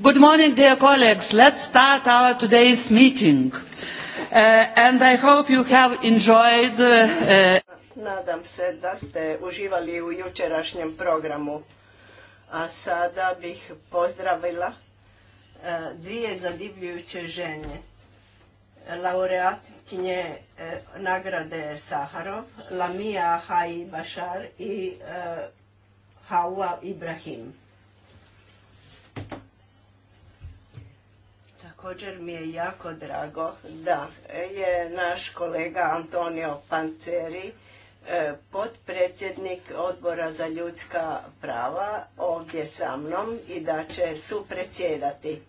Good morning, dear colleagues. Let's start our today's meeting. Uh, and I hope you have enjoyed... Uh, uh, Nadam se da ste uživali u jučerašnjem programu. A sada bih pozdravila dvije zadivljujuće žene. Laureatkinje nagrade Saharov, Lamija Haji Bashar i Hawa Ibrahim. Također mi je jako drago da je naš kolega Antonio Panceri, e, potpredsjednik odbora za ljudska prava ovdje sa mnom i da će supredsjedati.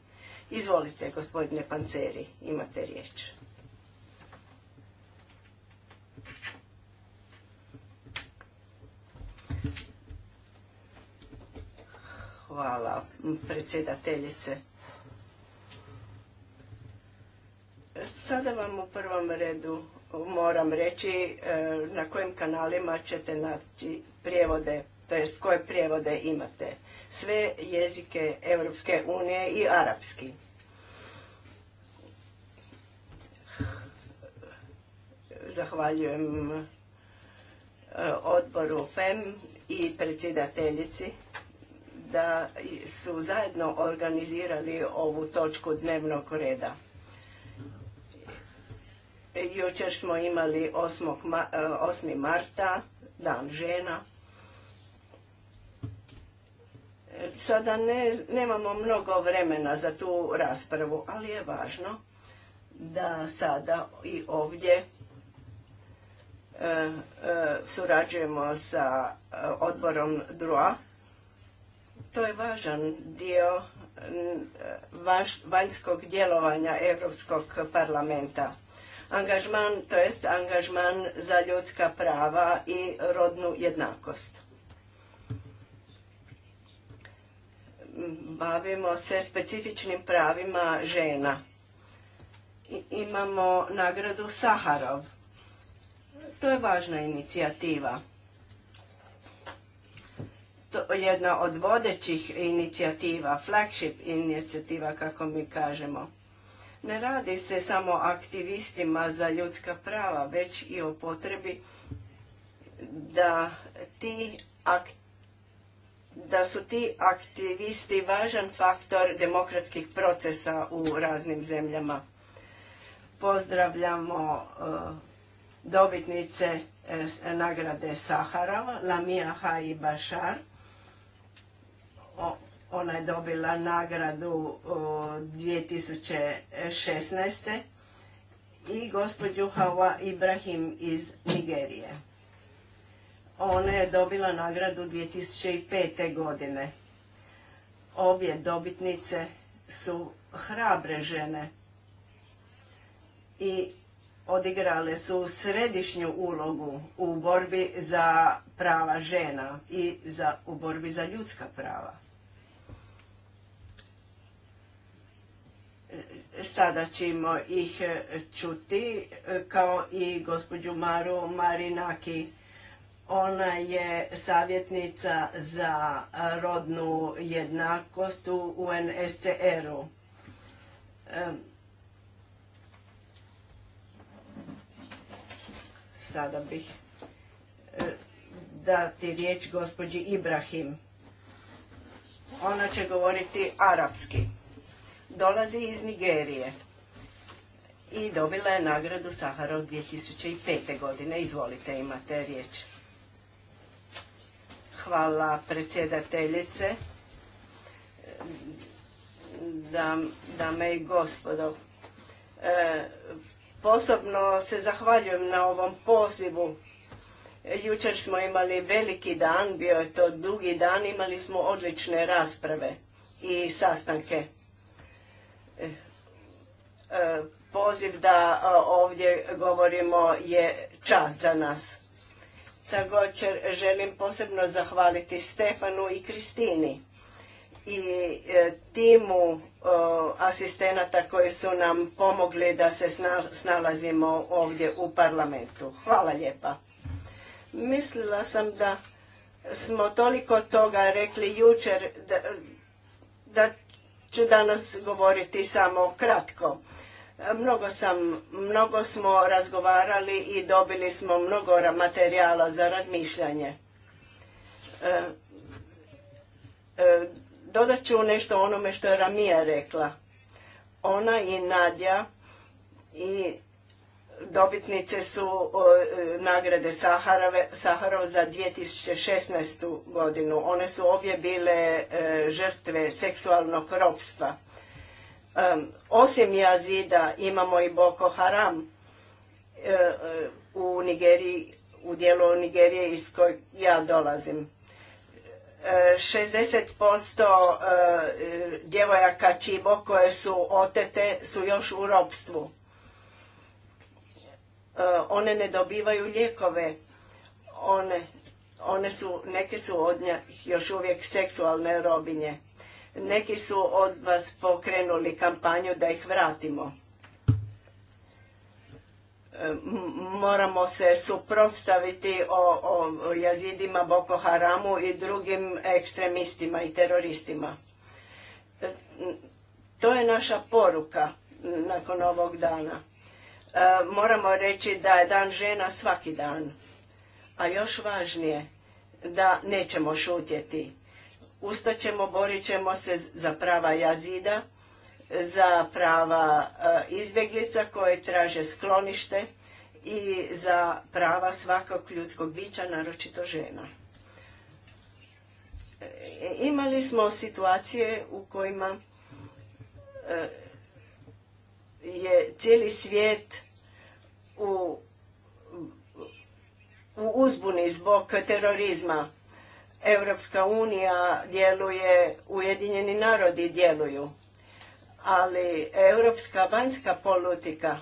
Izvolite, gospodine Panceri, imate riječ. Hvala, predsjedateljice. Sada vam u prvom redu moram reći e, na kojim kanalima ćete naći prijevode, to jest koje prijevode imate. Sve jezike Europske unije i arapski. Zahvaljujem e, odboru FEM i predsjedateljici da su zajedno organizirali ovu točku dnevnog reda. Jučer smo imali 8. E, marta, dan žena. Sada nemamo mnogo vremena za tu raspravu, ali je važno da sada i ovdje e, e, surađujemo sa odborom DROA. To je važan dio vanjskog djelovanja Europskog parlamenta angažman, to jest angažman za ljudska prava i rodnu jednakost. Bavimo se specifičnim pravima žena. I imamo nagradu Saharov. To je važna inicijativa. To je jedna od vodećih inicijativa, flagship inicijativa kako mi kažemo ne radi se samo aktivistima za ljudska prava, već i o potrebi da ti da su ti aktivisti važan faktor demokratskih procesa u raznim zemljama. Pozdravljamo e, dobitnice e, nagrade Saharova, Lamija i Bašar. O, ona je dobila nagradu 2016. i gospođu Hawa Ibrahim iz Nigerije. Ona je dobila nagradu 2005. godine. Obje dobitnice su hrabre žene i odigrale su središnju ulogu u borbi za prava žena i za, u borbi za ljudska prava. Sada ćemo ih e, čuti, e, kao i gospođu Maru Marinaki. Ona je savjetnica za rodnu jednakost u UNSCR-u. E, sada bih dati riječ gospođi Ibrahim. Ona će govoriti arapski dolazi iz Nigerije i dobila je nagradu Sahara od 2005. godine. Izvolite, imate riječ. Hvala predsjedateljice, dame i gospodo. E, Posobno se zahvaljujem na ovom pozivu. Jučer smo imali veliki dan, bio je to dugi dan, imali smo odlične rasprave i sastanke. E, e, poziv da e, ovdje govorimo je čast za nas. Također želim posebno zahvaliti Stefanu i Kristini i timu asistenata koji su nam pomogli da se snalazimo ovdje u parlamentu. Hvala lijepa. Mislila sam da smo toliko toga rekli jučer da, da ću danas govoriti samo kratko. Mnogo, sam, mnogo smo razgovarali i dobili smo mnogo materijala za razmišljanje. E, e, dodat ću nešto onome što je Ramija rekla. Ona i Nadja i dobitnice su e, nagrade Saharov za 2016. godinu. One su obje bile e, žrtve seksualnog ropstva. Osim Jazida imamo i Boko Haram e, u Nigeriji, u dijelu Nigerije iz kojeg ja dolazim. 60% djevojaka Čibo koje su otete su još u ropstvu E, one ne dobivaju lijekove, one, one su, neke su od njih još uvijek seksualne robinje. Neki su od vas pokrenuli kampanju da ih vratimo. E, moramo se suprotstaviti o, o jazidima Boko Haramu i drugim ekstremistima i teroristima. E, to je naša poruka nakon ovog dana E, moramo reći da je dan žena svaki dan. A još važnije, da nećemo šutjeti. Ustaćemo, borit ćemo se za prava jazida, za prava e, izbjeglica koje traže sklonište i za prava svakog ljudskog bića, naročito žena. E, imali smo situacije u kojima je cijeli svijet u, u uzbuni zbog terorizma. Europska unija djeluje, Ujedinjeni narodi djeluju. Ali europska vanjska politika,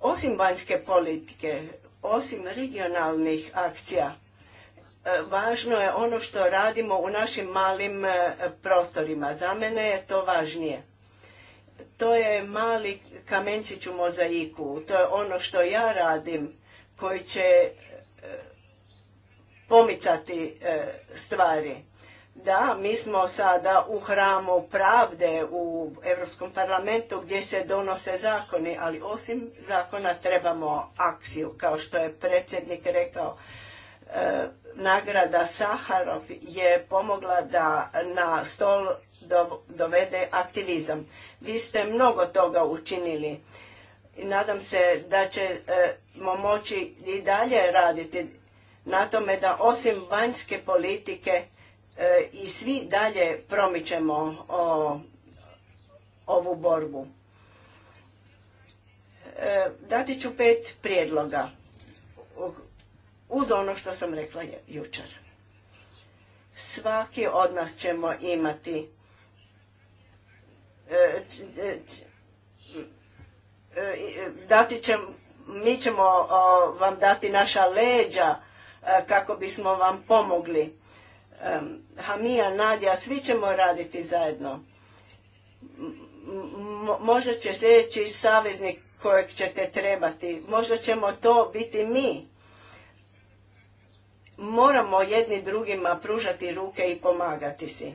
osim vanjske politike, osim regionalnih akcija, e, važno je ono što radimo u našim malim e, prostorima. Za mene je to važnije to je mali kamenčić u mozaiku, to je ono što ja radim koji će e, pomicati e, stvari. Da, mi smo sada u hramu pravde u Europskom parlamentu gdje se donose zakoni, ali osim zakona trebamo akciju, kao što je predsjednik rekao. E, nagrada Saharov je pomogla da na stol dovede aktivizam. Vi ste mnogo toga učinili. Nadam se da ćemo e, moći i dalje raditi na tome da osim vanjske politike e, i svi dalje promičemo ovu borbu. E, dati ću pet prijedloga uz ono što sam rekla jučer. Svaki od nas ćemo imati E, e, e, dati će, mi ćemo vam dati naša leđa kako bismo vam pomogli. Hamija, Nadja, svi ćemo raditi zajedno. Možda će sljedeći saveznik kojeg ćete trebati, možda ćemo to biti mi. Moramo jedni drugima pružati ruke i pomagati si.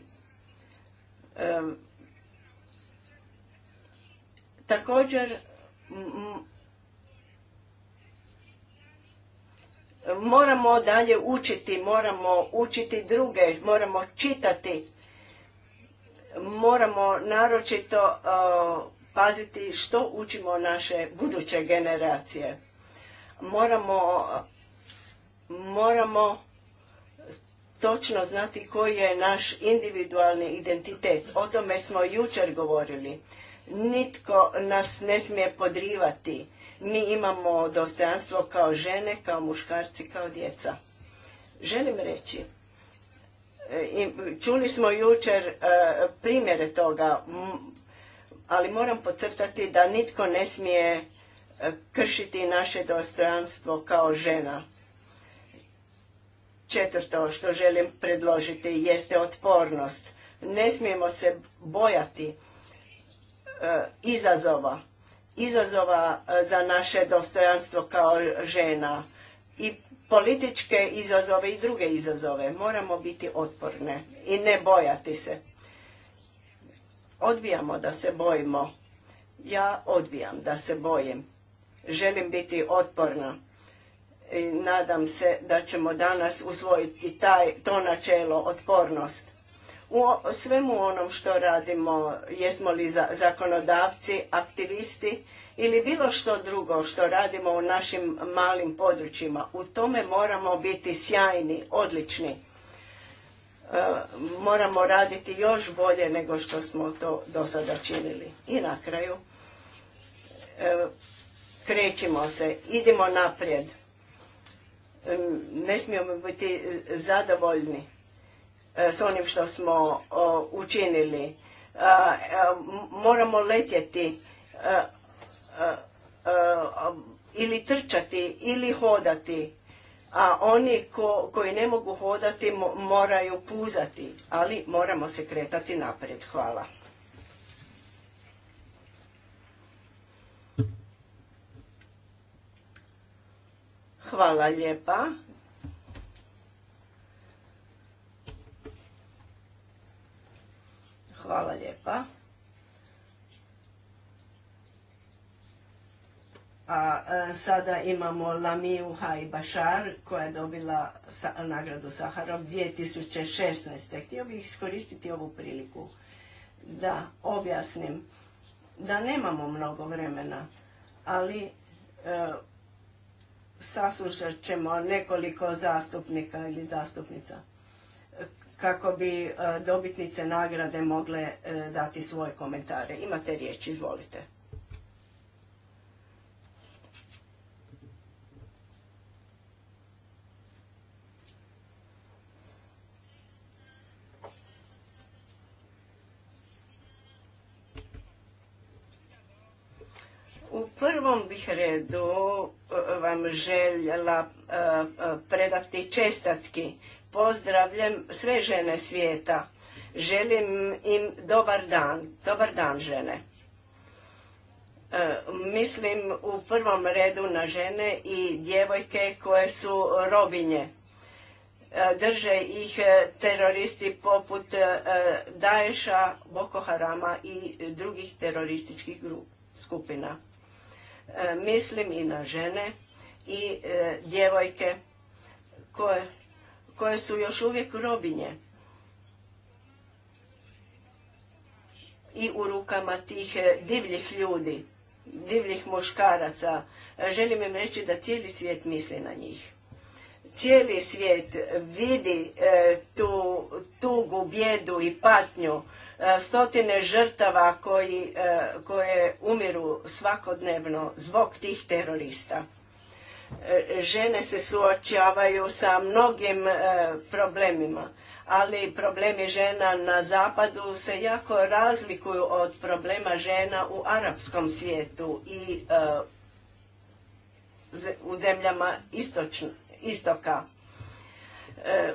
Također moramo dalje učiti, moramo učiti druge, moramo čitati, moramo naročito paziti što učimo naše buduće generacije. Moramo, moramo točno znati koji je naš individualni identitet. O tome smo jučer govorili. Nitko nas ne smije podrivati. Mi imamo dostojanstvo kao žene, kao muškarci, kao djeca. Želim reći, e, čuli smo jučer e, primjere toga, ali moram podcrtati da nitko ne smije e, kršiti naše dostojanstvo kao žena. Četvrto što želim predložiti jeste otpornost. Ne smijemo se bojati E, izazova. Izazova e, za naše dostojanstvo kao žena i političke izazove i druge izazove. Moramo biti otporne i ne bojati se. Odbijamo da se bojimo. Ja odbijam da se bojim. Želim biti otporna. I nadam se da ćemo danas usvojiti taj, to načelo otpornost u svemu onom što radimo, jesmo li za, zakonodavci, aktivisti ili bilo što drugo što radimo u našim malim područjima. U tome moramo biti sjajni, odlični. E, moramo raditi još bolje nego što smo to do sada činili. I na kraju, e, krećimo se, idemo naprijed. E, ne smijemo biti zadovoljni E, s onim što smo učinili. E, e, moramo letjeti ili trčati ili hodati, a oni koji ne mogu hodati moraju puzati, ali moramo se kretati naprijed. Hvala. Hvala lijepa Hvala lijepa. A e, sada imamo Lamiju Bašar koja je dobila nagradu Saharov 2016. Htio bih iskoristiti ovu priliku da objasnim da nemamo mnogo vremena, ali e, saslušat ćemo nekoliko zastupnika ili zastupnica kako bi e, dobitnice nagrade mogle e, dati svoje komentare. Imate riječ, izvolite. U prvom bih redu e, vam željela predati čestatki pozdravljam sve žene svijeta. Želim im dobar dan. Dobar dan, žene. E, mislim u prvom redu na žene i djevojke koje su robinje. E, drže ih e, teroristi poput Daesha, Boko Harama i drugih terorističkih skupina. Mislim i na žene i djevojke koje koje su još uvijek robinje i u rukama tih e, divljih ljudi, divljih muškaraca. E, želim im reći da cijeli svijet misli na njih. Cijeli svijet vidi e, tu tugu, bjedu i patnju, stotine žrtava koje umiru svakodnevno zbog tih terorista. Žene se suočavaju sa mnogim e, problemima, ali problemi žena na zapadu se jako razlikuju od problema žena u arapskom svijetu i e, u zemljama istoka. E,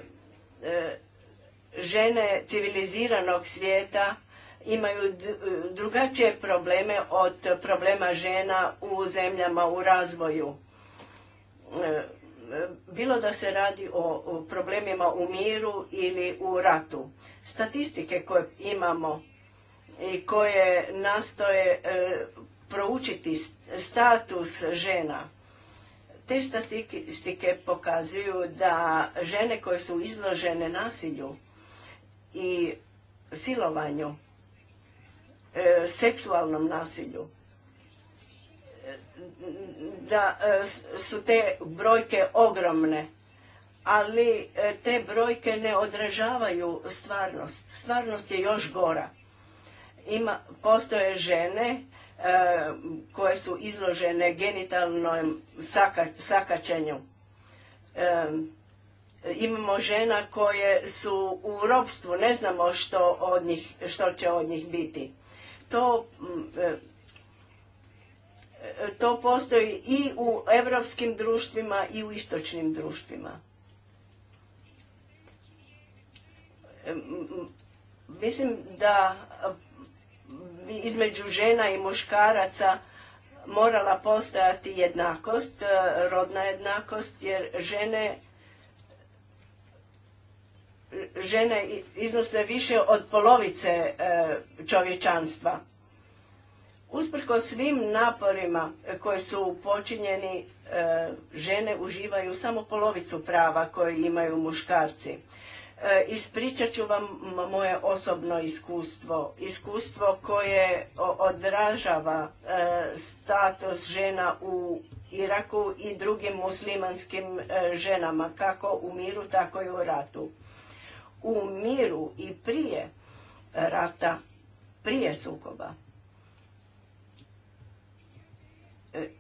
žene civiliziranog svijeta imaju drugačije probleme od problema žena u zemljama u razvoju bilo da se radi o problemima u miru ili u ratu. Statistike koje imamo i koje nastoje e, proučiti status žena. Te statistike pokazuju da žene koje su izložene nasilju i silovanju, e, seksualnom nasilju, da e, su te brojke ogromne, ali e, te brojke ne odražavaju stvarnost. Stvarnost je još gora. Ima, postoje žene e, koje su izložene genitalnom saka, sakačenju. imamo žena koje su u robstvu, ne znamo što, od njih, što će od njih biti. To to postoji i u europskim društvima i u istočnim društvima. Mislim da bi između žena i muškaraca morala postojati jednakost, e, rodna jednakost, jer žene žene iznose više od polovice e, čovječanstva Usprko svim naporima e, koje su počinjeni, e, žene uživaju samo polovicu prava koje imaju muškarci. E, ispričat ću vam moje osobno iskustvo, iskustvo koje odražava status žena u Iraku i drugim muslimanskim ženama, kako u miru, tako i u ratu. U miru i prije rata, prije sukoba,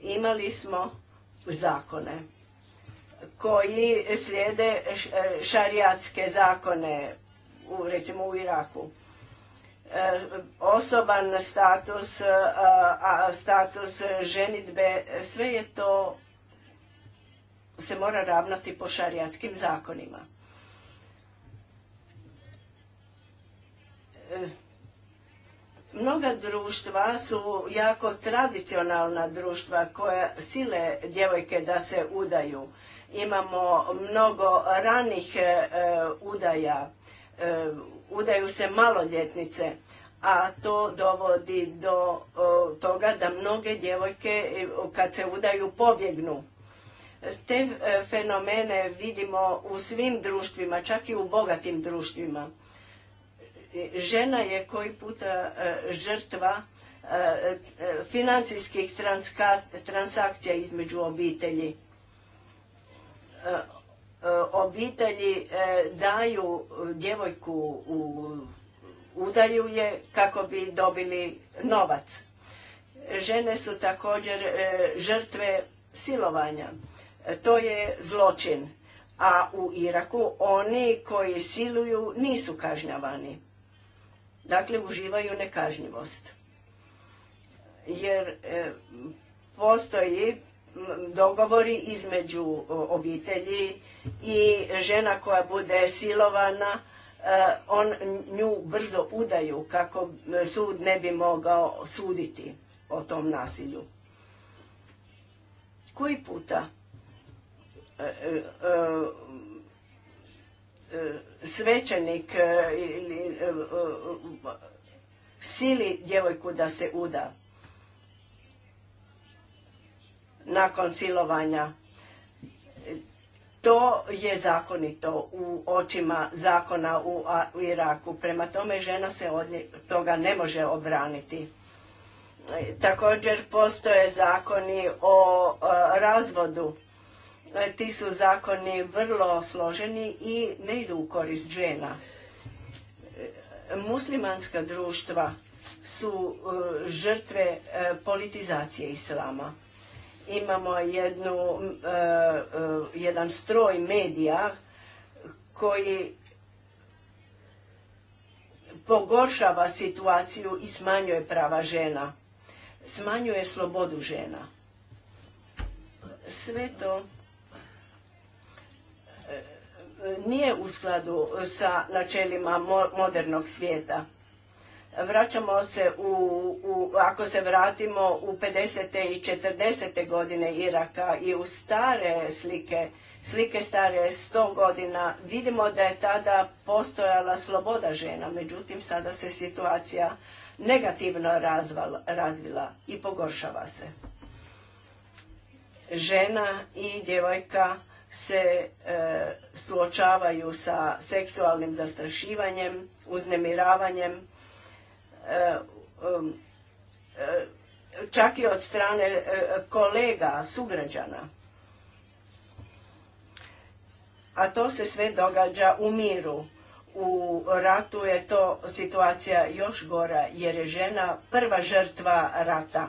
imali smo zakone koji slijede e, šarijatske zakone, u, recimo u Iraku. E, osoban status, e, a, status ženitbe, sve je to se mora ravnati po šarijatskim zakonima. Mnoga društva su jako tradicionalna društva koja sile djevojke da se udaju. Imamo mnogo ranih e, e, udaja, e, udaju se maloljetnice, a to dovodi do toga da mnoge djevojke kad se udaju pobjegnu. Te fenomene vidimo u svim društvima, čak i u bogatim društvima E, žena je koji puta e, žrtva e, financijskih transakcija između obitelji. Obitelji daju djevojku u udaju je kako bi dobili novac. Žene su također žrtve silovanja. To je zločin. A u Iraku oni koji siluju nisu kažnjavani dakle uživaju nekažnjivost. Jer e, postoji dogovori između obitelji i žena koja bude silovana, e, on nju brzo udaju kako sud ne bi mogao suditi o tom nasilju. Koji puta e, svećenik e, ili e, e, sili djevojku da se uda nakon silovanja. To je zakonito u očima zakona u, Iraku. Prema tome žena se od toga ne može obraniti. Također postoje zakoni o razvodu E, ti su zakoni vrlo složeni i ne idu u korist žena. E, muslimanska društva su e, žrtve politizacije islama. Imamo jednu, jedan stroj medija koji pogoršava situaciju i smanjuje prava žena. Smanjuje slobodu žena. Sve to nije u skladu sa načelima modernog svijeta. Vraćamo se u, ako se vratimo u 50. i 40. godine Iraka i u stare slike, slike stare 100 godina, vidimo da je tada postojala sloboda žena, međutim sada se situacija negativno razvila i pogoršava se. Žena i djevojka se e, suočavaju sa seksualnim zastrašivanjem, uznemiravanjem, e, um, e čak i od strane e, kolega, sugrađana. A to se sve događa u miru. U ratu je to situacija još gora jer je žena prva žrtva rata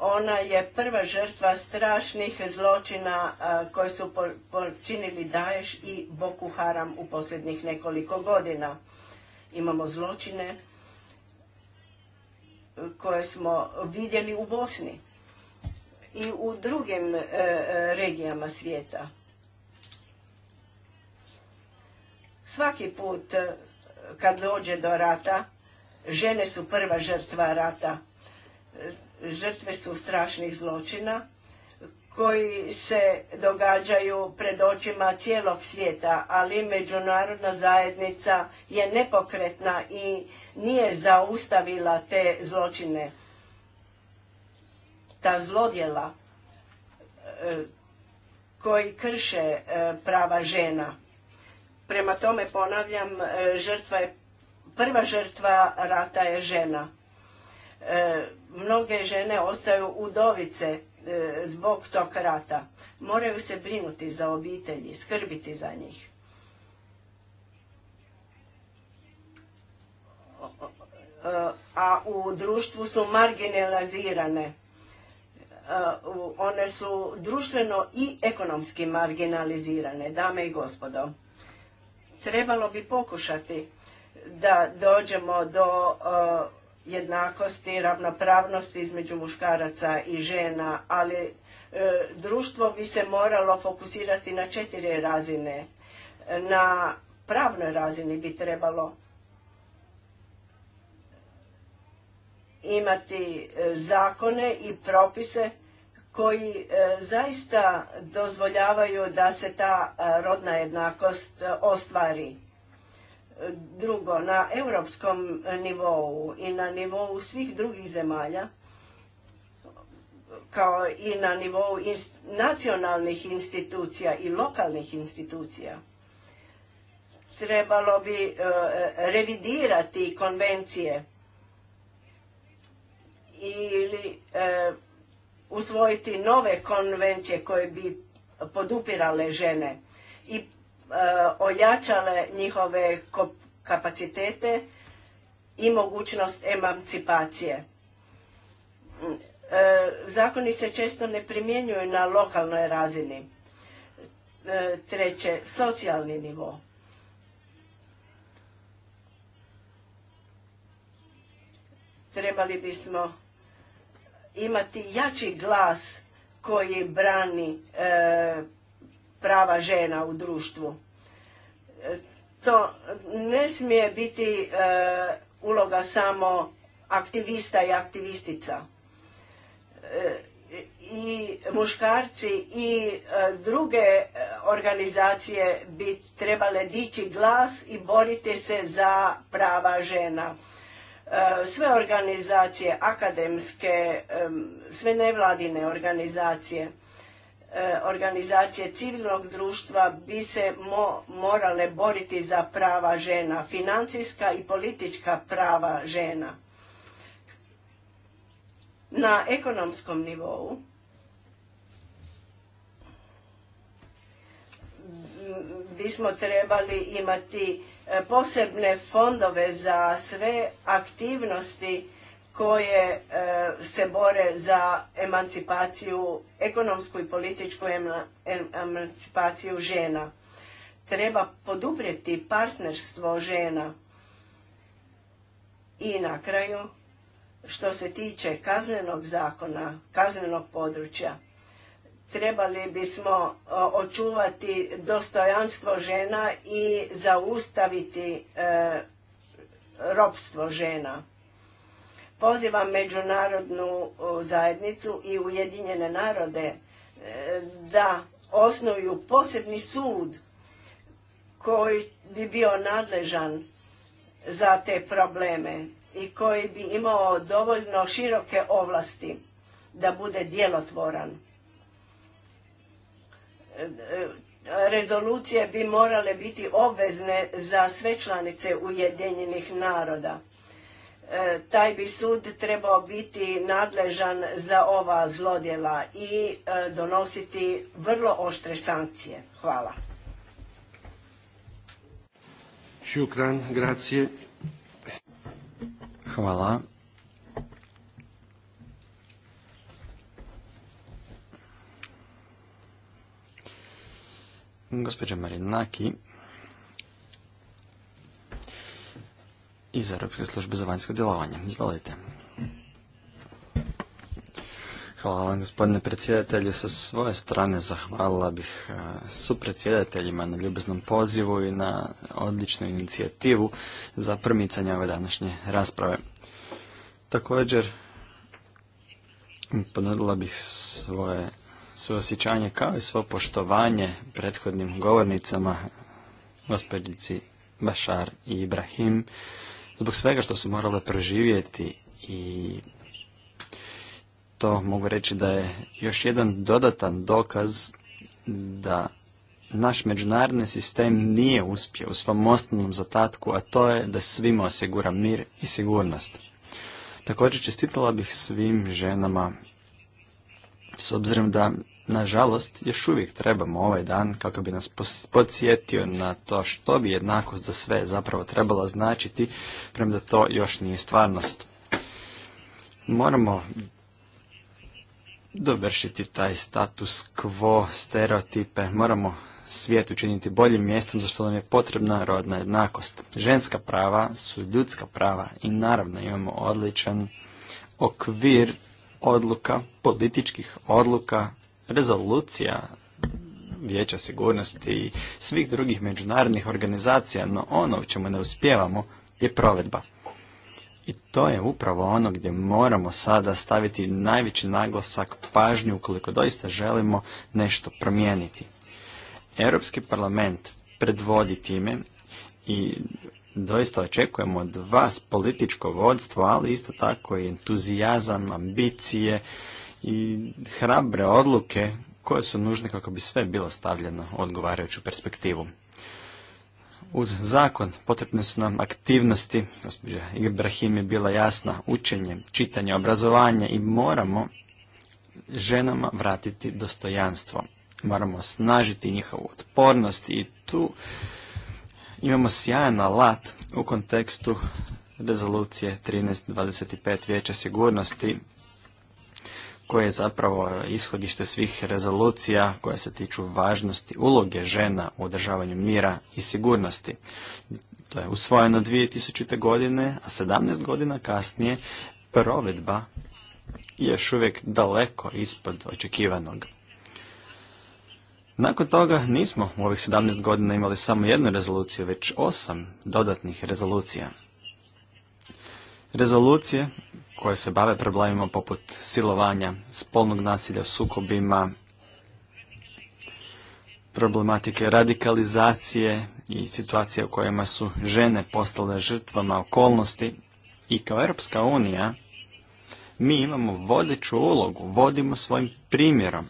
ona je prva žrtva strašnih zločina koje su počinili Daješ i Boku Haram u posljednjih nekoliko godina. Imamo zločine e, koje smo vidjeli u Bosni i u drugim e, e, regijama svijeta. Svaki put kad dođe do rata, žene su prva žrtva rata. Žrtve su strašnih zločina koji se događaju pred očima cijelog svijeta, ali međunarodna zajednica je nepokretna i nije zaustavila te zločine. Ta zlodjela e, koji krše e, prava žena. Prema tome ponavljam, e, žrtva je, prva žrtva rata je žena. Mnoge žene ostaju udovice e, zbog tog rata. Moraju se brinuti za obitelji, skrbiti za njih. E, a u društvu su marginalizirane. E, one su društveno i ekonomski marginalizirane, dame i gospodo. Trebalo bi pokušati da dođemo do jednakosti, ravnopravnosti između muškaraca i žena, ali e, društvo bi se moralo fokusirati na četiri razine. Na pravnoj razini bi trebalo imati e, zakone i propise koji e, zaista dozvoljavaju da se ta rodna jednakost ostvari Drugo, na europskom nivou i na nivou svih drugih zemalja, kao i na nivou nacionalnih institucija i lokalnih institucija, trebalo bi e, revidirati konvencije ili e, usvojiti nove konvencije koje bi podupirale žene Eh, ojačale njihove kapacitete i mogućnost emancipacije. Mm, eh, zakoni se često ne primjenjuju na lokalnoj razini. Eh, treće, socijalni nivo. Trebali bismo imati jači glas koji brani prava žena u društvu. E, to ne smije biti e, uloga samo aktivista i aktivistica. E, I muškarci i druge organizacije bi trebale dići glas i boriti se za prava žena. Sve organizacije, akademske, sve nevladine organizacije E, organizacije civilnog društva bi se morale boriti za prava žena, financijska i politička prava žena. Na ekonomskom nivou bismo trebali imati e, posebne fondove za sve aktivnosti koje e, se bore za emancipaciju, ekonomsku i političku emancipaciju žena. Treba poduprijeti partnerstvo žena. I na kraju, što se tiče kaznenog zakona, kaznenog područja, trebali bismo očuvati dostojanstvo žena i zaustaviti e, ropstvo žena Pozivam međunarodnu zajednicu i Ujedinjene narode e, da osnuju posebni sud koji bi bio nadležan za te probleme i koji bi imao dovoljno široke ovlasti da bude djelotvoran. E, e, rezolucije bi morale biti obvezne za sve članice Ujedinjenih naroda E, taj bi sud trebao biti nadležan za ova zlodjela i e, donositi vrlo oštre sankcije. Hvala. Šukran, grazie. Hvala. Gospođa Marinaki, iz Europske službe za vanjsko djelovanje. Izvolite. Hvala vam gospodine predsjedatelju. Sa svoje strane zahvalila bih e, supredsjedateljima na ljubeznom pozivu i na odličnu inicijativu za promicanje ove današnje rasprave. Također ponudila bih svoje suosjećanje kao i svo poštovanje prethodnim govornicama gospođici Bašar i Ibrahim zbog svega što su morale preživjeti i to mogu reći da je još jedan dodatan dokaz da naš međunarodni sistem nije uspio u svom osnovnom zatatku, a to je da svima osigura mir i sigurnost. Također čestitala bih svim ženama s obzirom da nažalost, još uvijek trebamo ovaj dan kako bi nas podsjetio na to što bi jednakost za sve zapravo trebala značiti, premda to još nije stvarnost. Moramo dovršiti taj status quo, stereotipe, moramo svijet učiniti boljim mjestom za što nam je potrebna rodna jednakost. Ženska prava su ljudska prava i naravno imamo odličan okvir odluka, političkih odluka rezolucija Vijeća sigurnosti i svih drugih međunarodnih organizacija, no ono u čemu ne uspijevamo je provedba. I to je upravo ono gdje moramo sada staviti najveći naglasak, pažnju, ukoliko doista želimo nešto promijeniti. Europski parlament predvodi time i doista očekujemo od vas političko vodstvo, ali isto tako i entuzijazam, ambicije, i hrabre odluke koje su nužne kako bi sve bilo stavljeno u odgovarajuću perspektivu. Uz zakon potrebne su nam aktivnosti, gospođa Ibrahim je bila jasna, učenje, čitanje, obrazovanje i moramo ženama vratiti dostojanstvo. Moramo snažiti njihovu otpornost i tu imamo sjajan alat u kontekstu rezolucije 1325 vijeća sigurnosti koje je zapravo ishodište svih rezolucija koje se tiču važnosti uloge žena u održavanju mira i sigurnosti. To je usvojeno 2000. godine, a 17 godina kasnije provedba je još uvijek daleko ispod očekivanog. Nakon toga nismo u ovih 17 godina imali samo jednu rezoluciju, već osam dodatnih rezolucija. Rezolucije koje se bave problemima poput silovanja, spolnog nasilja, sukobima, problematike radikalizacije i situacije u kojima su žene postale žrtvama okolnosti i kao Europska unija mi imamo vodeću ulogu, vodimo svojim primjerom.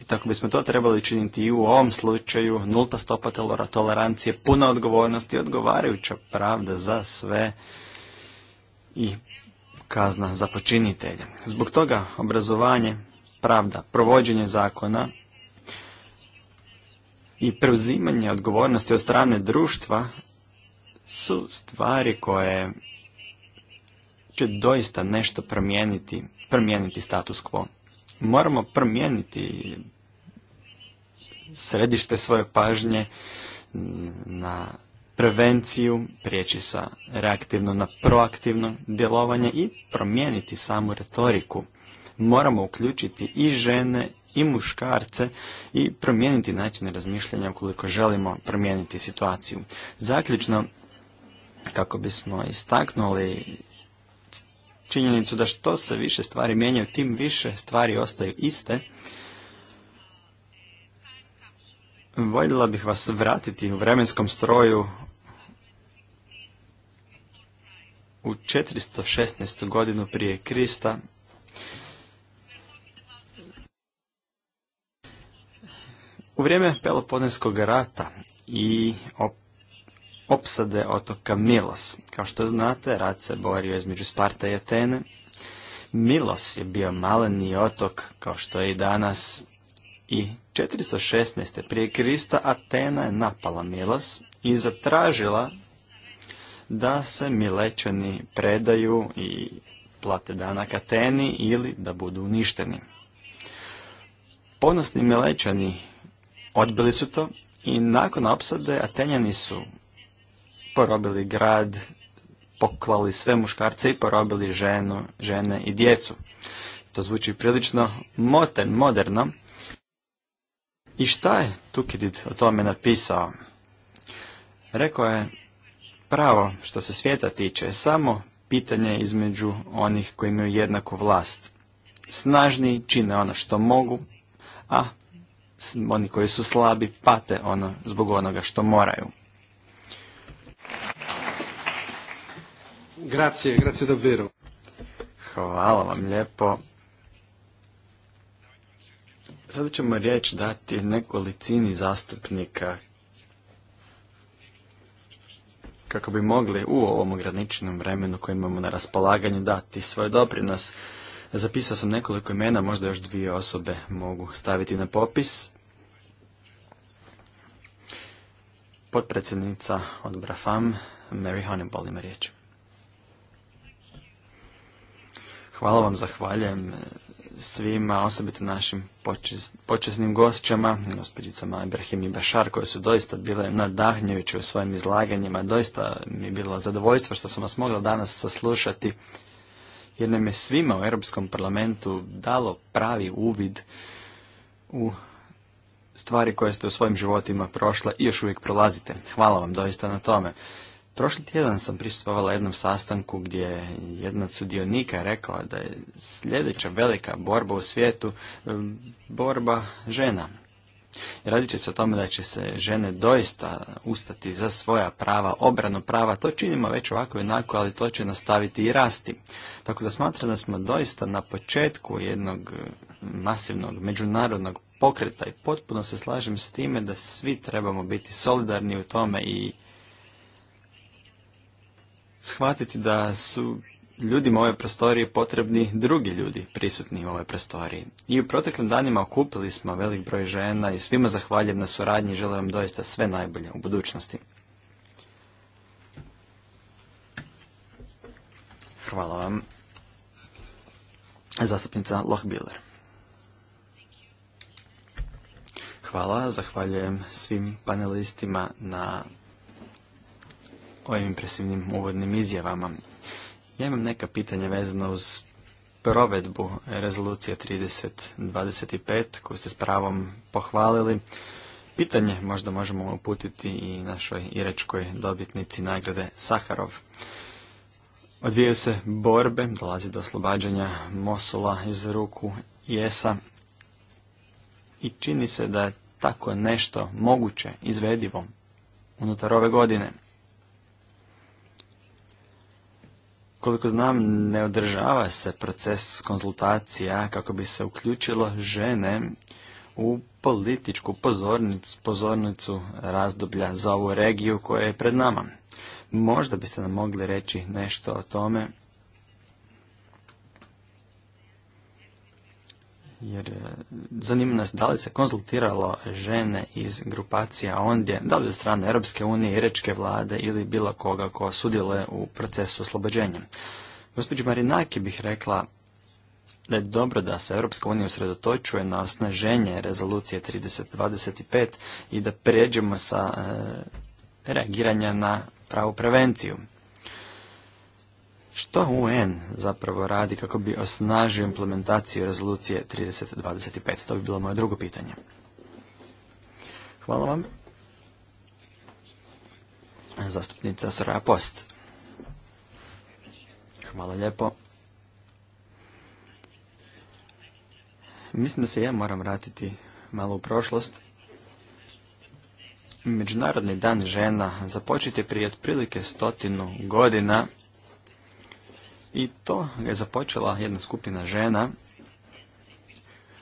I tako bismo to trebali činiti i u ovom slučaju, nulta stopa tolerancije, puna odgovornosti, i odgovarajuća pravda za sve i kazna za počinitelje. Zbog toga obrazovanje, pravda, provođenje zakona i preuzimanje odgovornosti od strane društva su stvari koje će doista nešto promijeniti, promijeniti status quo. Moramo promijeniti središte svoje pažnje na prevenciju, prijeći sa reaktivno na proaktivno djelovanje i promijeniti samu retoriku. Moramo uključiti i žene i muškarce i promijeniti načine razmišljanja ukoliko želimo promijeniti situaciju. Zaključno, kako bismo istaknuli činjenicu da što se više stvari mijenjaju, tim više stvari ostaju iste, voljela bih vas vratiti u vremenskom stroju u 416. godinu prije Krista u vrijeme Peloponenskog rata i opsade otoka Milos. Kao što znate, rat se borio između Sparta i Atene. Milos je bio maleni otok, kao što je i danas, i 416. prije Krista Atena je napala Milos i zatražila da se Milečani predaju i plate dana kateni ili da budu uništeni. Ponosni Milečani odbili su to i nakon opsade Atenjani su porobili grad, poklali sve muškarce i porobili ženu, žene i djecu. To zvuči prilično moten, moderno. I šta je Tukidid o tome napisao? Rekao je, pravo što se svijeta tiče je samo pitanje između onih koji imaju jednaku vlast. Snažniji čine ono što mogu, a oni koji su slabi pate ono zbog onoga što moraju. Grazie, grazie davvero. Hvala vam lijepo. Sada ćemo riječ dati nekolicini zastupnika kako bi mogli u ovom ograničenom vremenu koje imamo na raspolaganju dati svoj doprinos. Zapisao sam nekoliko imena, možda još dvije osobe mogu staviti na popis. Potpredsjednica od Brafam, Mary Honeyball ima riječ. Hvala vam, zahvaljujem svima, osobito našim počesnim gošćama, gospođicama Ibrahim i Bašar, koje su doista bile nadahnjujuće u svojim izlaganjima. Doista mi je bilo zadovoljstvo što sam vas mogla danas saslušati, jer nam je svima u Europskom parlamentu dalo pravi uvid u stvari koje ste u svojim životima prošle i još uvijek prolazite. Hvala vam doista na tome. Prošli tjedan sam prisustvovala jednom sastanku gdje je jedna od sudionika rekao da je sljedeća velika borba u svijetu borba žena. Radit će se o tome da će se žene doista ustati za svoja prava, obranu prava, to činimo već ovako i onako, ali to će nastaviti i rasti. Tako da smatram da smo doista na početku jednog eh, masivnog međunarodnog pokreta i potpuno se slažem s time da svi trebamo biti solidarni u tome i shvatiti da su ljudima ove prostorije potrebni drugi ljudi prisutni u ovoj prostoriji. I u proteklim danima okupili smo velik broj žena i svima zahvaljujem na suradnji i želim vam doista sve najbolje u budućnosti. Hvala vam. Zastupnica Lohbiler. Hvala, zahvaljujem svim panelistima na ovim impresivnim uvodnim izjavama. Ja imam neka pitanja vezana uz provedbu rezolucije 3025 koju ste s pravom pohvalili. Pitanje možda možemo uputiti i našoj irečkoj dobitnici nagrade Saharov. Odvijaju se borbe, dolazi do oslobađanja Mosula iz ruku Jesa i čini se da je tako nešto moguće, izvedivo, unutar ove godine. Koliko znam, ne održava se proces konzultacija kako bi se uključilo žene u političku pozornicu, pozornicu razdoblja za ovu regiju koja je pred nama. Možda biste nam mogli reći nešto o tome jer e, zanima nas da li se konzultiralo žene iz grupacija ondje, da li od strane Europske unije, Irečke vlade ili bilo koga ko sudjeluje u procesu oslobođenja. Gospođi Marinaki bih rekla da je dobro da se Europska unija usredotočuje na osnaženje rezolucije 3025 i da pređemo sa e, reagiranja na pravu prevenciju. Što UN zapravo radi kako bi osnažio implementaciju rezolucije 3025? To bi bilo moje drugo pitanje. Hvala vam. Zastupnica Soraya Post. Hvala lijepo. Mislim da se ja moram vratiti malo u prošlost. Međunarodni dan žena započet je prije otprilike stotinu godina i to je započela jedna skupina žena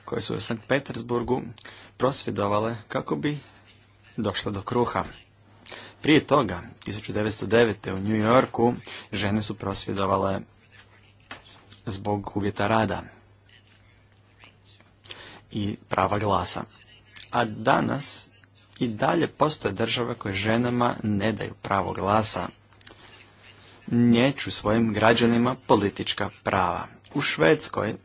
koje su u Sankt Petersburgu prosvjedovale kako bi došle do kruha. Prije toga, 1909. u New Yorku, žene su prosvjedovale zbog uvjeta rada i prava glasa. A danas i dalje postoje države koje ženama ne daju pravo glasa njeću svojim građanima politička prava. U Švedskoj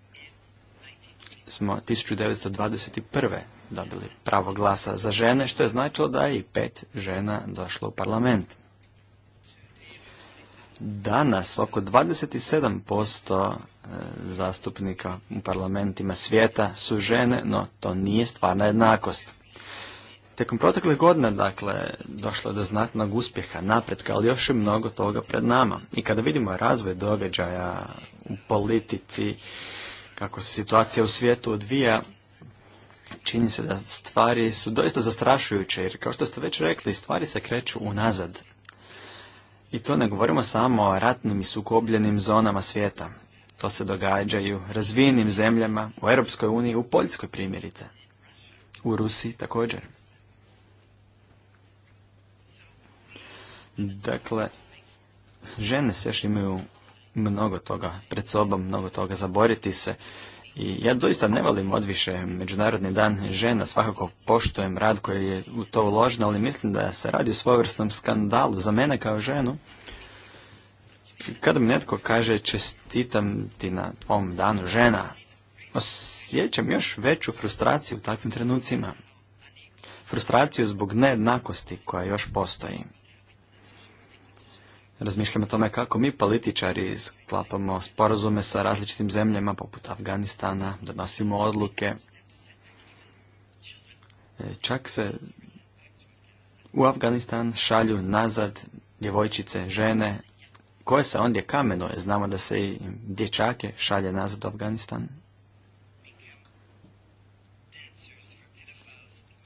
smo 1921. dobili pravo glasa za žene, što je značilo da je i pet žena došlo u parlament. Danas oko 27% e, zastupnika u parlamentima svijeta su žene, no to nije stvarna jednakost. Tekom proteklih godina, dakle, došlo je do znatnog uspjeha, napretka, ali još je mnogo toga pred nama. I kada vidimo razvoj događaja u politici, kako se situacija u svijetu odvija, čini se da stvari su doista zastrašujuće, jer kao što ste već rekli, stvari se kreću unazad. I to ne govorimo samo o ratnim i sukobljenim zonama svijeta. To se događa i u razvijenim zemljama, u Europskoj uniji, u Poljskoj primjerice. U Rusiji također. Dakle, žene se još imaju mnogo toga pred sobom, mnogo toga zaboriti se. I ja doista ne volim odviše Međunarodni dan žena, svakako poštujem rad koji je u to uložen, ali mislim da se radi o svojvrstnom skandalu za mene kao ženu. Kada mi netko kaže čestitam ti na tvom danu žena, osjećam još veću frustraciju u takvim trenucima. Frustraciju zbog nejednakosti koja još postoji razmišljamo o tome kako mi političari sklapamo sporazume sa različitim zemljama poput Afganistana, donosimo odluke. E, čak se u Afganistan šalju nazad djevojčice, žene, koje se ondje kamenuje. Znamo da se i dječake šalje nazad u Afganistan.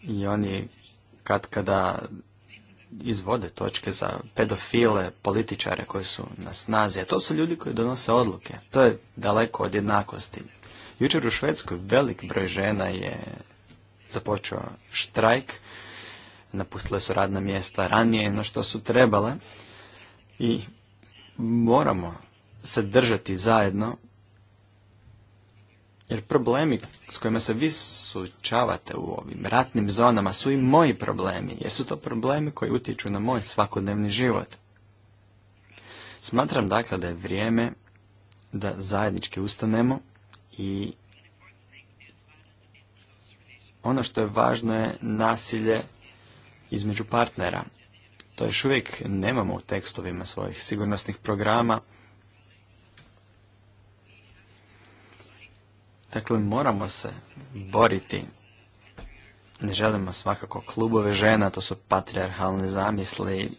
I oni kad kada izvode točke za pedofile, političare koji su na snazi, a to su ljudi koji donose odluke. To je daleko od jednakosti. Jučer u Švedskoj velik broj žena je započeo štrajk, napustile su radna mjesta ranije na što su trebale i moramo se držati zajedno jer problemi s kojima se vi sučavate u ovim ratnim zonama su i moji problemi, Jesu to problemi koji utječu na moj svakodnevni život. Smatram dakle da je vrijeme da zajednički ustanemo i ono što je važno je nasilje između partnera. To još uvijek nemamo u tekstovima svojih sigurnosnih programa, Dakle, moramo se boriti. Ne želimo svakako klubove žena, to su patriarhalne zamisli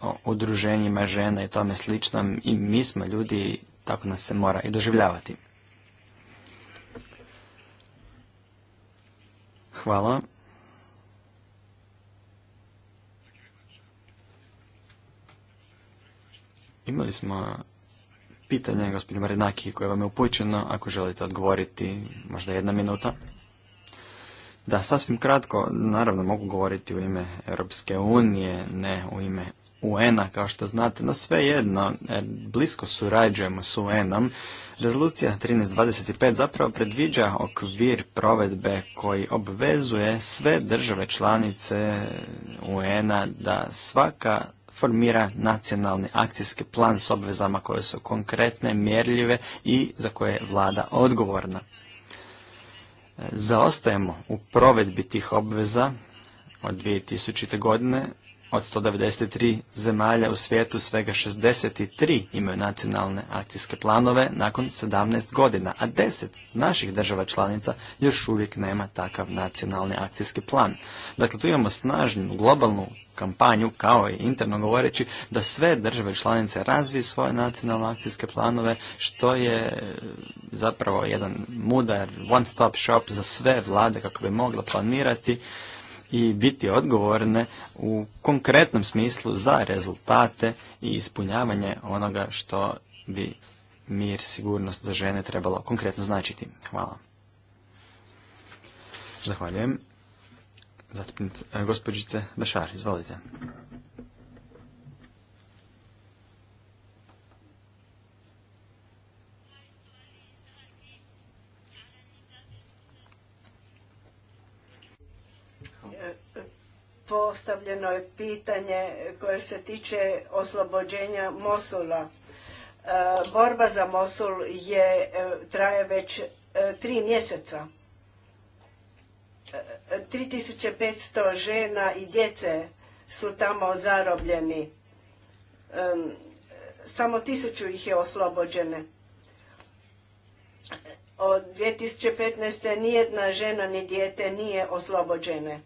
o udruženjima žena i tome slično. I mi smo ljudi, tako nas se mora i doživljavati. Hvala. Imali smo pitanje, gospodin Marinaki, koje vam je upućeno, ako želite odgovoriti, možda jedna minuta. Da, sasvim kratko, naravno mogu govoriti u ime Europske unije, ne u ime UN-a, kao što znate, no svejedno, e, blisko surađujemo s UN-om. Rezolucija 1325 zapravo predviđa okvir provedbe koji obvezuje sve države članice UN-a da svaka formira nacionalni akcijski plan s obvezama koje su konkretne, mjerljive i za koje je vlada odgovorna. Zaostajemo u provedbi tih obveza od 2000. godine. Od 193 zemalja u svijetu svega 63 imaju nacionalne akcijske planove nakon 17 godina, a 10 naših država članica još uvijek nema takav nacionalni akcijski plan. Dakle, tu imamo snažnu globalnu kampanju, kao i interno govoreći, da sve države članice razviju svoje nacionalne akcijske planove, što je zapravo jedan mudar one-stop shop za sve vlade kako bi mogla planirati i biti odgovorne u konkretnom smislu za rezultate i ispunjavanje onoga što bi mir, sigurnost za žene trebalo konkretno značiti. Hvala. Zahvaljujem. Zastupnice, e, gospođice Bešar, izvolite. Postavljeno je pitanje koje se tiče oslobođenja Mosula. E, borba za Mosul je, e, traje već tri mjeseca 3500 žena i djece su tamo zarobljeni. Samo tisuću ih je oslobođene. Od 2015. nijedna žena ni dijete nije oslobođene.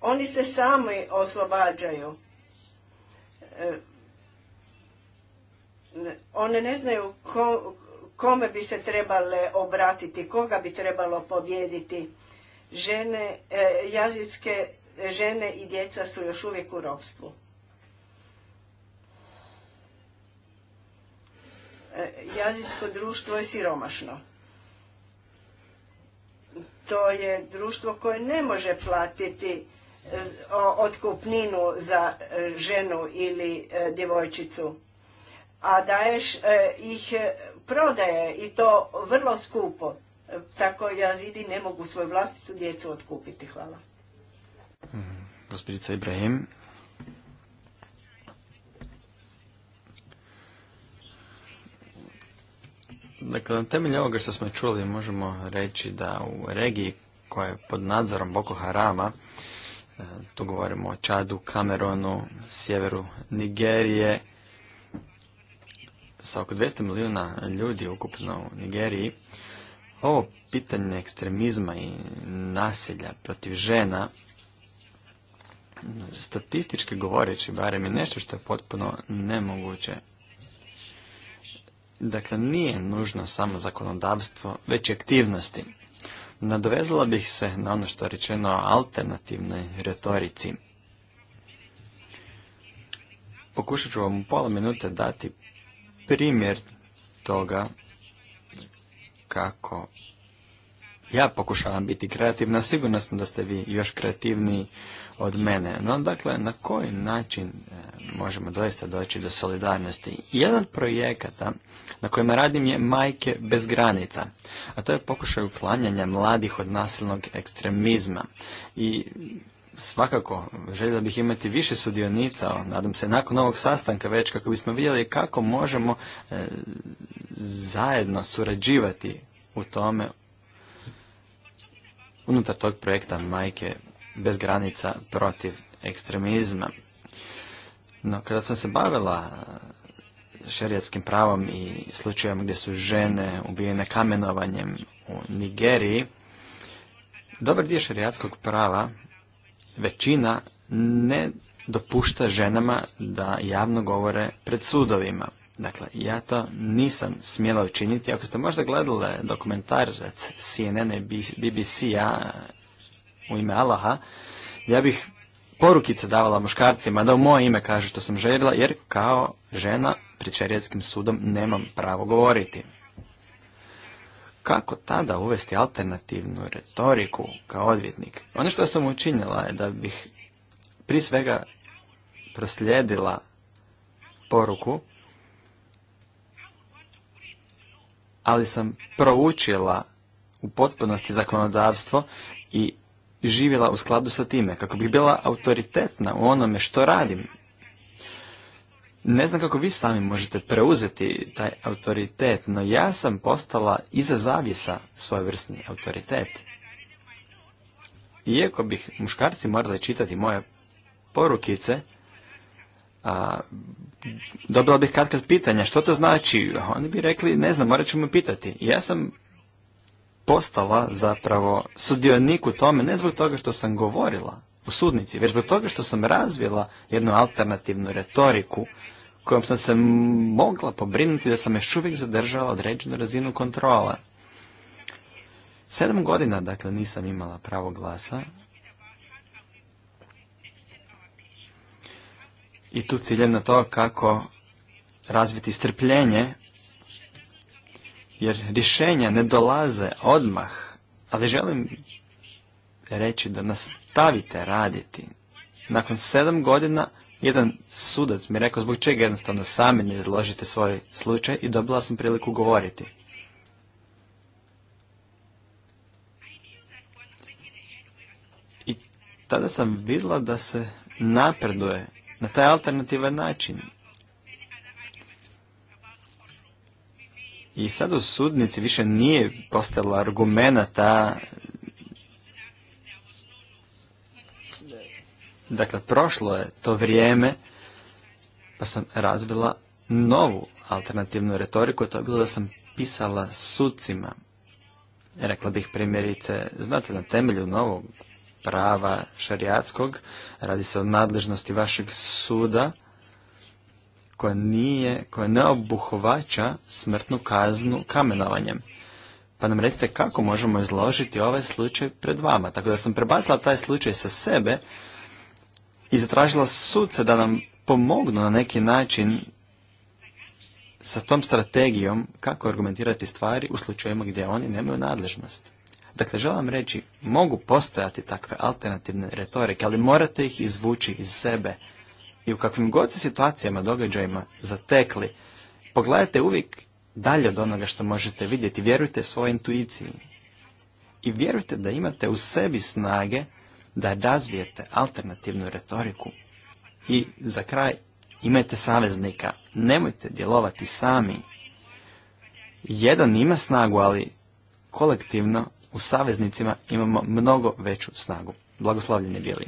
Oni se sami oslobađaju one ne znaju ko, kome bi se trebale obratiti, koga bi trebalo pobjediti. Žene, e, žene i djeca su još uvijek u ropstvu. E, Jazidsko društvo je siromašno. To je društvo koje ne može platiti e, otkupninu za ženu ili djevojčicu a daješ e, ih e, prodaje i to vrlo skupo. Tako jazidi ne mogu svoju vlastitu djecu otkupiti. Hvala. Mm, Gospodica Ibrahim. Dakle, na temelju ovoga što smo čuli možemo reći da u regiji koja je pod nadzorom Boko Harama, e, tu govorimo o Čadu, Kameronu, sjeveru Nigerije, sa oko 200 milijuna ljudi ukupno u Nigeriji, ovo pitanje ekstremizma i nasilja protiv žena, statistički govoreći barem je nešto što je potpuno nemoguće. Dakle, nije nužno samo zakonodavstvo, već i aktivnosti. Nadovezala bih se na ono što je rečeno o alternativnoj retorici. Pokušat ću vam u pola minute dati primjer toga kako ja pokušavam biti kreativna, sigurno sam da ste vi još kreativniji od mene. No, dakle, na koji način e, možemo doista doći do solidarnosti? Jedan od projekata na kojima radim je Majke bez granica, a to je pokušaj uklanjanja mladih od nasilnog ekstremizma. I svakako želio bih imati više sudionica, nadam se nakon ovog sastanka već kako bismo vidjeli kako možemo e, zajedno surađivati u tome unutar tog projekta Majke bez granica protiv ekstremizma. No, kada sam se bavila e, šerijatskim pravom i slučajom gdje su žene ubijene kamenovanjem u Nigeriji, dobar dio šerijatskog prava većina ne dopušta ženama da javno govore pred sudovima. Dakle, ja to nisam smjela učiniti. Ako ste možda gledali dokumentar cnn i BBC-a u ime Allaha, ja bih porukice davala muškarcima da u moje ime kaže što sam željela, jer kao žena pred šerijetskim sudom nemam pravo govoriti kako tada uvesti alternativnu retoriku kao odvjetnik? Ono što sam učinila je da bih pri svega proslijedila poruku, ali sam proučila u potpunosti zakonodavstvo i živjela u skladu sa time, kako bih bila autoritetna u onome što radim ne znam kako vi sami možete preuzeti taj autoritet, no ja sam postala iza svoj svojevrsni autoritet. Iako bih muškarci morali čitati moje porukice, a, dobila bih kad kad pitanja što to znači, oni bi rekli ne znam, morat ćemo pitati. ja sam postala zapravo sudionik u tome, ne zbog toga što sam govorila u sudnici, već zbog toga što sam razvila jednu alternativnu retoriku kojom sam se mogla pobrinuti da sam još uvijek zadržala određenu razinu kontrole. Sedam godina, dakle, nisam imala pravo glasa. I tu ciljem na to kako razviti strpljenje, jer rješenja ne dolaze odmah, ali želim reći da nastavite raditi. Nakon sedam godina jedan sudac mi rekao zbog čega jednostavno sami ne izložite svoj slučaj i dobila sam priliku govoriti. I tada sam vidjela da se napreduje na taj alternativan način. I sad u sudnici više nije postala argumenta Dakle, prošlo je to vrijeme pa sam razvila novu alternativnu retoriku, to je bilo da sam pisala sucima. Rekla bih primjerice, znate, na temelju novog prava šarijatskog, radi se o nadležnosti vašeg suda, koja nije, koja ne obuhvaća smrtnu kaznu kamenovanjem. Pa nam recite kako možemo izložiti ovaj slučaj pred vama. Tako da sam prebacila taj slučaj sa sebe i zatražila sudce da nam pomognu na neki način sa tom strategijom kako argumentirati stvari u slučajevima gdje oni nemaju nadležnost. Dakle, želim reći, mogu postojati takve alternativne retorike, ali morate ih izvući iz sebe. I u kakvim god se situacijama, događajima zatekli, pogledajte uvijek dalje od onoga što možete vidjeti. Vjerujte svojoj intuiciji. I vjerujte da imate u sebi snage da razvijete alternativnu retoriku i za kraj imajte saveznika, nemojte djelovati sami. Jedan ima snagu, ali kolektivno u saveznicima imamo mnogo veću snagu. Blagoslavljeni bili.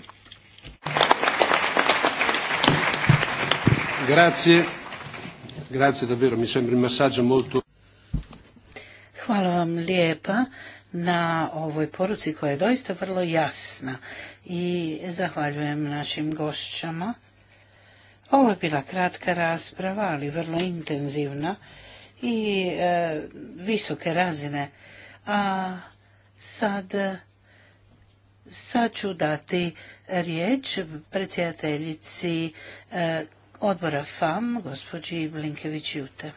Grazie. Grazie davvero, mi sembra un molto Hvala vam lijepa na ovoj poruci koja je doista vrlo jasna i zahvaljujem našim gošćama. Ovo je bila kratka rasprava, ali vrlo intenzivna i e, visoke razine. A sad, sad ću dati riječ predsjedateljici e, odbora FAM, gospođi Blinkević Jute.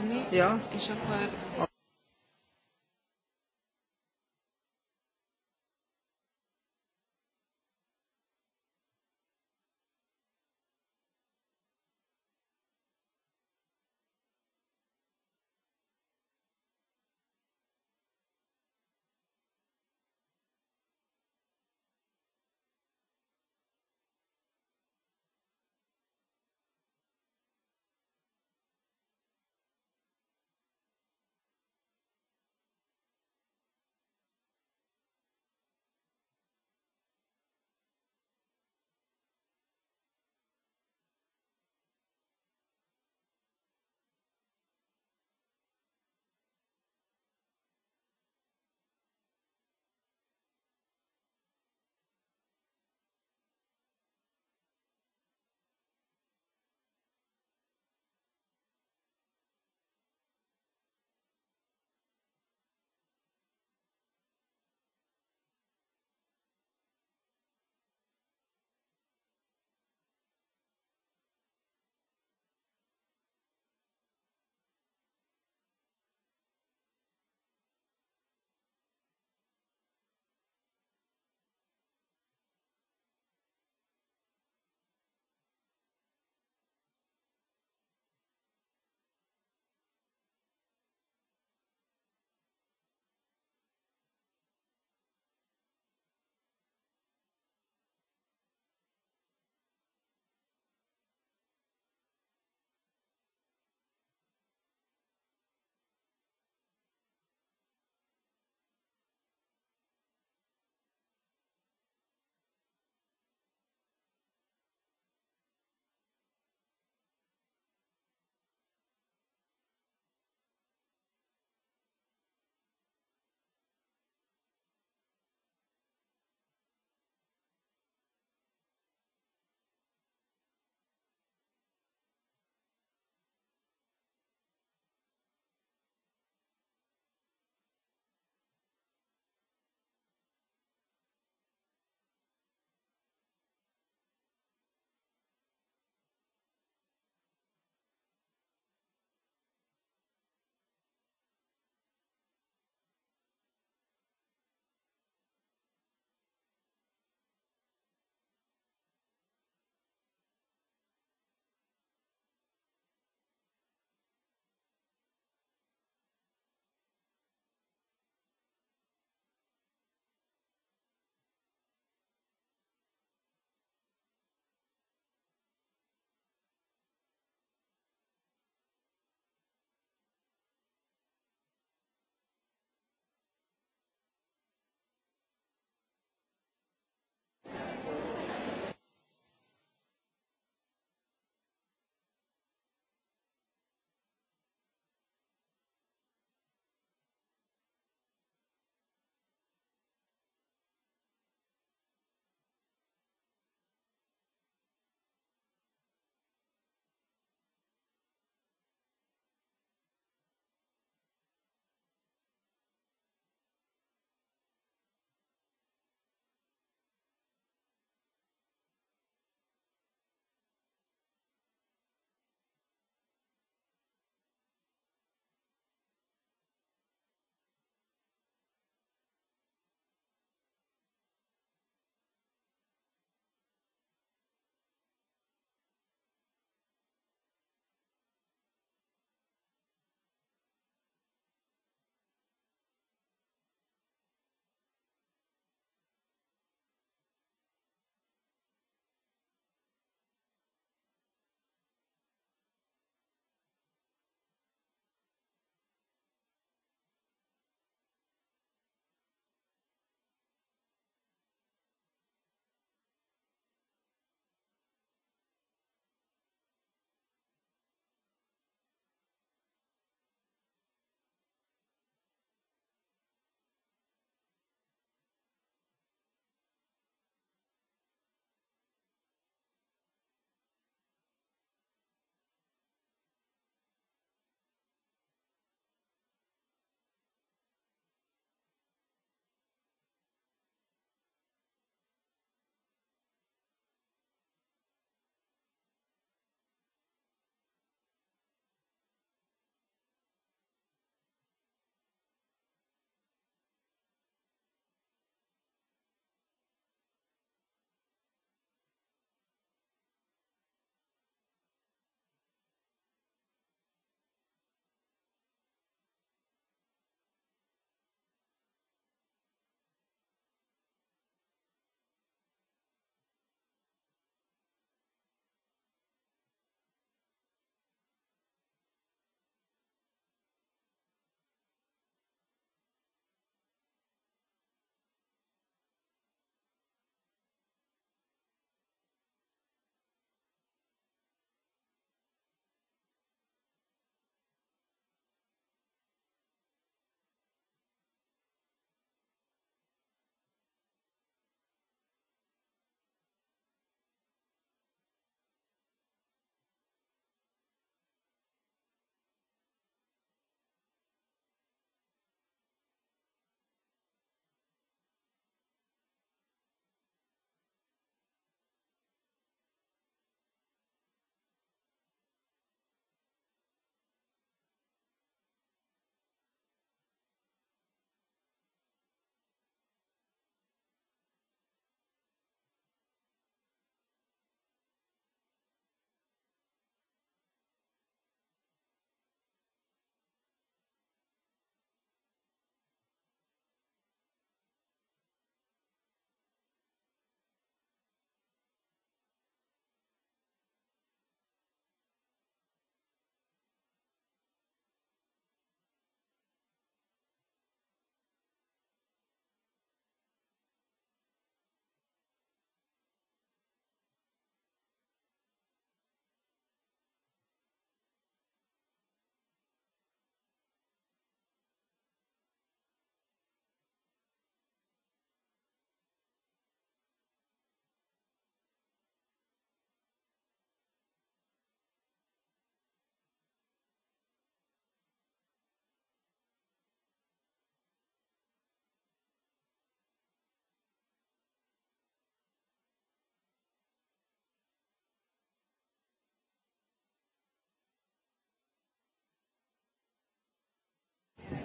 Saloni. Ja.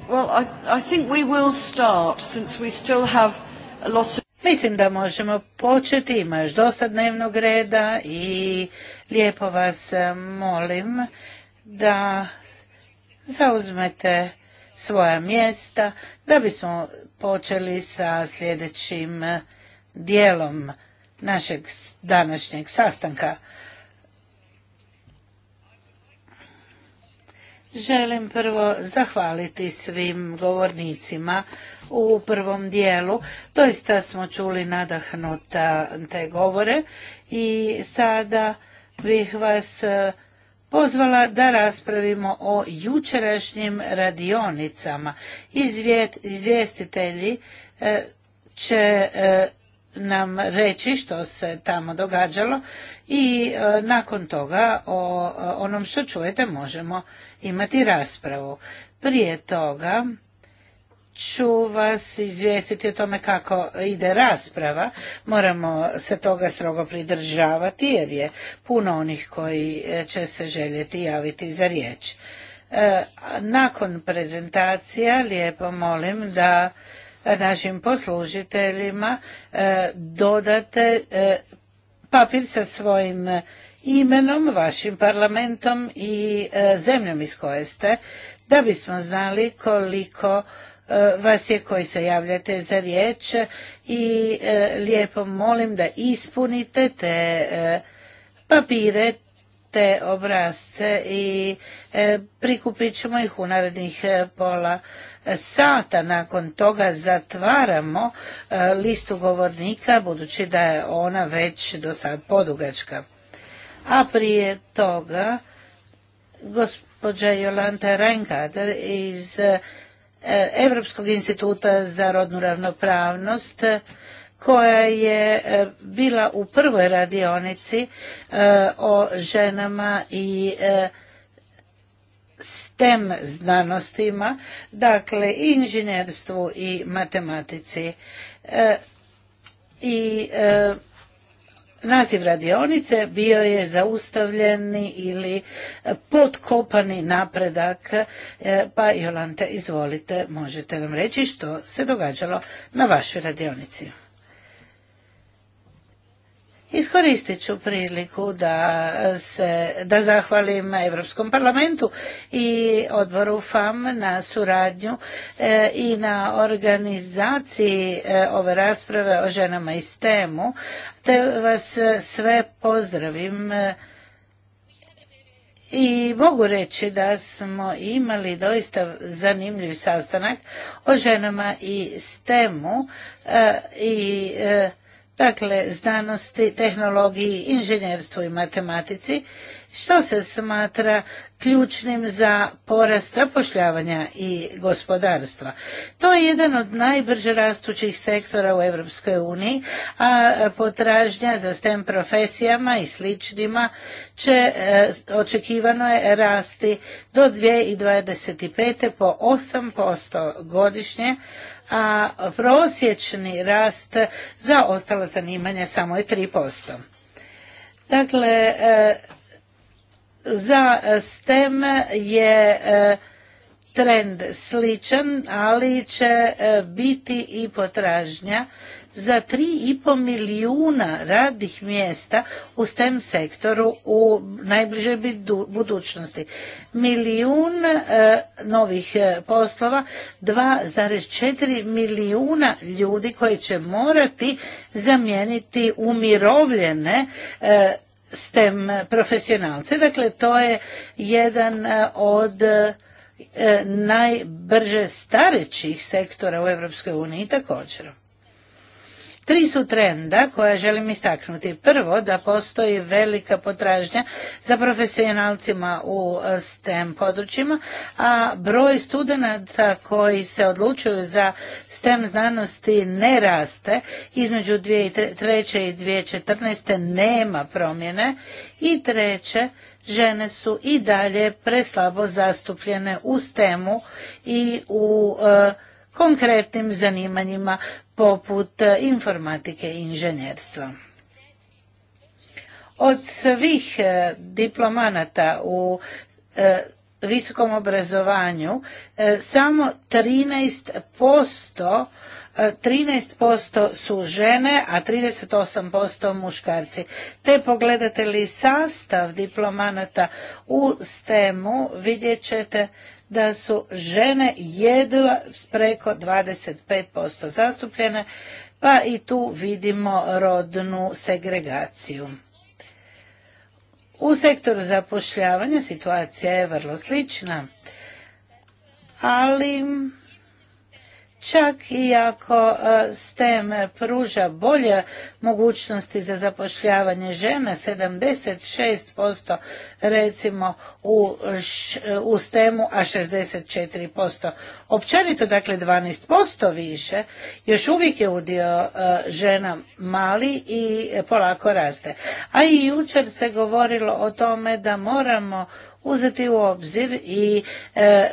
will start still a Mislim da možemo početi, ima još dosta dnevnog reda i lijepo vas e, molim da zauzmete svoja mjesta da bismo počeli sa sljedećim e, dijelom našeg današnjeg sastanka. Želim prvo zahvaliti svim govornicima u prvom dijelu. Doista smo čuli nadahnuta te govore i sada bih vas eh, pozvala da raspravimo o jučerašnjim radionicama. izvjestitelji eh, će eh, nam reći što se tamo događalo i nakon toga o onom što čujete možemo imati raspravu. Prije toga ću vas izvijestiti o tome kako ide rasprava. Moramo se toga strogo pridržavati jer je puno onih koji e, će se željeti javiti za riječ. E, nakon prezentacija lijepo molim da našim poslužiteljima e, dodate papir sa svojim imenom, vašim parlamentom i e, zemljom iz koje ste, da bismo znali koliko e, vas je koji se javljate za riječ i e, lijepo molim da ispunite te papire, te obrazce i prikupit ćemo ih u narednih pola sata. Nakon toga zatvaramo listu govornika budući da je ona već do sad podugačka a prije toga gospođa Jolanta Reinkader iz Europskog instituta za rodnu ravnopravnost koja je e, bila u prvoj radionici e, o ženama i e, STEM znanostima, dakle inženjerstvu i matematici. I Naziv radionice bio je zaustavljeni ili podkopani napredak, e, pa Jolanta izvolite, možete nam reći što se događalo na vašoj radionici. Iskoristit ću priliku da, se, da zahvalim Europskom parlamentu i odboru FAM na suradnju e, i na organizaciji e, ove rasprave o ženama i STEM-u, te vas sve pozdravim e, i mogu reći da smo imali doista zanimljiv sastanak o ženama i STEM-u i dakle znanosti, tehnologiji, inženjerstvu i matematici, što se smatra ključnim za porast zapošljavanja i gospodarstva. To je jedan od najbrže rastućih sektora u Europskoj uniji, a potražnja za STEM profesijama i sličnima će e, očekivano je rasti do 2025. po 8% godišnje, a prosječni rast za ostala zanimanja samo je 3%. Dakle, e, za STEM je e, trend sličan, ali će e, biti i potražnja za 3,5 milijuna radnih mjesta u STEM sektoru u najbližoj budućnosti. Milijun e, novih e, poslova, 2,4 milijuna ljudi koji će morati zamijeniti umirovljene e, STEM profesionalce. Dakle, to je jedan od najbrže starećih sektora u Europskoj uniji također. Tri su trenda koja želim istaknuti. Prvo, da postoji velika potražnja za profesionalcima u e, STEM područjima, a broj studenata koji se odlučuju za STEM znanosti ne raste. Između 2003. i 2014. nema promjene. I treće, žene su i dalje preslabo zastupljene u STEM-u i u e, konkretnim zanimanjima poput e, informatike i inženjerstva. Od svih e, diplomanata u e, visokom obrazovanju samo 13%, 13% su žene, a 38% muškarci. Te pogledate li sastav diplomanata u STEM-u, vidjet ćete da su žene jedva preko 25% zastupljene, pa i tu vidimo rodnu segregaciju. U sektoru zapošljavanja situacija je vrlo slična, ali čak i ako e, STEM pruža bolje mogućnosti za zapošljavanje žena, 76% recimo u, u STEM-u, a 64%. Općenito, dakle 12% više, još uvijek je udio e, žena mali i polako raste. A i jučer se govorilo o tome da moramo uzeti u obzir i e,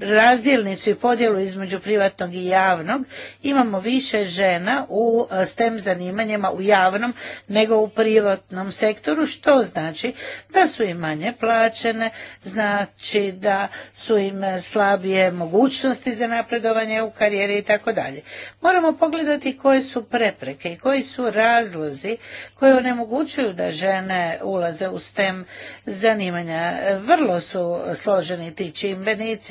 razdjelnicu i podjelu između privatnog i javnog imamo više žena u e, STEM zanimanjima u javnom nego u privatnom sektoru što znači da su im manje plaćene znači da su im e, slabije mogućnosti za napredovanje u karijeri i tako dalje moramo pogledati koje su prepreke i koji su razlozi koji onemogućuju da žene ulaze u STEM zanimanja vrlo su složeni ti čimbenici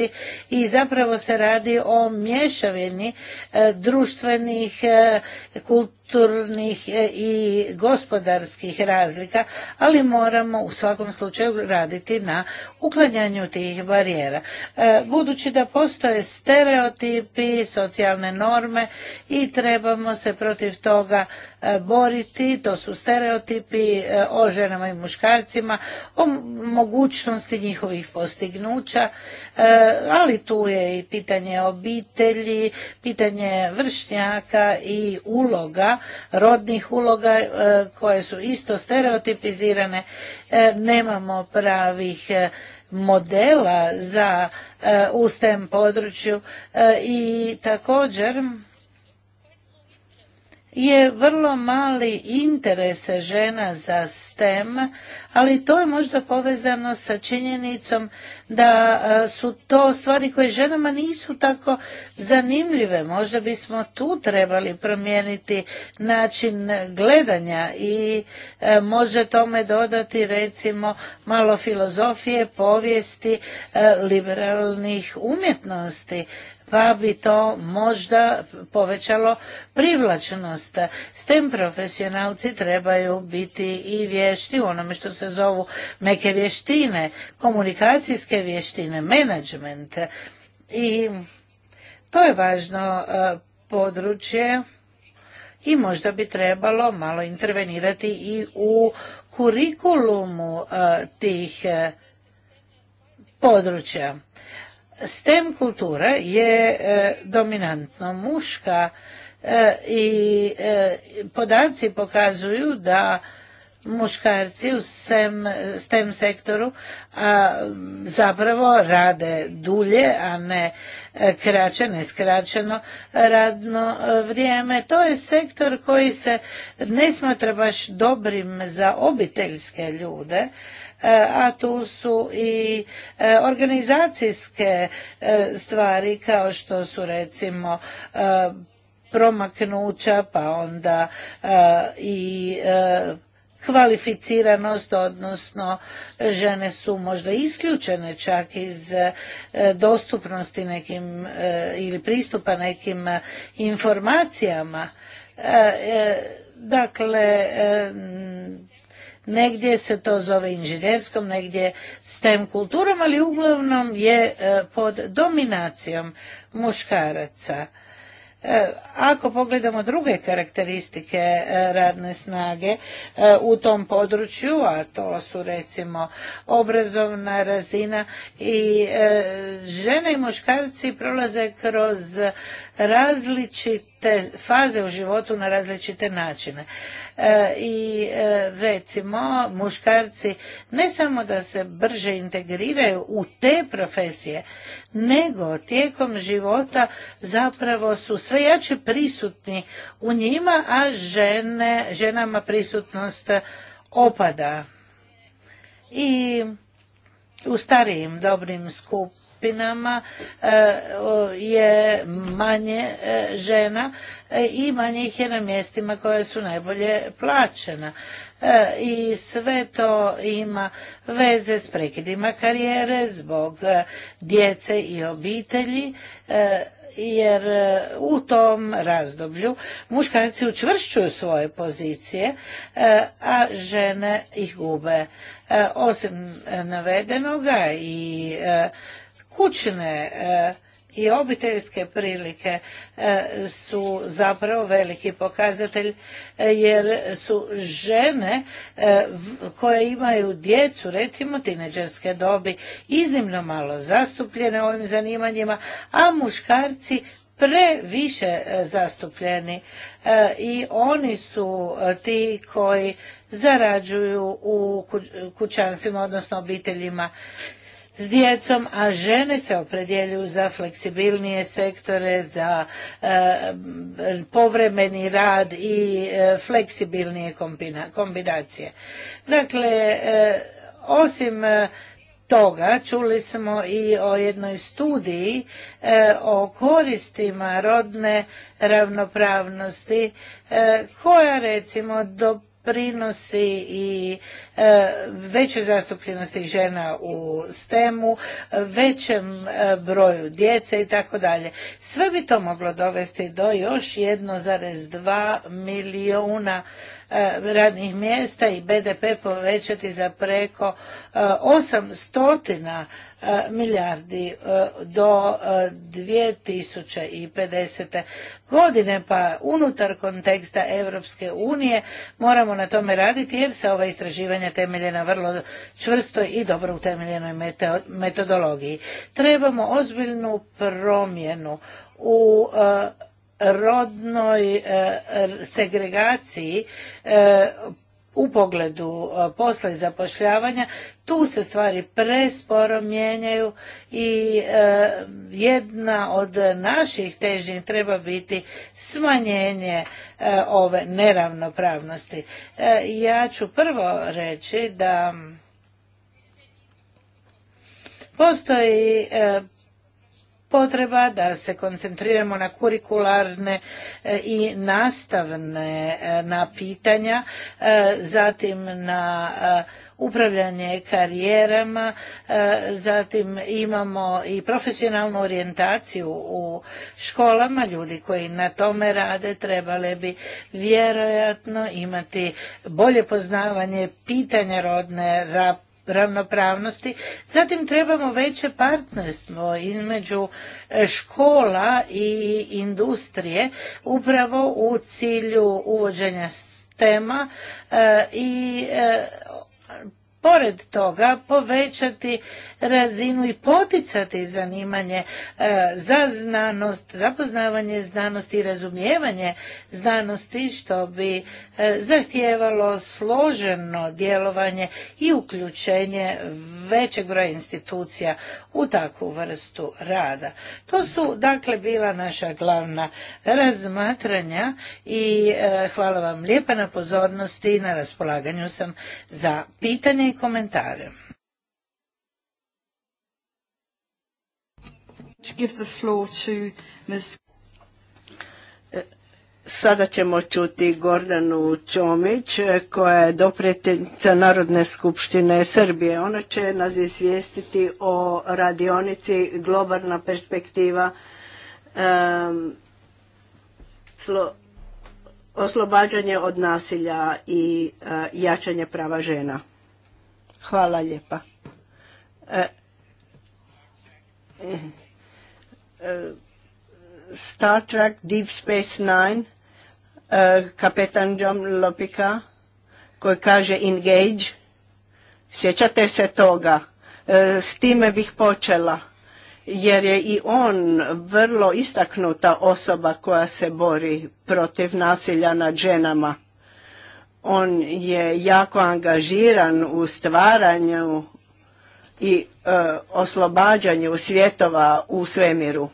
i zapravo se radi o mješavini e, društvenih, e, kulturnih e, i gospodarskih razlika, ali moramo u svakom slučaju raditi na uklanjanju tih barijera. Budući da postoje stereotipi, socijalne norme i trebamo se protiv toga boriti, to su stereotipi o ženama i muškarcima, o mogućnosti njihovih postignuća, ali tu je i pitanje obitelji, pitanje vršnjaka i uloga, rodnih uloga e, koje su isto stereotipizirane. E, nemamo pravih e, modela za u području i također je vrlo mali interes žena za STEM, ali to je možda povezano sa činjenicom da e, su to stvari koje ženama nisu tako zanimljive. Možda bismo tu trebali promijeniti način gledanja i e, može tome dodati recimo malo filozofije, povijesti, e, liberalnih umjetnosti pa bi to možda povećalo privlačnost. S tem profesionalci trebaju biti i vješti u onome što se zovu meke vještine, komunikacijske vještine, management. I to je važno e, područje i možda bi trebalo malo intervenirati i u kurikulumu e, tih e, područja. STEM kultura je e, dominantno muška e, i e, podaci pokazuju da muškarci u STEM, STEM sektoru a, zapravo rade dulje, a ne kraće, neskraćeno radno vrijeme. To je sektor koji se ne smatra baš dobrim za obiteljske ljude E, a tu su i e, organizacijske e, stvari kao što su recimo promaknuća pa onda i kvalificiranost odnosno žene su možda isključene čak iz dostupnosti nekim ili pristupa nekim informacijama dakle negdje se to zove inženjerskom, negdje STEM kulturom, ali uglavnom je e, pod dominacijom muškaraca. E, ako pogledamo druge karakteristike e, radne snage u tom području, a to su recimo obrazovna razina i žene i muškarci prolaze kroz različite faze u životu na različite načine. E, i e, recimo muškarci ne samo da se brže integriraju u te profesije, nego tijekom života zapravo su sve jače prisutni u njima, a žene, ženama prisutnost opada. I u starijim dobrim skup, skupinama e, je manje e, žena e, i manje ih je na mjestima koje su najbolje plaćena. I sve to ima veze s prekidima karijere zbog djece i obitelji jer u tom razdoblju muškarci učvršćuju svoje pozicije, a žene ih gube. Osim navedenoga i kućne eh, i obiteljske prilike eh, su zapravo veliki pokazatelj eh, jer su žene koje imaju djecu recimo tineđerske dobi iznimno malo zastupljene ovim zanimanjima a muškarci previše zastupljeni i oni su ti koji zarađuju u kućanstvima odnosno obiteljima s djecom, a žene se opredjeljuju za fleksibilnije sektore, za e, povremeni rad i e, fleksibilnije kombinacije. Dakle, e, osim toga čuli smo i o jednoj studiji o koristima rodne ravnopravnosti koja recimo do, prinosi i e, većoj zastupljenosti žena u STEM-u, većem e, broju djece i tako dalje. Sve bi to moglo dovesti do još 1,2 milijuna E, radnih mjesta i BDP povećati za preko 800 e, e, milijardi do 2050. godine, pa unutar konteksta Europske unije moramo na tome raditi jer se ova istraživanja temelje na vrlo čvrstoj i dobro utemeljenoj metodologiji. Trebamo ozbiljnu promjenu u rodnoj e, segregaciji e, u pogledu e, posla i zapošljavanja, tu se stvari presporo mijenjaju i jedna od naših težnji treba biti smanjenje ove neravnopravnosti. Ja ću prvo reći da postoji potreba da se koncentriramo na kurikularne e, i nastavne e, na pitanja, e, zatim na upravljanje karijerama, zatim imamo i profesionalnu orijentaciju u školama, ljudi koji na tome rade trebale bi vjerojatno imati bolje poznavanje pitanja rodne rap ravnopravnosti. Zatim trebamo veće partnerstvo između e, škola i industrije upravo u cilju uvođenja tema e, i e, pored toga povećati razinu i poticati zanimanje e, za znanost, zapoznavanje znanosti i razumijevanje znanosti što bi e, zahtijevalo složeno djelovanje i uključenje većeg broja institucija u takvu vrstu rada. To su dakle bila naša glavna razmatranja i e, hvala vam lijepa na pozornosti i na raspolaganju sam za pitanje i komentare. E, sada ćemo čuti Gordanu Čomić e, koja je dopretnica Narodne skupštine Srbije. Ona će nas izvijestiti o radionici globalna perspektiva oslobađanje od nasilja i e, jačanje prava žena. Hvala lijepa. E, e, Star Trek Deep Space Nine, e, kapetan John Lopika, koji kaže engage, sjećate se toga, s time bih počela, jer je i on vrlo istaknuta osoba koja se bori protiv nasilja nad ženama on je jako angažiran u stvaranju i e, oslobađanju svjetova u svemiru.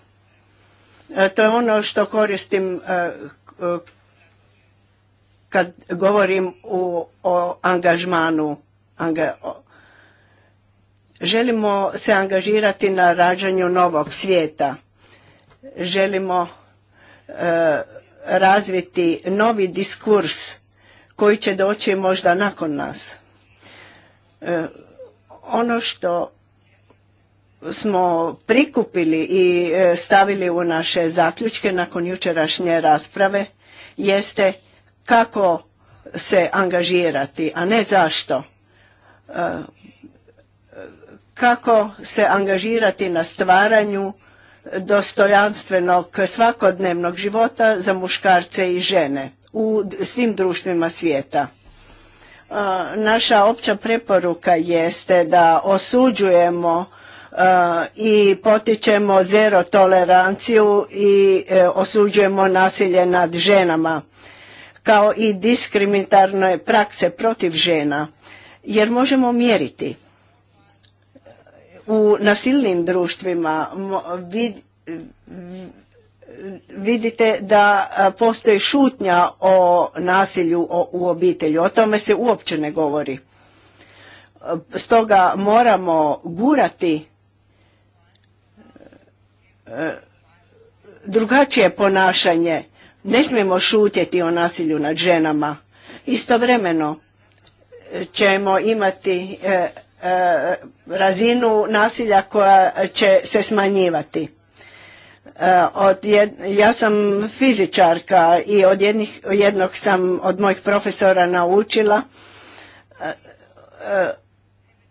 E, to je ono što koristim e, kad govorim o angažmanu. Anga, Želimo se angažirati na rađanju novog svijeta. Želimo razviti novi diskurs koji će doći možda nakon nas. E, ono što smo prikupili i e, stavili u naše zaključke nakon jučerašnje rasprave jeste kako se angažirati, a ne zašto. E, kako se angažirati na stvaranju dostojanstvenog svakodnevnog života za muškarce i žene u svim društvima svijeta. Naša opća preporuka jeste da osuđujemo i potičemo zero toleranciju i e, osuđujemo nasilje nad ženama kao i diskriminatorne prakse protiv žena jer možemo mjeriti u nasilnim društvima vidite da postoji šutnja o nasilju u obitelji. O tome se uopće ne govori. Stoga moramo gurati drugačije ponašanje. Ne smijemo šutjeti o nasilju nad ženama. Istovremeno e, ćemo imati e, e, razinu nasilja koja će se smanjivati E, ja sam fizičarka i od jednog sam od mojih profesora naučila e, e,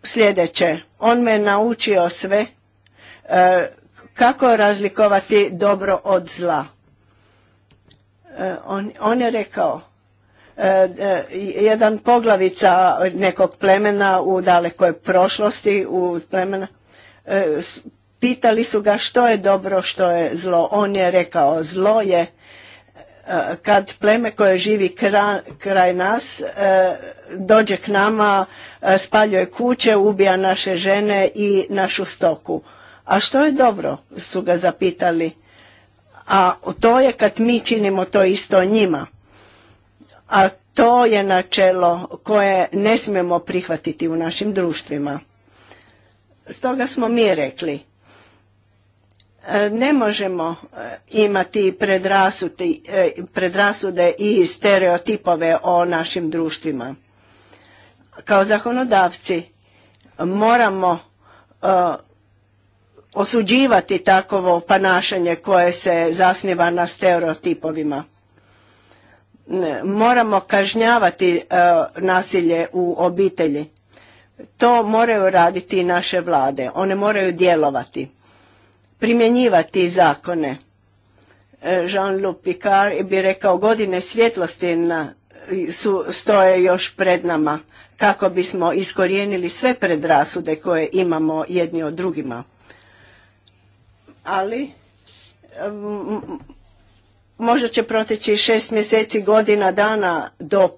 sljedeće. On me naučio sve kako razlikovati dobro od zla. On, on je rekao jedan poglavica nekog plemena u dalekoj prošlosti u plemena Pitali su ga što je dobro, što je zlo. On je rekao zlo je e, kad pleme koje živi kraj, nas e, dođe k nama, e, spaljuje kuće, ubija naše žene i našu stoku. A što je dobro, su ga zapitali. A to je kad mi činimo to isto njima. A to je načelo koje ne smijemo prihvatiti u našim društvima. Stoga smo mi rekli ne možemo e, imati e, predrasude i stereotipove o našim društvima. Kao zakonodavci moramo e, osuđivati takovo ponašanje koje se zasniva na stereotipovima. Moramo kažnjavati nasilje u obitelji. To moraju raditi i naše vlade. One moraju djelovati primjenjivati zakone. E, Jean-Luc Picard bi rekao godine svjetlosti na, su, stoje još pred nama kako bismo iskorijenili sve predrasude koje imamo jedni od drugima. Ali možda će proteći šest mjeseci godina dana do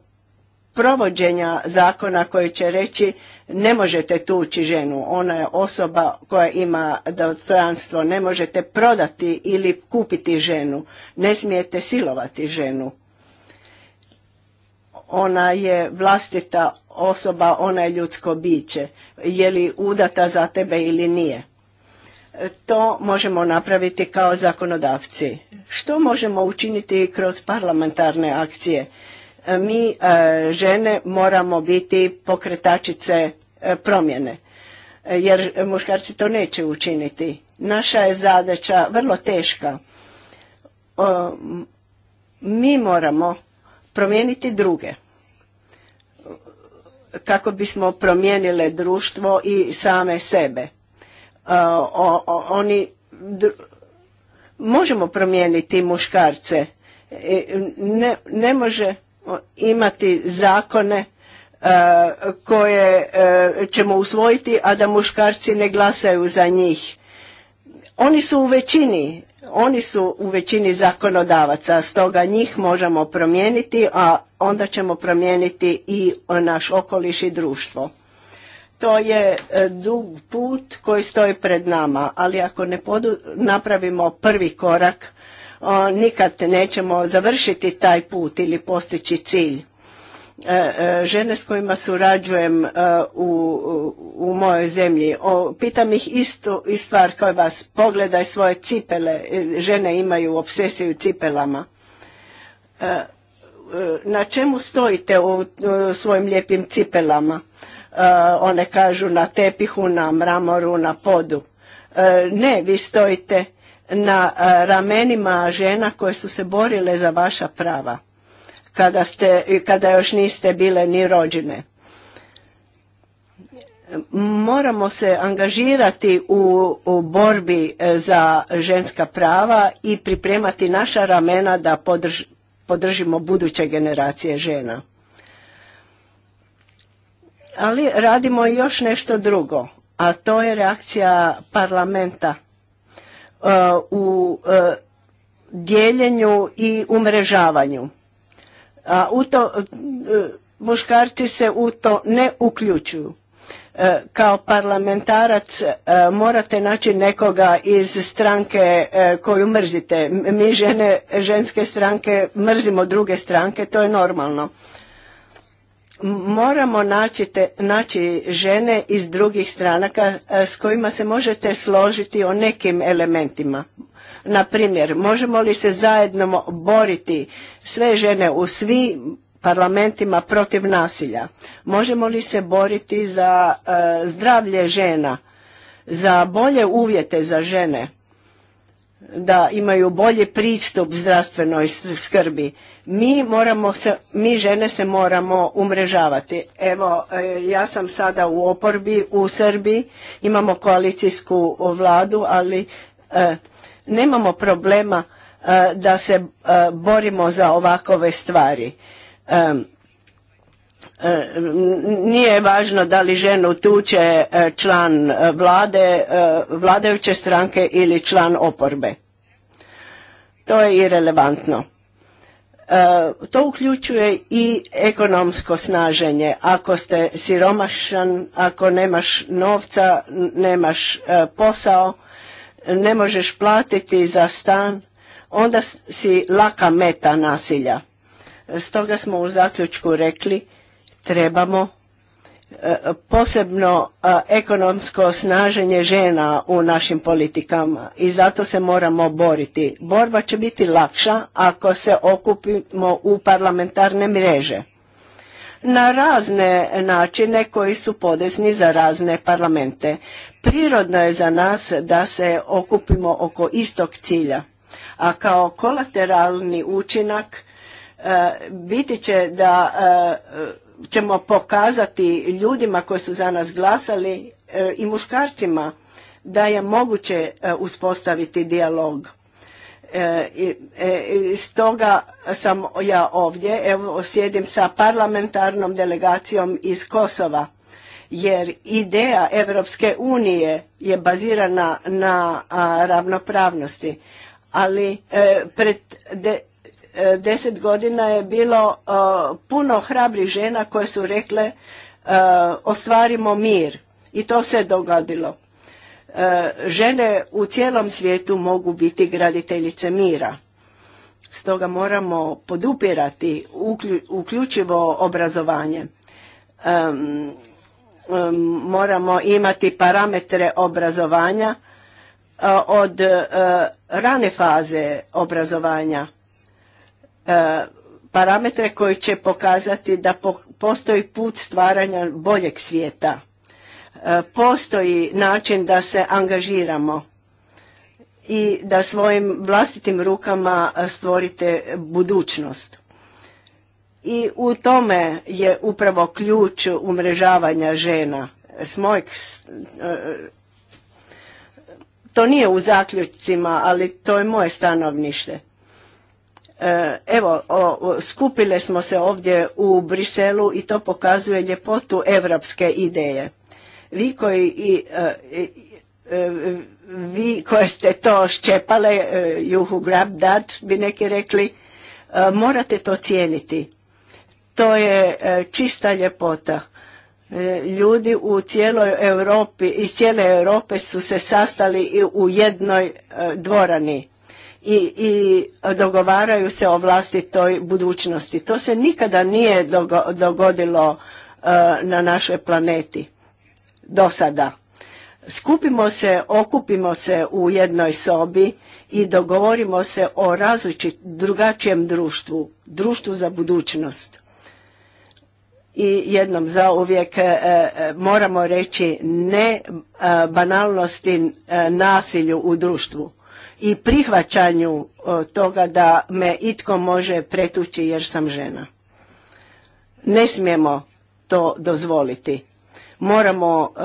provođenja zakona koji će reći ne možete tući ženu, ona je osoba koja ima dostojanstvo, ne možete prodati ili kupiti ženu, ne smijete silovati ženu. Ona je vlastita osoba, ona je ljudsko biće, je li udata za tebe ili nije. To možemo napraviti kao zakonodavci. Što možemo učiniti kroz parlamentarne akcije? mi e, žene moramo biti pokretačice e, promjene e, jer muškarci to neće učiniti. Naša je zadaća vrlo teška. Mi moramo promijeniti druge kako bismo promijenile društvo i same sebe. oni možemo promijeniti muškarce. Ne, ne može imati zakone e, koje e, ćemo usvojiti, a da muškarci ne glasaju za njih. Oni su u većini, oni su u većini zakonodavaca, stoga njih možemo promijeniti, a onda ćemo promijeniti i naš okoliš i društvo. To je e, dug put koji stoji pred nama, ali ako ne napravimo prvi korak, nikad nećemo završiti taj put ili postići cilj. E, e, žene s kojima surađujem e, u, u mojoj zemlji, o, pitam ih istu i stvar kao vas, pogledaj svoje cipele, žene imaju obsesiju cipelama. Na čemu stojite u svojim lijepim cipelama? One kažu na tepihu, na mramoru, na podu. Ne, vi stojite na e, ramenima žena koje su se borile za vaša prava kada, ste, kada još niste bile ni rođene. Moramo se angažirati u, u borbi e, za ženska prava i pripremati naša ramena da podržimo buduće generacije žena. Ali radimo još nešto drugo, a to je reakcija parlamenta E, u e, dijeljenju i umrežavanju. A u to, e, muškarci se u to ne uključuju. Kao parlamentarac morate naći nekoga iz stranke koju mrzite. Mi žene, ženske stranke mrzimo druge stranke, to je normalno moramo naći, te, naći žene iz drugih stranaka e, s kojima se možete složiti o nekim elementima. Na primjer, možemo li se zajedno boriti sve žene u svim parlamentima protiv nasilja? Možemo li se boriti za e, zdravlje žena, za bolje uvjete za žene, da imaju bolji pristup zdravstvenoj skrbi? Mi moramo se, mi žene se moramo umrežavati. Evo, e, ja sam sada u oporbi u Srbiji, imamo koalicijsku vladu, ali e, nemamo problema e, da se borimo za ovakove stvari. Nije važno da li ženu tuče član vlade, vladajuće stranke ili član oporbe. To je irelevantno E, to uključuje i ekonomsko snaženje. Ako ste siromašan, ako nemaš novca, nemaš e, posao, ne možeš platiti za stan, onda si laka meta nasilja. Stoga smo u zaključku rekli trebamo E, posebno e, ekonomsko snaženje žena u našim politikama i zato se moramo boriti. Borba će biti lakša ako se okupimo u parlamentarne mreže na razne načine koji su podesni za razne parlamente. Prirodno je za nas da se okupimo oko istog cilja, a kao kolateralni učinak e, biti će da ćemo pokazati ljudima koji su za nas glasali e, i muškarcima da je moguće e, uspostaviti dijalog. E, stoga sam ja ovdje, evo sjedim sa parlamentarnom delegacijom iz Kosova jer ideja Europske unije je bazirana na ravnopravnosti ali pred deset godina je bilo uh, puno hrabrih žena koje su rekle uh, ostvarimo mir i to se dogodilo. Uh, žene u cijelom svijetu mogu biti graditeljice mira. Stoga moramo podupirati uključivo obrazovanje. Um, um, moramo imati parametre obrazovanja od rane faze obrazovanja E, parametre koji će pokazati da postoji put stvaranja boljeg svijeta. E, postoji način da se angažiramo i da svojim vlastitim rukama stvorite budućnost. I u tome je upravo ključ umrežavanja žena. S e, to nije u zaključcima, ali to je moje stanovnište. E, evo, skupile smo se ovdje u Briselu i to pokazuje ljepotu evropske ideje. Vi koji i, e, e, vi koje ste to ščepale, you who grab bi neki rekli, morate to cijeniti. To je čista ljepota. Ljudi u cijeloj Europi, iz cijele Europe su se sastali u jednoj dvorani i, i dogovaraju se o vlastitoj budućnosti. To se nikada nije dogodilo e, na našoj planeti do sada. Skupimo se, okupimo se u jednoj sobi i dogovorimo se o različit, drugačijem društvu, društvu za budućnost. I jednom zauvijek e, e moramo reći ne e, banalnosti nasilju u društvu i prihvaćanju toga da me itko može pretući jer sam žena. Ne smijemo to dozvoliti. Moramo e,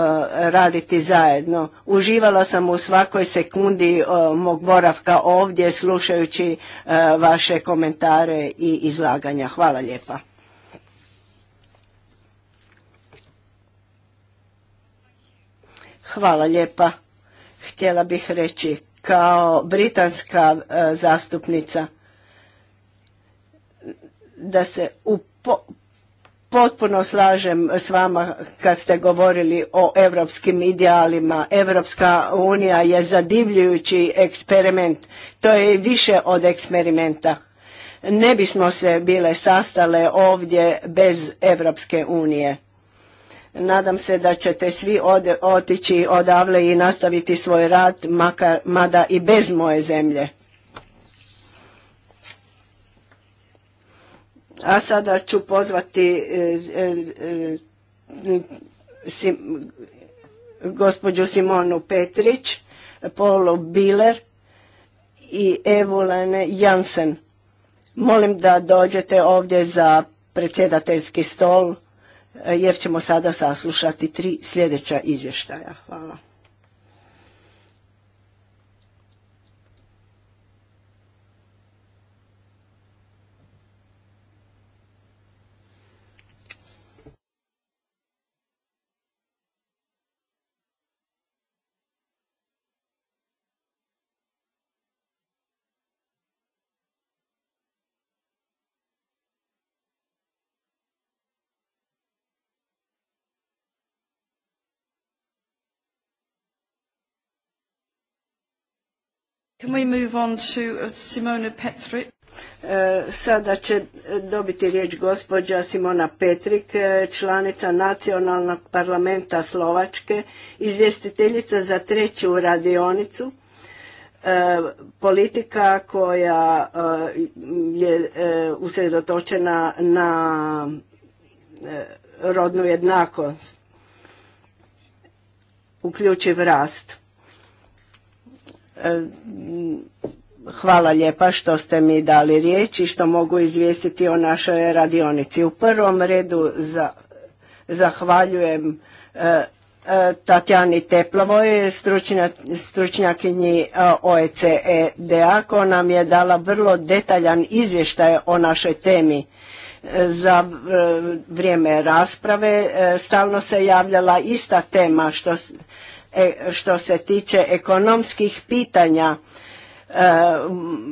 raditi zajedno. Uživala sam u svakoj sekundi mog boravka ovdje slušajući e, vaše komentare i izlaganja. Hvala lijepa. Hvala lijepa. Htjela bih reći kao britanska e, zastupnica da se u potpuno slažem s vama kad ste govorili o europskim idealima. Europska unija je zadivljujući eksperiment. To je više od eksperimenta. Ne bismo se bile sastale ovdje bez Europske unije. Nadam se da ćete svi otići odavle i nastaviti svoj rad, mada i bez moje zemlje. A sada ću pozvati e, e, e, gospođu Simonu Petrić, Polo Biler i Evulene Jansen. Molim da dođete ovdje za predsjedateljski stol. E, jer ćemo sada saslušati tri sljedeća izvještaja. Hvala. Can we move uh, e, Sada će e, dobiti riječ gospođa Simona Petrik, e, članica Nacionalnog parlamenta Slovačke, izvjestiteljica za treću radionicu, politika koja je usredotočena na rodnu jednakost, uključiv rast E, hvala lijepa što ste mi dali riječ i što mogu izvijestiti o našoj radionici. U prvom redu zahvaljujem e, e, Tatjani Teplovoj, stručnjakinji OECD-a, koja nam je dala vrlo detaljan izvještaj o našoj temi. za vrijeme rasprave stalno se javljala ista tema što E, što se tiče ekonomskih pitanja e,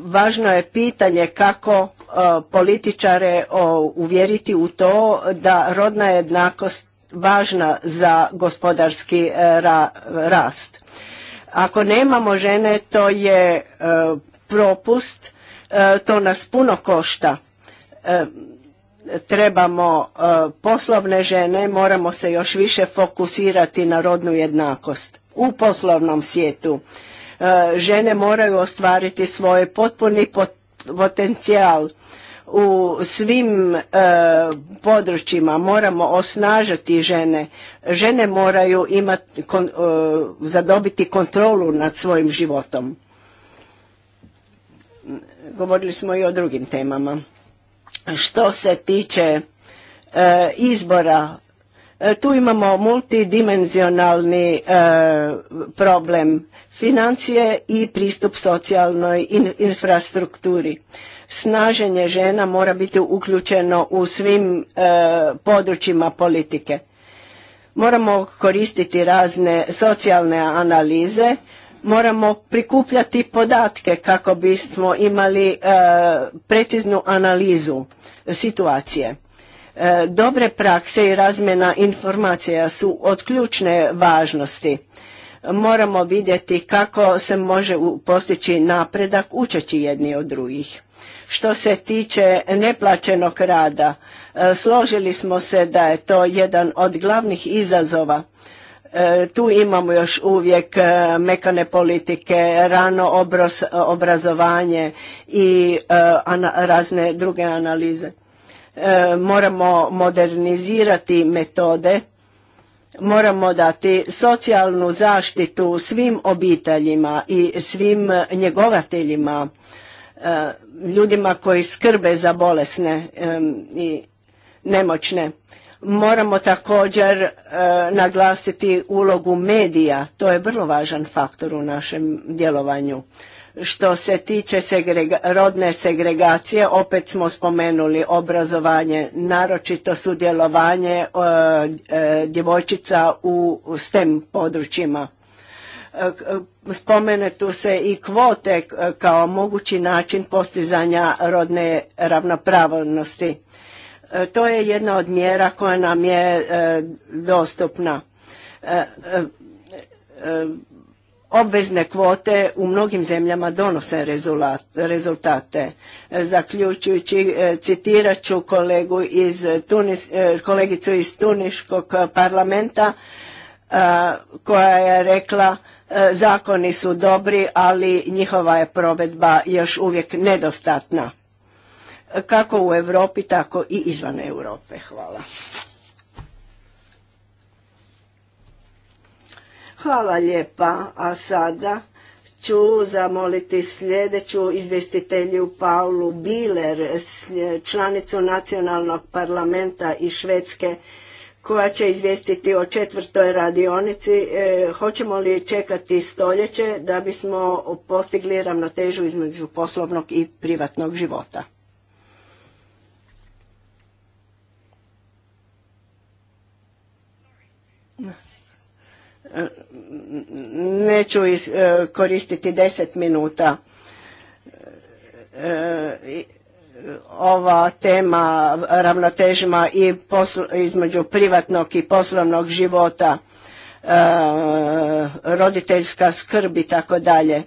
važno je pitanje kako e, političare uvjeriti u to da rodna jednakost važna za gospodarski rast. Ako nemamo žene to je propust, to nas puno košta trebamo e, poslovne žene, moramo se još više fokusirati na rodnu jednakost u poslovnom svijetu. E, žene moraju ostvariti svoj potpuni potencijal u svim e, područjima moramo osnažati žene žene moraju imati zadobiti kontrolu nad svojim životom govorili smo i o drugim temama što se tiče e, izbora, e, tu imamo multidimenzionalni e, problem financije i pristup socijalnoj infrastrukturi. Snaženje žena mora biti uključeno u svim područjima politike moramo koristiti razne socijalne analize moramo prikupljati podatke kako bismo imali e, preciznu analizu situacije e, dobre prakse i razmjena informacija su od ključne važnosti moramo vidjeti kako se može postići napredak učeći jedni od drugih što se tiče neplaćenog rada e, složili smo se da je to jedan od glavnih izazova E, tu imamo još uvijek e, mekane politike, rano e, obrazovanje i razne druge analize. Moramo modernizirati metode, moramo dati socijalnu zaštitu svim obiteljima i svim njegovateljima, ljudima koji skrbe za bolesne i nemoćne Moramo također e, naglasiti ulogu medija, to je vrlo važan faktor u našem djelovanju. Što se tiče rodne segregacije, opet smo spomenuli obrazovanje, naročito sudjelovanje e, e, djevojčica u STEM područjima. Spomene tu se i kvote kao mogući način postizanja rodne ravnopravnosti E, to je jedna od mjera koja nam je e, dostupna. E, obvezne kvote u mnogim zemljama donose rezultate. Zaključujući, citirat ću iz kolegicu iz Tuniškog parlamenta koja je rekla zakoni su dobri, ali njihova je provedba još uvijek nedostatna kako u Europi tako i izvan Europe. Hvala. Hvala lijepa, a sada ću zamoliti sljedeću izvjestitelju Paulu Biler, članicu nacionalnog parlamenta iz Švedske, koja će izvijestiti o četvrtoj radionici. E, hoćemo li čekati stoljeće da bismo postigli ravnotežu između poslovnog i privatnog života? neću e, koristiti deset minuta. E, ova tema ravnotežima i između privatnog i poslovnog života, e, roditeljska skrb i tako dalje,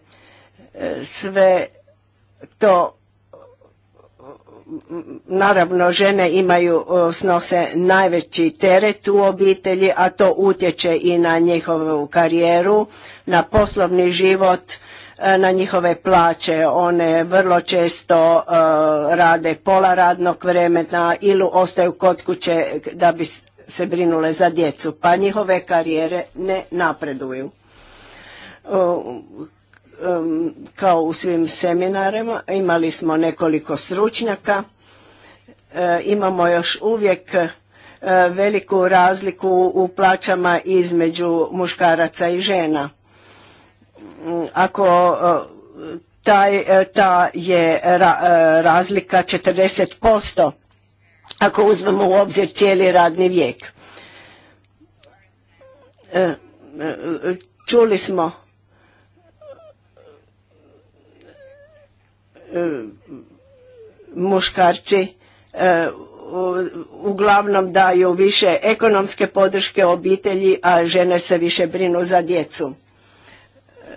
sve to naravno žene imaju, snose najveći teret u obitelji, a to utječe i na njihovu karijeru, na poslovni život, e, na njihove plaće. One vrlo često e, rade pola radnog vremena ili ostaju kod kuće da bi se brinule za djecu, pa njihove karijere ne napreduju. Um, kao u svim seminarima. Imali smo nekoliko stručnjaka. Uh, imamo još uvijek uh, veliku razliku u plaćama između muškaraca i žena. Mm, ako uh, taj, ta je razlika 40%, ako uzmemo u obzir cijeli radni vijek. Čuli smo E, muškarci e, uglavnom daju više ekonomske podrške obitelji, a žene se više brinu za djecu. E,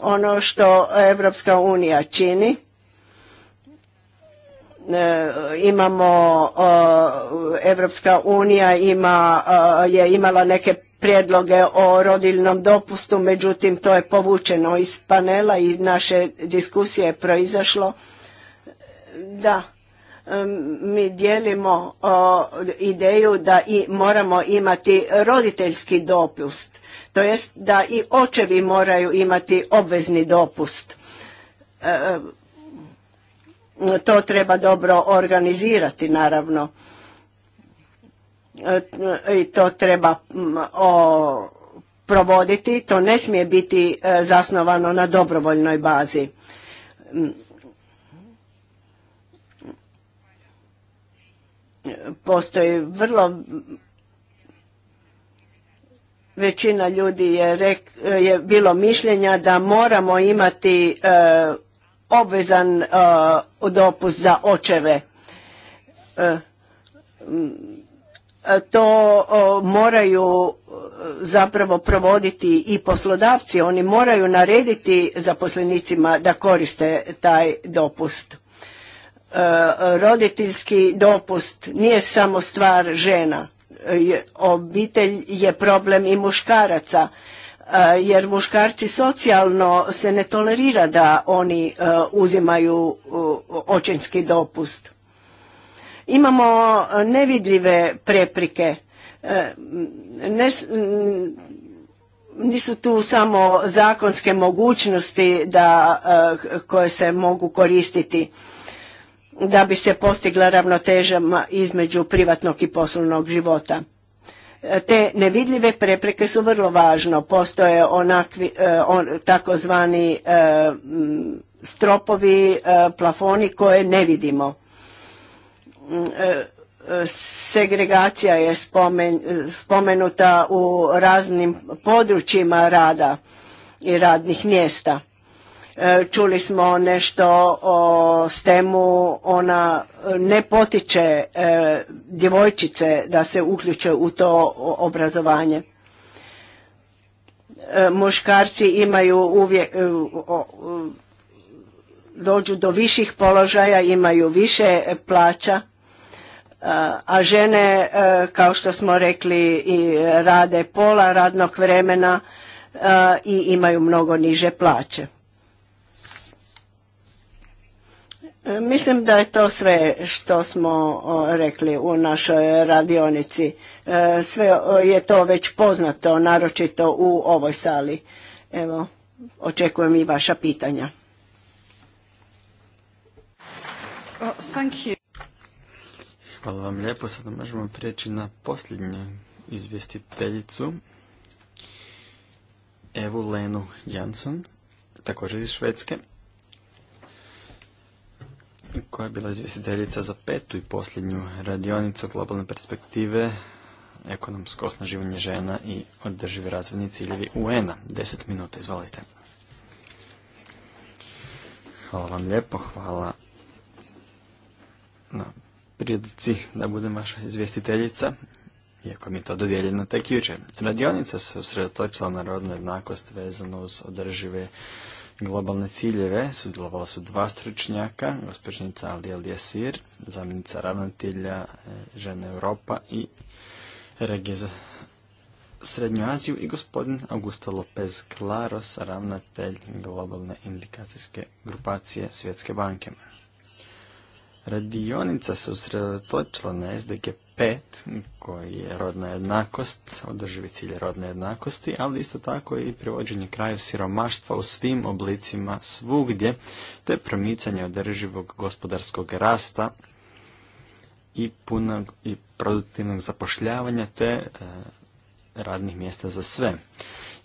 ono što Evropska unija čini, imamo Evropska unija ima, je imala neke prijedloge o rodiljnom dopustu, međutim to je povučeno iz panela i naše diskusije je proizašlo da mi dijelimo ideju da i moramo imati roditeljski dopust, to jest da i očevi moraju imati obvezni dopust. E, e, to treba dobro organizirati naravno E, i to treba provoditi, to ne smije biti e, zasnovano na dobrovoljnoj bazi. Postoji vrlo većina ljudi je, je bilo mišljenja da moramo imati e, obvezan e, dopust za očeve to moraju zapravo provoditi i poslodavci, oni moraju narediti zaposlenicima da koriste taj dopust. E, roditeljski dopust nije samo stvar žena, obitelj je problem i muškaraca, e, jer muškarci socijalno se ne tolerira da oni e, uzimaju očinski dopust Imamo e, nevidljive preprike. E, ne, nisu tu samo zakonske mogućnosti da, e, koje se mogu koristiti da bi se postigla ravnoteža između privatnog i poslovnog života. Te nevidljive prepreke su vrlo važno. Postoje onakvi, takozvani stropovi, plafoni koje ne vidimo. E, e, segregacija je e, spomenuta u raznim područjima rada i radnih mjesta. Čuli smo nešto o stemu, ona ne potiče djevojčice da se uključe u to obrazovanje. Muškarci imaju uvijek, dođu do viših položaja, imaju više plaća a žene e, kao što smo rekli i rade pola radnog vremena e, i imaju mnogo niže plaće. E, mislim da je to sve što smo rekli u našoj radionici. Sve je to već poznato, naročito u ovoj sali. Evo, očekujem i vaša pitanja. Thank you. Hvala vam lijepo. Sada možemo prijeći na posljednju izvjestiteljicu. Evu Lenu Jansson, također iz Švedske, koja je bila izvjestiteljica za petu i posljednju radionicu globalne perspektive ekonomsko osnaživanje žena i održivi razvojni ciljevi UN-a. Deset minuta, izvolite. Hvala vam lijepo, hvala na prilici da budem vaša izvjestiteljica, iako mi je to dodijeljeno tek juče. Radionica se usredotočila na rodnu jednakost vezano uz održive globalne ciljeve. Sudjelovala su dva stručnjaka, gospođnica Aldi Aldiasir, zamjenica ravnatelja e, Žene Europa i regije za Srednju Aziju i gospodin Augusto Lopez Claros, ravnatelj globalne indikacijske grupacije Svjetske banke. Radionica se usredotočila na SDG 5, koji je rodna jednakost, održivi cilj rodne jednakosti, ali isto tako i privođenje kraja siromaštva u svim oblicima svugdje, te promicanje održivog gospodarskog rasta i punog i produktivnog zapošljavanja, te eh, radnih mjesta za sve.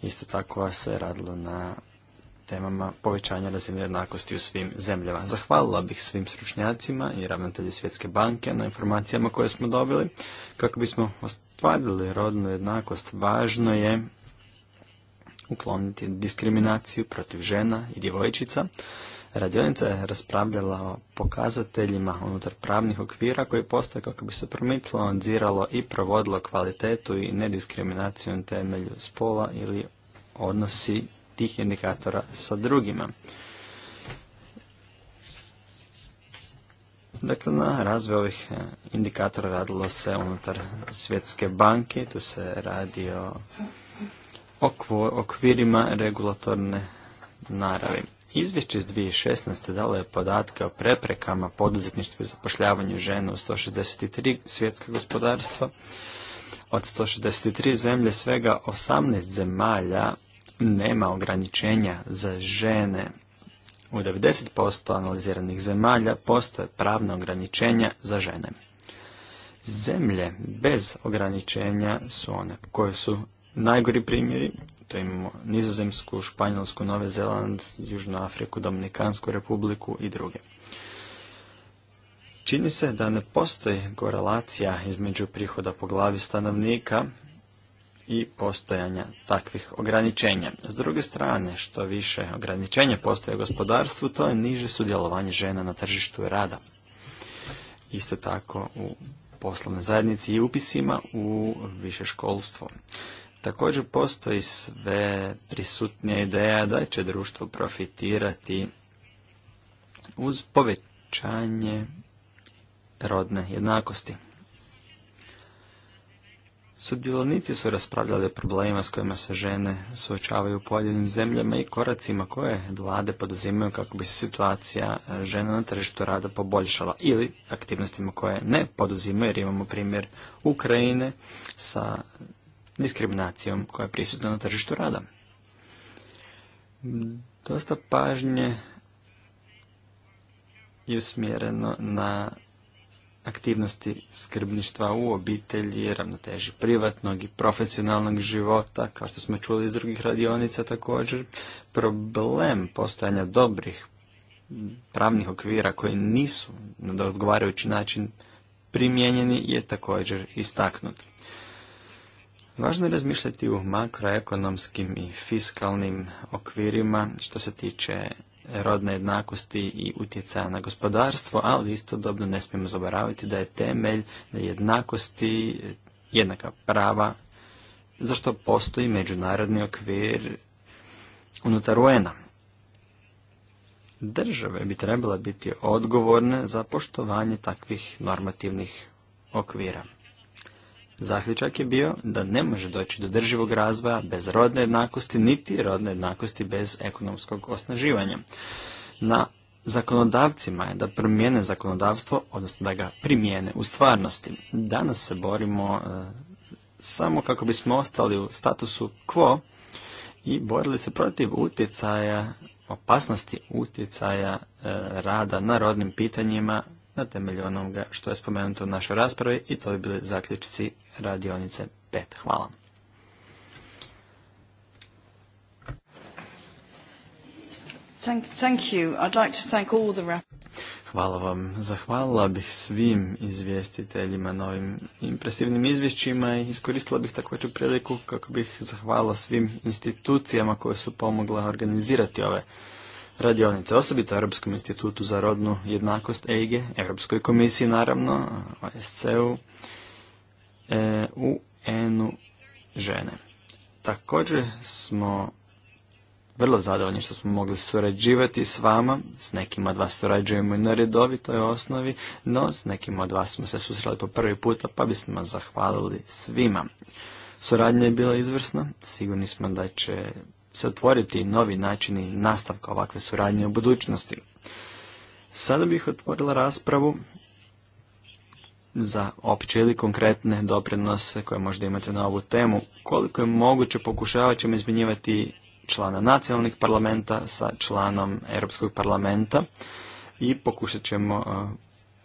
Isto tako se radilo na temama povećanja razine jednakosti u svim zemljama. Zahvalila bih svim stručnjacima i ravnatelju Svjetske banke na informacijama koje smo dobili. Kako bismo ostvarili rodnu jednakost, važno je ukloniti diskriminaciju protiv žena i djevojčica. Radionica je raspravljala o pokazateljima unutar pravnih okvira koji postoje kako bi se promitlo, nadziralo i provodilo kvalitetu i nediskriminaciju na temelju spola ili odnosi tih indikatora sa drugima. Dakle, na razvoj ovih e, indikatora radilo se unutar svjetske banke, tu se radi o okvirima regulatorne naravi. Izvješće iz 2016. dalo je podatke o preprekama poduzetništvu i zapošljavanju žena u 163 svjetske gospodarstva. Od 163 zemlje svega 18 zemalja nema ograničenja za žene. U 90% analiziranih zemalja postoje pravna ograničenja za žene. Zemlje bez ograničenja su one koje su najgori primjeri, to imamo Nizozemsku, Španjolsku, Nove Zeland, Južnu Afriku, Dominikansku republiku i druge. Čini se da ne postoji korelacija između prihoda po glavi stanovnika i postojanja takvih ograničenja. S druge strane, što više ograničenja postoje u gospodarstvu, to je niže sudjelovanje žena na tržištu rada. Isto tako u poslovnoj zajednici i upisima u više školstvo. Također postoji sve prisutnija ideja da će društvo profitirati uz povećanje rodne jednakosti. Sudjelovnici su raspravljali o problemima s kojima se žene suočavaju u pojedinim zemljama i koracima koje vlade poduzimaju kako bi se situacija e, žena na tržištu rada poboljšala ili aktivnostima koje ne poduzimaju jer imamo primjer Ukrajine sa diskriminacijom koja je prisutna na tržištu rada. Dosta pažnje je usmjereno na aktivnosti skrbništva u obitelji, ravnoteži privatnog i profesionalnog života, kao što smo čuli iz drugih radionica također. Problem postojanja dobrih pravnih okvira koji nisu na odgovarajući način primijenjeni je također istaknut. Važno je razmišljati u makroekonomskim i fiskalnim okvirima što se tiče rodne jednakosti i utjecaja na gospodarstvo, ali istodobno ne smijemo zaboraviti da je temelj jednakosti jednaka prava za postoji međunarodni okvir unutar un Države bi trebala biti odgovorne za poštovanje takvih normativnih okvira. Zaključak je bio da ne može doći do drživog razvoja bez rodne jednakosti, niti rodne jednakosti bez ekonomskog osnaživanja. Na zakonodavcima je da promijene zakonodavstvo, odnosno da ga primijene u stvarnosti. Danas se borimo e, samo kako bismo ostali u statusu quo i borili se protiv utjecaja, opasnosti utjecaja e, rada na rodnim pitanjima na temelju onoga što je spomenuto u našoj raspravi i to bi bili zaključci radionice 5. Hvala. Hvala vam. Zahvalila bih svim izvjestiteljima na ovim impresivnim izvješćima i iskoristila bih također priliku kako bih zahvalila svim institucijama koje su pomogle organizirati ove radionice, osobito Europskom institutu za rodnu jednakost EIGE, Europskoj komisiji naravno, OSCE-u, E, u Enu žene. Također smo vrlo zadovoljni što smo mogli surađivati s vama, s nekim od vas surađujemo i na redovitoj osnovi, no s nekim od vas smo se susreli po prvi puta pa bismo zahvalili svima. Suradnja je bila izvrsna, sigurni smo da će se otvoriti novi načini nastavka ovakve suradnje u budućnosti. Sada bih otvorila raspravu za opće ili konkretne doprinose koje možda imate na ovu temu. Koliko je moguće pokušavat ćemo izmjenjivati člana nacionalnih parlamenta sa članom Europskog parlamenta i pokušat ćemo e,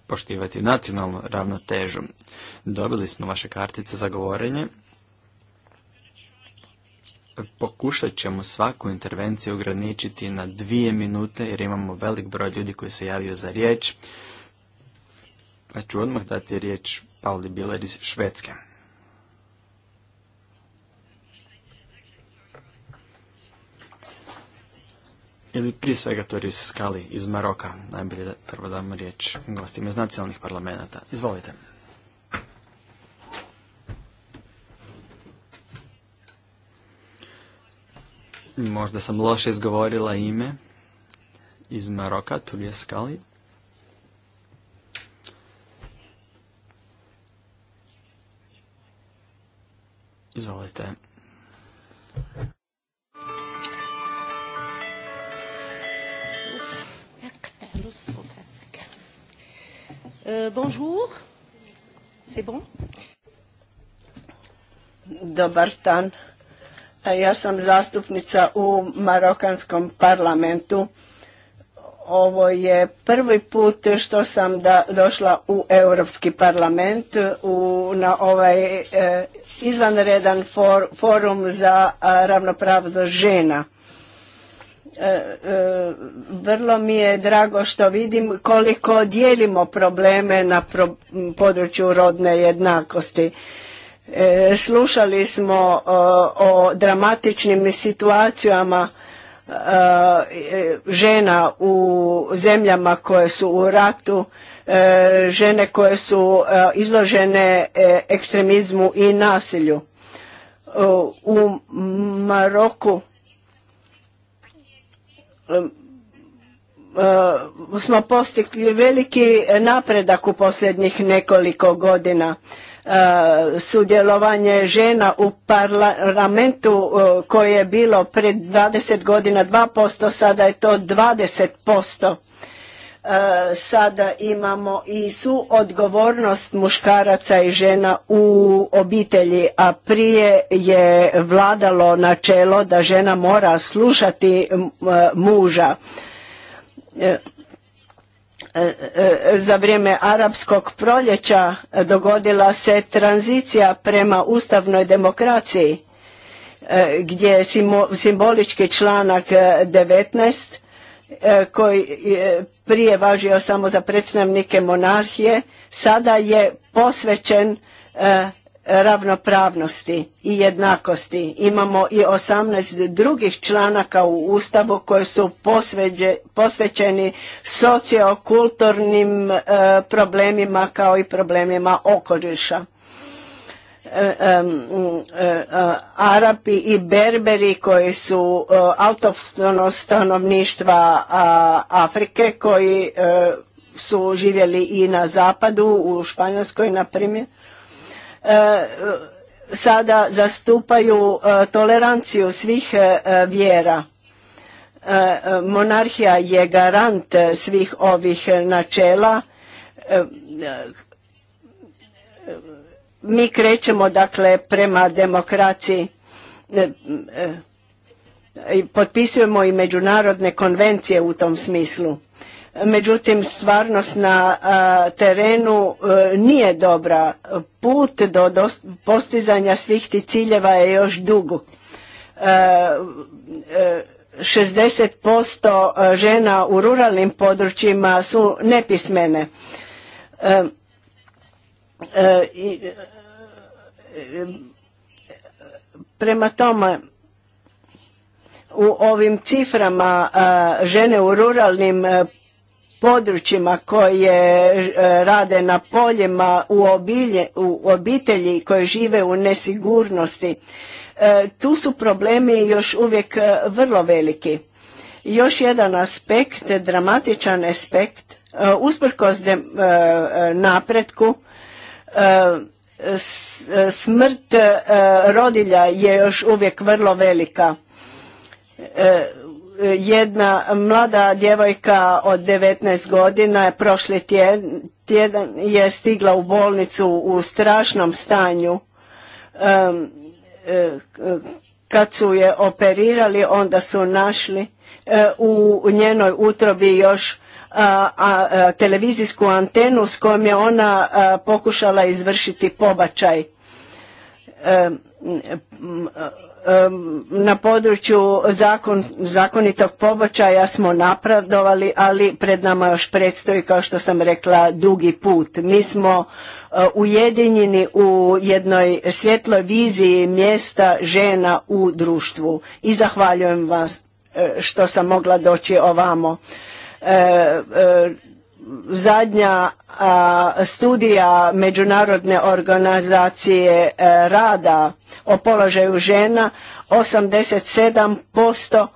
poštivati nacionalnu ravnotežu. Dobili smo vaše kartice za govorenje. Pokušat ćemo svaku intervenciju ograničiti na dvije minute jer imamo velik broj ljudi koji se javio za riječ. Pa ću odmah dati riječ Pauli Biler iz Švedske. Ili prije svega Toris Skali iz Maroka. Najbolje da prvo damo riječ gostima iz nacionalnih parlamenta. Izvolite. Možda sam loše izgovorila ime iz Maroka, je Skali. Izvolite. E, bonjour. C'est bon? Dobar dan. E, ja sam zastupnica u Marokanskom parlamentu ovo je prvi put što sam došla u Europski parlament u, na ovaj e, izvanredan forum za ravnopravnost žena. E, e, vrlo mi je drago što vidim koliko dijelimo probleme na području rodne jednakosti. slušali smo o, o dramatičnim situacijama E, žena u zemljama koje su u ratu, e, žene koje su e, izložene ekstremizmu i nasilju. U Maroku smo postigli veliki napredak u posljednjih nekoliko godina. Eh, sudjelovanje žena u parlamentu eh, koje je bilo pred 20 godina 2%, sada je to 20%. Eh, sada imamo i su odgovornost muškaraca i žena u obitelji, a prije je vladalo načelo da žena mora slušati muža E, e, za vrijeme arapskog proljeća dogodila se tranzicija prema ustavnoj demokraciji e, gdje je simbolički članak 19 koji je prije važio samo za predstavnike monarhije sada je posvećen ravnopravnosti i jednakosti. Imamo i 18 drugih članaka u Ustavu koji su posveđe, posvećeni sociokulturnim e, problemima kao i problemima okoliša. E, e, e Arapi i Berberi koji su autoftono stanovništva a, Afrike koji su živjeli i na zapadu u Španjolskoj na primjer E, sada zastupaju e, toleranciju svih e, vjera. Monarhija je garant svih ovih načela. Mi krećemo dakle prema demokraciji. Potpisujemo i međunarodne konvencije u tom smislu međutim stvarnost na terenu e, nije dobra. Put do postizanja svih tih ciljeva je još dugu. 60% e, e, žena u ruralnim područjima su nepismene. Prema tome, u ovim ciframa žene u ruralnim područjima koje e, rade na poljima u, u obitelji koje žive u nesigurnosti. E, tu su problemi još uvijek e, vrlo veliki. Još jedan aspekt, dramatičan aspekt, usprkos napretku, smrt rodilja je još uvijek vrlo velika jedna mlada djevojka od 19 godina prošli tjedan je stigla u bolnicu u strašnom stanju. E, kad su je operirali, onda su našli e, u njenoj utrobi još a, e, televizijsku antenu s kojom je ona pokušala izvršiti pobačaj na području zakon, zakonitog pobačaja smo napravdovali, ali pred nama još predstoji, kao što sam rekla, dugi put. Mi smo e, ujedinjeni u jednoj svjetloj viziji mjesta žena u društvu. I zahvaljujem vas e, što sam mogla doći ovamo. E, zadnja studija Međunarodne organizacije e, rada o položaju žena 87% posto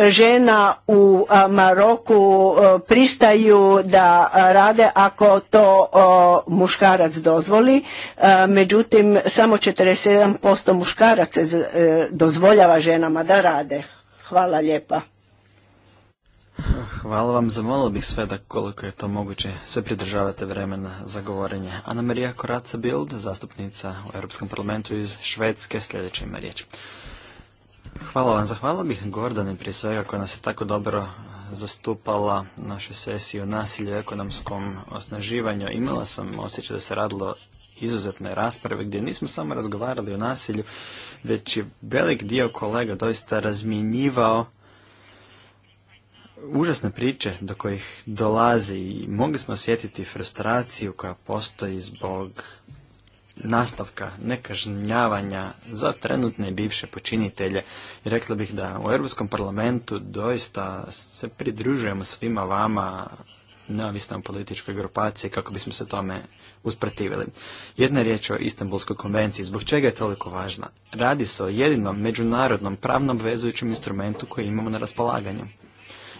e, žena u Maroku e, pristaju da rade ako to muškarac dozvoli, međutim samo 47% muškaraca dozvoljava ženama da rade. Hvala lijepa. Hvala vam. Zamolio bih sve da koliko je to moguće se pridržavate vremena za govorenje. Ana Marija Koraca Bild, zastupnica u Europskom parlamentu iz Švedske, sljedeća ima riječ. Hvala vam. Zahvala bih Gordani prije svega koja nas je tako dobro zastupala našoj sesiji o nasilju ekonomskom osnaživanju. Imala sam osjećaj da se radilo izuzetne rasprave gdje nismo samo razgovarali o nasilju, već je velik dio kolega doista razmjenjivao užasne priče do kojih dolazi i mogli smo osjetiti frustraciju koja postoji zbog nastavka nekažnjavanja za trenutne i bivše počinitelje. I rekla bih da u Europskom parlamentu doista se pridružujemo svima vama neovisno o političkoj grupaciji kako bismo se tome usprotivili. Jedna je riječ o Istanbulskoj konvenciji. Zbog čega je toliko važna? Radi se o jedinom međunarodnom pravnom vezujućem instrumentu koji imamo na raspolaganju.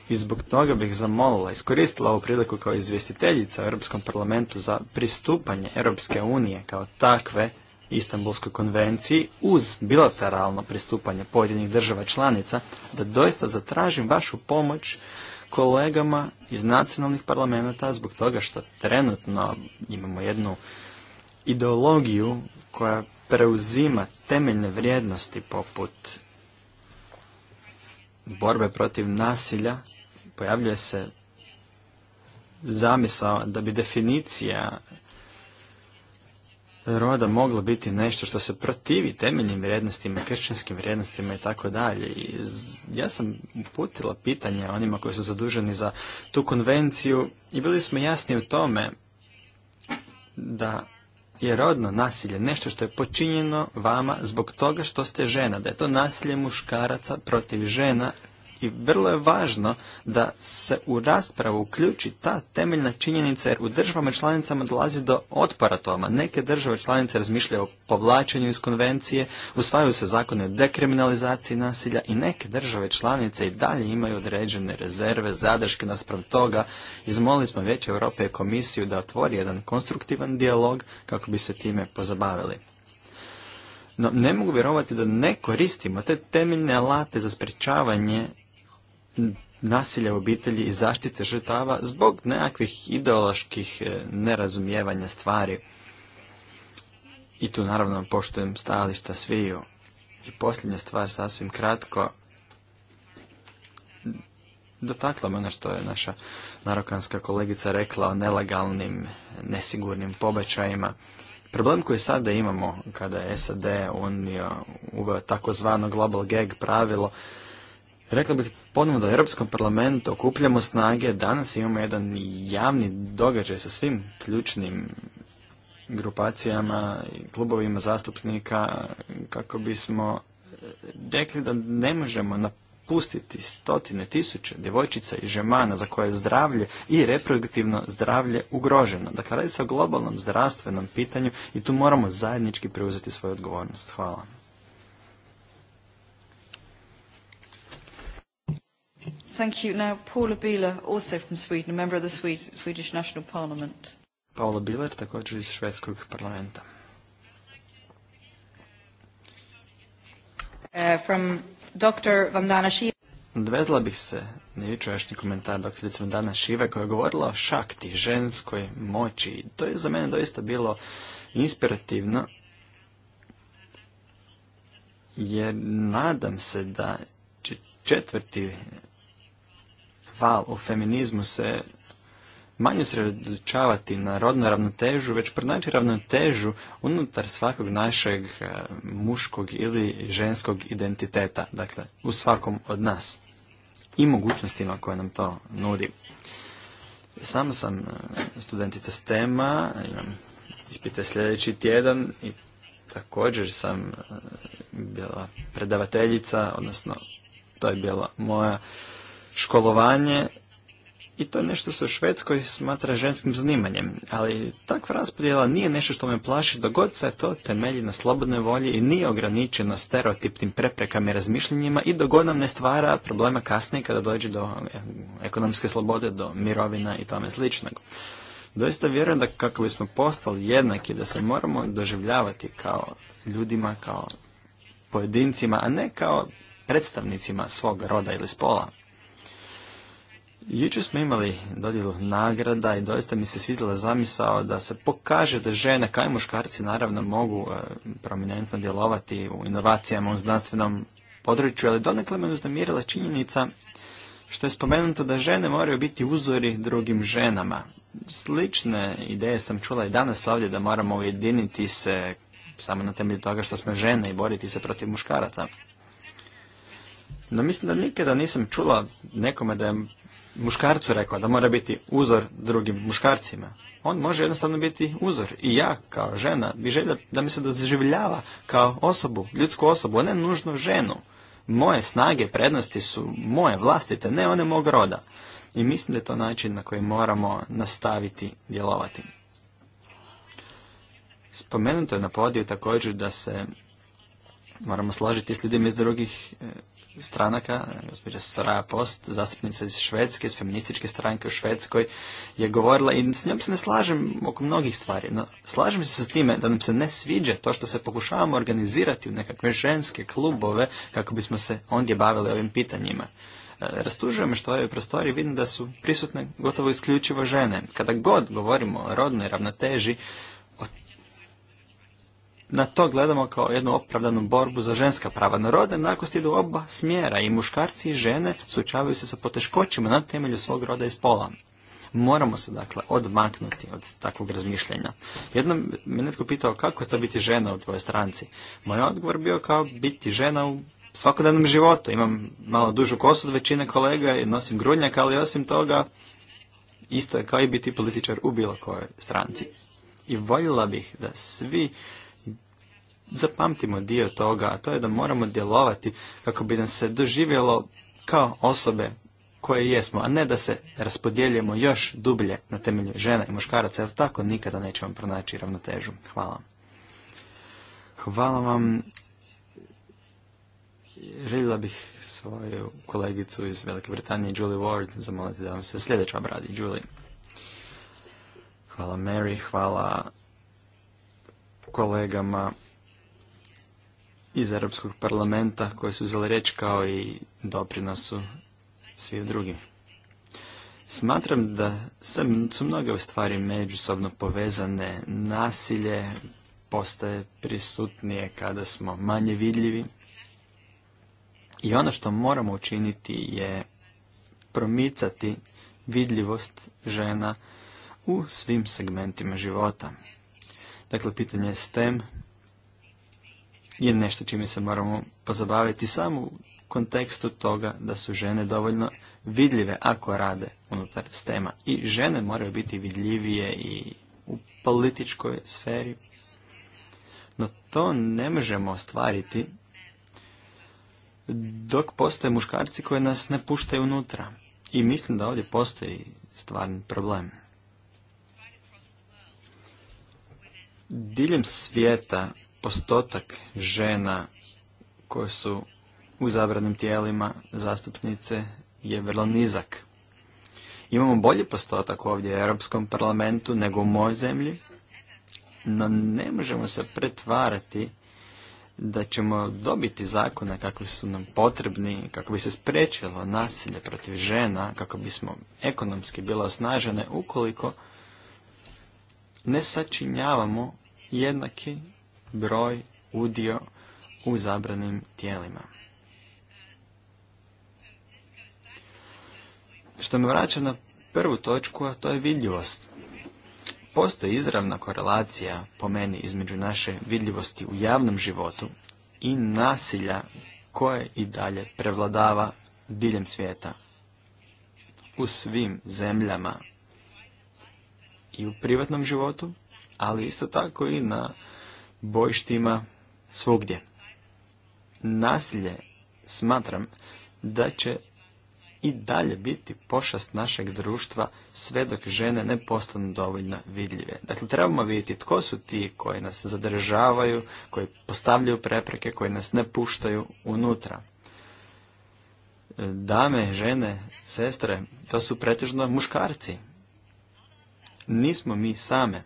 I zbog toga bih zamolila, iskoristila ovu priliku kao izvjestiteljica u Europskom parlamentu za pristupanje Europske unije kao takve Istanbulskoj konvenciji uz bilateralno pristupanje pojedinih država članica da doista zatražim vašu pomoć kolegama iz nacionalnih parlamenta zbog toga što trenutno imamo jednu ideologiju koja preuzima temeljne vrijednosti poput borbe protiv nasilja pojavljuje se zamisao da bi definicija roda mogla biti nešto što se protivi temeljnim vrijednostima, kršćanskim vrijednostima i tako dalje. I ja sam uputila pitanje onima koji su zaduženi za tu konvenciju i bili smo jasni u tome da je rodno nasilje nešto što je počinjeno vama zbog toga što ste žena, da je to nasilje muškaraca protiv žena i vrlo je važno da se u raspravu uključi ta temeljna činjenica jer u državama članicama dolazi do otpora toma. Neke države članice razmišljaju o povlačenju iz konvencije, usvajaju se zakone o dekriminalizaciji nasilja i neke države članice i dalje imaju određene rezerve, zadrške naspram toga. Izmolili smo Vijeće Europe i komisiju da otvori jedan konstruktivan dijalog kako bi se time pozabavili. No, ne mogu vjerovati da ne koristimo te temeljne alate za sprečavanje nasilja u obitelji i zaštite žrtava zbog nekakvih ideoloških e, nerazumijevanja stvari. I tu naravno poštujem stajališta sviju. I posljednja stvar sasvim kratko. Dotakla me ono što je naša narokanska kolegica rekla o nelegalnim, nesigurnim pobačajima. Problem koji sada imamo kada je SAD unio uveo takozvano global gag pravilo Rekla bih ponovno da u Europskom parlamentu okupljamo snage, danas imamo jedan javni događaj sa svim ključnim grupacijama i klubovima zastupnika kako bismo rekli da ne možemo napustiti stotine tisuća djevojčica i žemana za koje je zdravlje i reproduktivno zdravlje ugroženo. Dakle, radi se o globalnom zdravstvenom pitanju i tu moramo zajednički preuzeti svoju odgovornost. Hvala. Thank you. Now, Paula Bila, also from Sweden, a member of the Swedish National Parliament. Paula Biler, također iz Švedskog parlamenta. Uh, from Dr. Vandana Shiva. Dovezla bih se na jučerašnji komentar doktorice Vandana Šive koja je govorila o šakti, ženskoj moći. to je za mene doista bilo inspirativno jer nadam se da četvrti val u feminizmu se manje sredočavati na rodnu ravnotežu, već pronaći ravnotežu unutar svakog našeg eh, muškog ili ženskog identiteta, dakle u svakom od nas i mogućnostima koje nam to nudi. Sam sam eh, studentica tema, imam ispite sljedeći tjedan i također sam eh, bila predavateljica, odnosno to je bila moja školovanje i to je nešto se u Švedskoj smatra ženskim zanimanjem, ali takva raspodjela nije nešto što me plaši dok god se to temelji na slobodnoj volji i nije ograničeno stereotipnim preprekama i razmišljenjima i dok nam ne stvara problema kasnije kada dođe do ekonomske slobode, do mirovina i tome sličnog. Doista vjerujem da kako bismo postali jednaki, da se moramo doživljavati kao ljudima, kao pojedincima, a ne kao predstavnicima svog roda ili spola. Jučer smo imali dodjelu nagrada i doista mi se svidjela zamisao da se pokaže da žene kao muškarci naravno mogu e, prominentno djelovati u inovacijama u znanstvenom području, ali donekle me uznamirila činjenica što je spomenuto da žene moraju biti uzori drugim ženama. Slične ideje sam čula i danas ovdje da moramo ujediniti se samo na temelju toga što smo žene i boriti se protiv muškaraca. No mislim da nikada nisam čula nekome da je muškarcu rekao da mora biti uzor drugim muškarcima. On može jednostavno biti uzor. I ja, kao žena, bi želja da mi se doživljava kao osobu, ljudsku osobu, a ne nužno ženu. Moje snage, prednosti su moje vlastite, ne one mog roda. I mislim da je to način na koji moramo nastaviti djelovati. Spomenuto je na podiju također da se moramo složiti s ljudima iz drugih eh, stranaka, gospođa Sara Post, zastupnica iz Švedske, iz feminističke stranke u Švedskoj, je govorila i s njom se ne slažem oko mnogih stvari, no slažem se s time da nam se ne sviđa to što se pokušavamo organizirati u nekakve ženske klubove kako bismo se ondje bavili ovim pitanjima. E, Rastužujem što je u prostori vidim da su prisutne gotovo isključivo žene. Kada god govorimo o rodnoj ravnoteži, na to gledamo kao jednu opravdanu borbu za ženska prava. No nakon jednakosti idu oba smjera i muškarci i žene sučavaju se sa poteškoćima na temelju svog roda i spola. Moramo se dakle odmaknuti od takvog razmišljenja. Jednom me netko pitao kako je to biti žena u tvojoj stranci. Moj odgovor bio kao biti žena u svakodnevnom životu. Imam malo dužu kosu od većine kolega i nosim grudnjak, ali osim toga isto je kao i biti političar u bilo kojoj stranci. I voljela bih da svi zapamtimo dio toga, a to je da moramo djelovati kako bi nam se doživjelo kao osobe koje jesmo, a ne da se raspodjeljujemo još dublje na temelju žena i muškaraca, jer tako nikada nećemo pronaći ravnotežu. Hvala. Hvala vam. Željela bih svoju kolegicu iz Velike Britanije, Julie Ward, zamoliti da vam se sljedeća obradi. Julie. Hvala Mary, hvala kolegama iz Europskog parlamenta koje su uzeli reč kao i doprinosu svih drugih. Smatram da su mnoge stvari međusobno povezane. Nasilje postaje prisutnije kada smo manje vidljivi. I ono što moramo učiniti je promicati vidljivost žena u svim segmentima života. Dakle, pitanje je STEM, je nešto čime se moramo pozabaviti samo u kontekstu toga da su žene dovoljno vidljive ako rade unutar stema. I žene moraju biti vidljivije i u političkoj sferi. No to ne možemo ostvariti dok postoje muškarci koji nas ne puštaju unutra. I mislim da ovdje postoji stvarni problem. Diljem svijeta postotak žena koje su u zabranim tijelima zastupnice je vrlo nizak. Imamo bolji postotak ovdje u Europskom parlamentu nego u mojoj zemlji, no ne možemo se pretvarati da ćemo dobiti zakone kakvi su nam potrebni, kako bi se sprečilo nasilje protiv žena, kako bismo ekonomski bile osnažene ukoliko ne sačinjavamo jednaki broj, udio u zabranim tijelima. Što me vraća na prvu točku, a to je vidljivost. Postoji izravna korelacija, po meni, između naše vidljivosti u javnom životu i nasilja koje i dalje prevladava diljem svijeta. U svim zemljama i u privatnom životu, ali isto tako i na bojištima svugdje. Nasilje smatram da će i dalje biti pošast našeg društva sve dok žene ne postanu dovoljno vidljive. Dakle, trebamo vidjeti tko su ti koji nas zadržavaju, koji postavljaju prepreke, koji nas ne puštaju unutra. Dame, žene, sestre, to su pretežno muškarci. Nismo mi same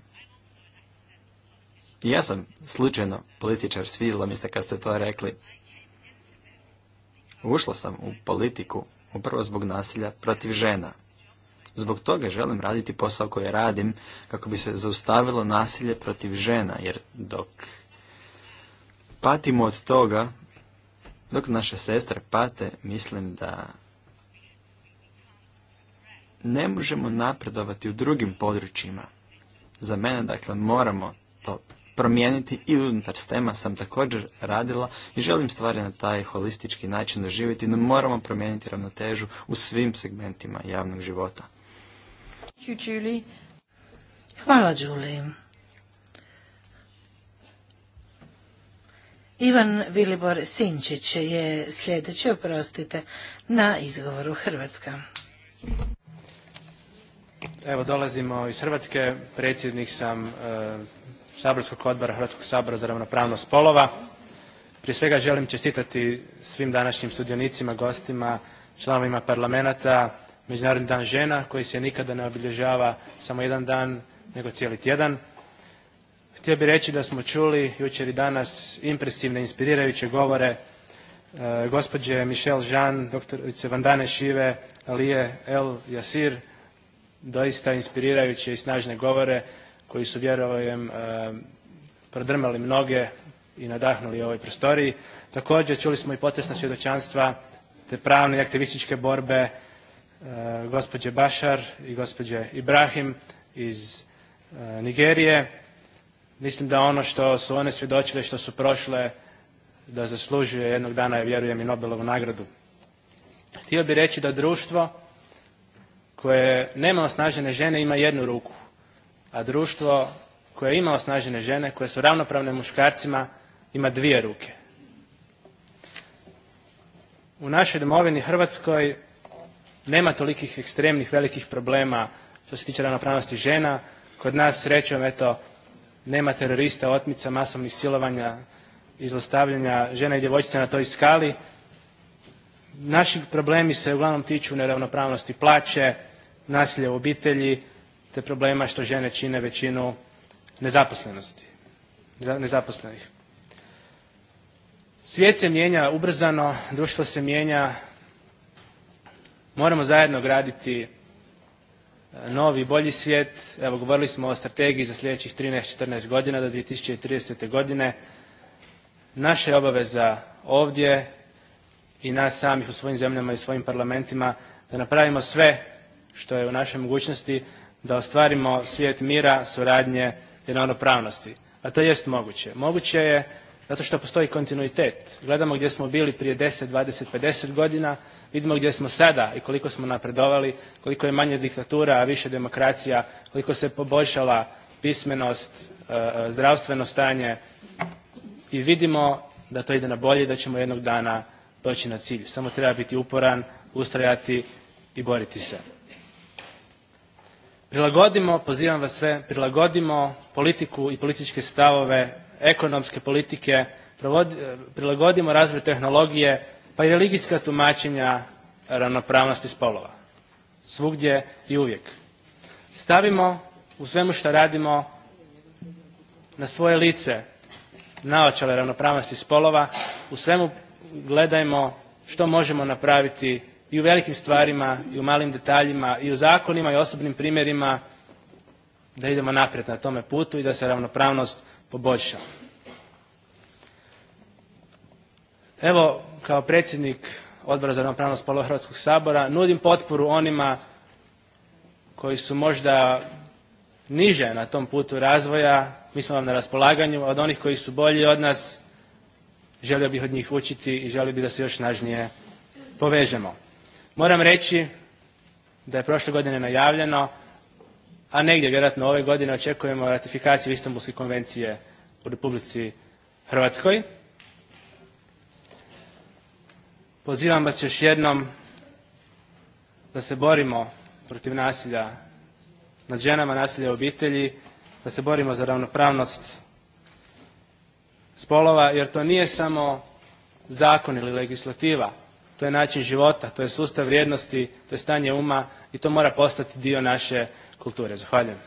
ja sam slučajno političar, svidjelo mi se kad ste to rekli. Ušla sam u politiku upravo zbog nasilja protiv žena. Zbog toga želim raditi posao koji radim kako bi se zaustavilo nasilje protiv žena, jer dok patimo od toga, dok naše sestre pate, mislim da ne možemo napredovati u drugim područjima. Za mene, dakle, moramo to promijeniti i unutar stema sam također radila i želim stvari na taj holistički način doživjeti, no moramo promijeniti ravnotežu u svim segmentima javnog života. Hvala, Julie. Ivan Vilibor Sinčić je sljedeći, oprostite, na izgovoru Hrvatska. Evo, dolazimo iz Hrvatske, predsjednik sam e, saborskog odbora Hrvatskog sabora za ravnopravnost spolova. Prije svega želim čestitati svim današnjim sudionicima, gostima, članovima parlamenta, Međunarodni dan žena koji se nikada ne obilježava samo jedan dan nego cijeli tjedan. Htio bih reći da smo čuli jučer i danas impresivne, inspirirajuće govore e, gospođe Michelle Jean, doktorice Vandane Šive, Alije El Jasir, doista inspirirajuće i snažne govore koji su, vjerujem, e, prodrmali mnoge i nadahnuli ovoj prostoriji. Također, čuli smo i potresna svjedočanstva te pravne i aktivističke borbe e, gospođe Bašar i gospođe Ibrahim iz e, Nigerije. Mislim da ono što su one svjedočile, što su prošle, da zaslužuje jednog dana, ja vjerujem, i Nobelovu nagradu. Htio bih reći da društvo koje nema osnažene žene ima jednu ruku a društvo koje ima osnažene žene, koje su ravnopravne muškarcima, ima dvije ruke. U našoj domovini Hrvatskoj nema tolikih ekstremnih velikih problema što se tiče ravnopravnosti žena. Kod nas srećom eto nema terorista, otmica, masovnih silovanja, izlostavljanja žena i djevojčica na toj skali. Naši problemi se uglavnom tiču neravnopravnosti plaće, nasilja u obitelji, te problema što žene čine većinu nezaposlenosti, nezaposlenih. Svijet se mijenja ubrzano, društvo se mijenja, moramo zajedno graditi e, novi, bolji svijet. Evo, govorili smo o strategiji za sljedećih 13-14 godina do 2030. godine. Naša je obaveza ovdje i nas samih u svojim zemljama i svojim parlamentima da napravimo sve što je u našoj mogućnosti da ostvarimo svijet mira, suradnje i ravnopravnosti. A to jest moguće. Moguće je zato što postoji kontinuitet. Gledamo gdje smo bili prije 10, 20, 50 godina, vidimo gdje smo sada i koliko smo napredovali, koliko je manje diktatura, a više demokracija, koliko se poboljšala pismenost, e, e, zdravstveno stanje i vidimo da to ide na bolje i da ćemo jednog dana doći na cilj. Samo treba biti uporan, ustrajati i boriti se prilagodimo, pozivam vas sve, prilagodimo politiku i političke stavove, ekonomske politike, prilagodimo razvoj tehnologije, pa i religijska tumačenja ravnopravnosti spolova. Svugdje i uvijek. Stavimo u svemu što radimo na svoje lice naočale ravnopravnosti spolova, u svemu gledajmo što možemo napraviti i u velikim stvarima i u malim detaljima i u zakonima i osobnim primjerima da idemo naprijed na tome putu i da se ravnopravnost poboljša. Evo, kao predsjednik Odbora za ravnopravnost spolova Hrvatskog sabora nudim potporu onima koji su možda niže na tom putu razvoja, mi smo vam na raspolaganju, a od onih koji su bolji od nas, želio bih od njih učiti i želio bih da se još snažnije povežemo. Moram reći da je prošle godine najavljeno, a negdje vjerojatno ove godine očekujemo ratifikaciju Istanbulske konvencije u Republici Hrvatskoj. Pozivam vas još jednom da se borimo protiv nasilja nad ženama, nasilja u obitelji, da se borimo za ravnopravnost spolova, jer to nije samo zakon ili legislativa to je način života, to je sustav vrijednosti, to je stanje uma i to mora postati dio naše kulture. Zahvaljujem.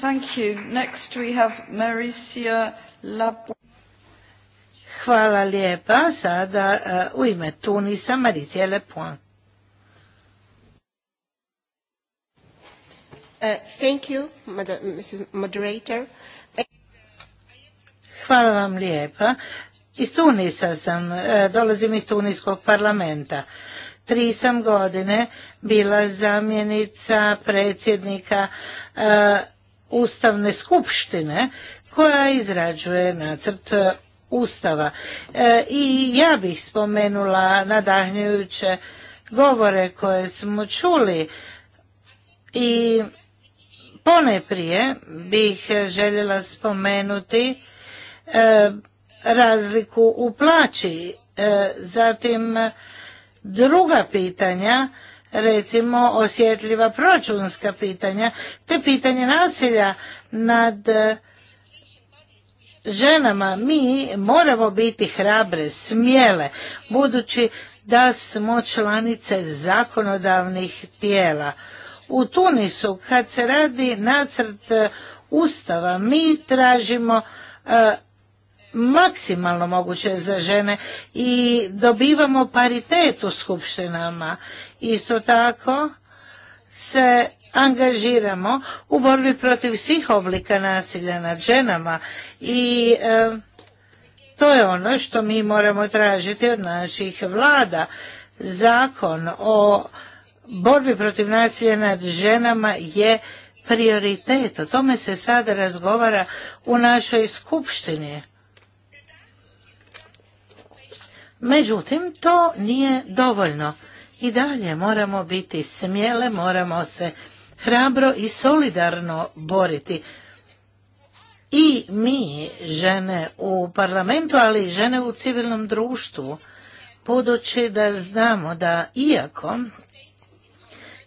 Thank you. Next we have Hvala lijepa. Sada eh, u ime Tunisa Maricije Lepoint. Uh, Hvala vam lijepa. Iz Tunisa sam, uh, dolazim iz Tunijskog parlamenta. Tri sam godine bila zamjenica predsjednika uh, Ustavne skupštine koja izrađuje nacrt Ustava. I ja bih spomenula nadahnjujuće govore koje smo čuli i Pone prije bih željela spomenuti e, razliku u plaći, e, zatim druga pitanja, recimo osjetljiva proračunska pitanja, te pitanje nasilja nad e, ženama. Mi moramo biti hrabre, smjele, budući da smo članice zakonodavnih tijela u Tunisu kad se radi nacrt e, ustava mi tražimo e, maksimalno moguće za žene i dobivamo paritet u skupštinama. Isto tako se angažiramo u borbi protiv svih oblika nasilja nad ženama i e, to je ono što mi moramo tražiti od naših vlada. Zakon o borbi protiv nasilja nad ženama je prioritet. O tome se sada razgovara u našoj skupštini. Međutim, to nije dovoljno. I dalje moramo biti smjele, moramo se hrabro i solidarno boriti. I mi, žene u parlamentu, ali i žene u civilnom društvu, budući da znamo da iako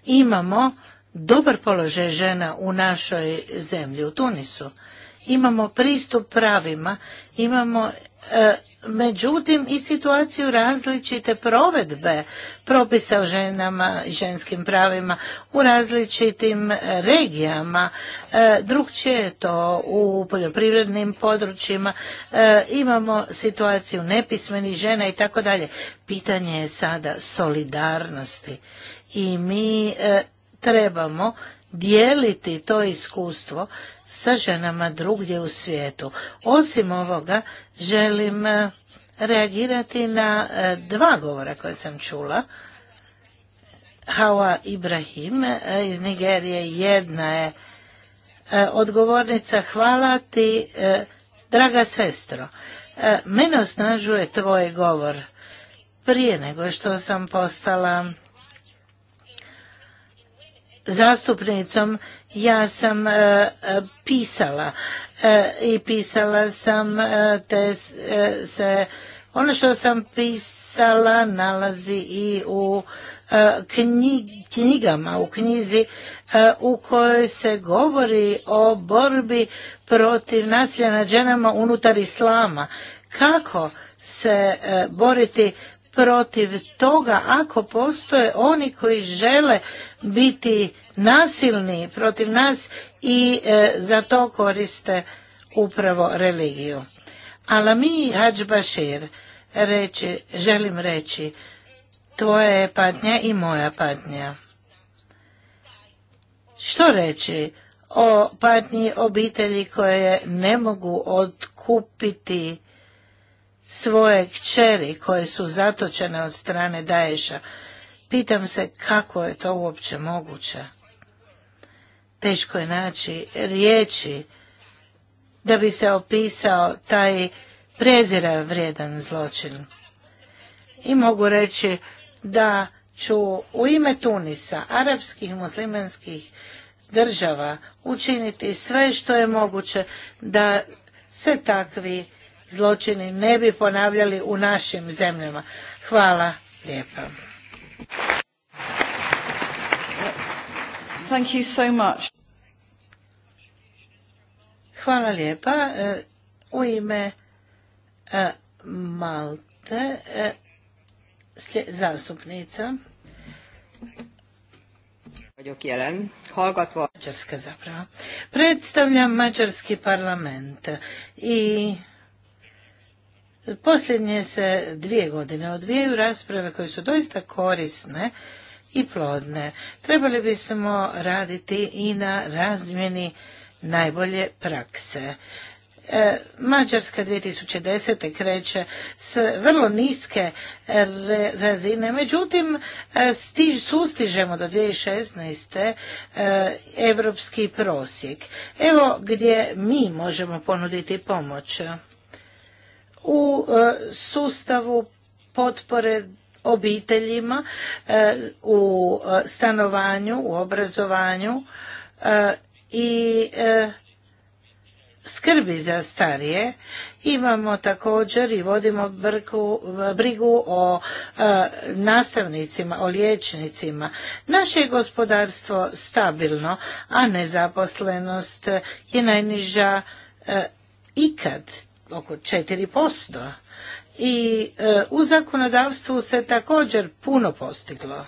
imamo dobar položaj žena u našoj zemlji, u Tunisu. Imamo pristup pravima, imamo e, međutim i situaciju različite provedbe propisa o ženama i ženskim pravima u različitim regijama. E, drugčije je to u poljoprivrednim područjima, e, imamo situaciju nepismenih žena i tako dalje. Pitanje je sada solidarnosti i mi e, trebamo dijeliti to iskustvo sa ženama drugdje u svijetu. Osim ovoga, želim e, reagirati na e, dva govora koje sam čula. Hawa Ibrahim iz Nigerije jedna je odgovornica. Hvala ti, draga sestro. Mene osnažuje tvoj govor. Prije nego što sam postala zastupnicom ja sam e, e, pisala e, i pisala sam te se ono što sam pisala nalazi i u knjigama u knjizi u kojoj se govori o borbi protiv nasilja nad ženama unutar islama kako se boriti protiv toga ako postoje oni koji žele biti nasilni protiv nas i e, za to koriste upravo religiju. Ali mi, bašir reći, želim reći, tvoja je patnja i moja patnja. Što reći o patnji obitelji koje ne mogu odkupiti svoje kćeri koje su zatočene od strane Daješa. Pitam se kako je to uopće moguće. Teško je naći riječi da bi se opisao taj prezira vrijedan zločin. I mogu reći da ću u ime Tunisa, arapskih muslimanskih država, učiniti sve što je moguće da se takvi zločini ne bi ponavljali u našim zemljama. Hvala lijepa. Thank you Hvala lijepa. E, u ime e, Malte, e, zastupnica. Mađarska zapravo. Predstavljam Mađarski parlament i Posljednje se dvije godine odvijaju rasprave koje su doista korisne i plodne. Trebali bismo raditi i na razmjeni najbolje prakse. E, Mađarska 2010. kreće s vrlo niske razine, međutim e, sustižemo do 2016. E, evropski prosjek. Evo gdje mi možemo ponuditi pomoć u e, sustavu potpore obiteljima e, u e, stanovanju, u obrazovanju i skrbi za starije. Imamo također i vodimo brigu o nastavnicima, o liječnicima. Naše je gospodarstvo stabilno, a nezaposlenost je najniža ikad oko posto I e, u zakonodavstvu se također puno postiglo.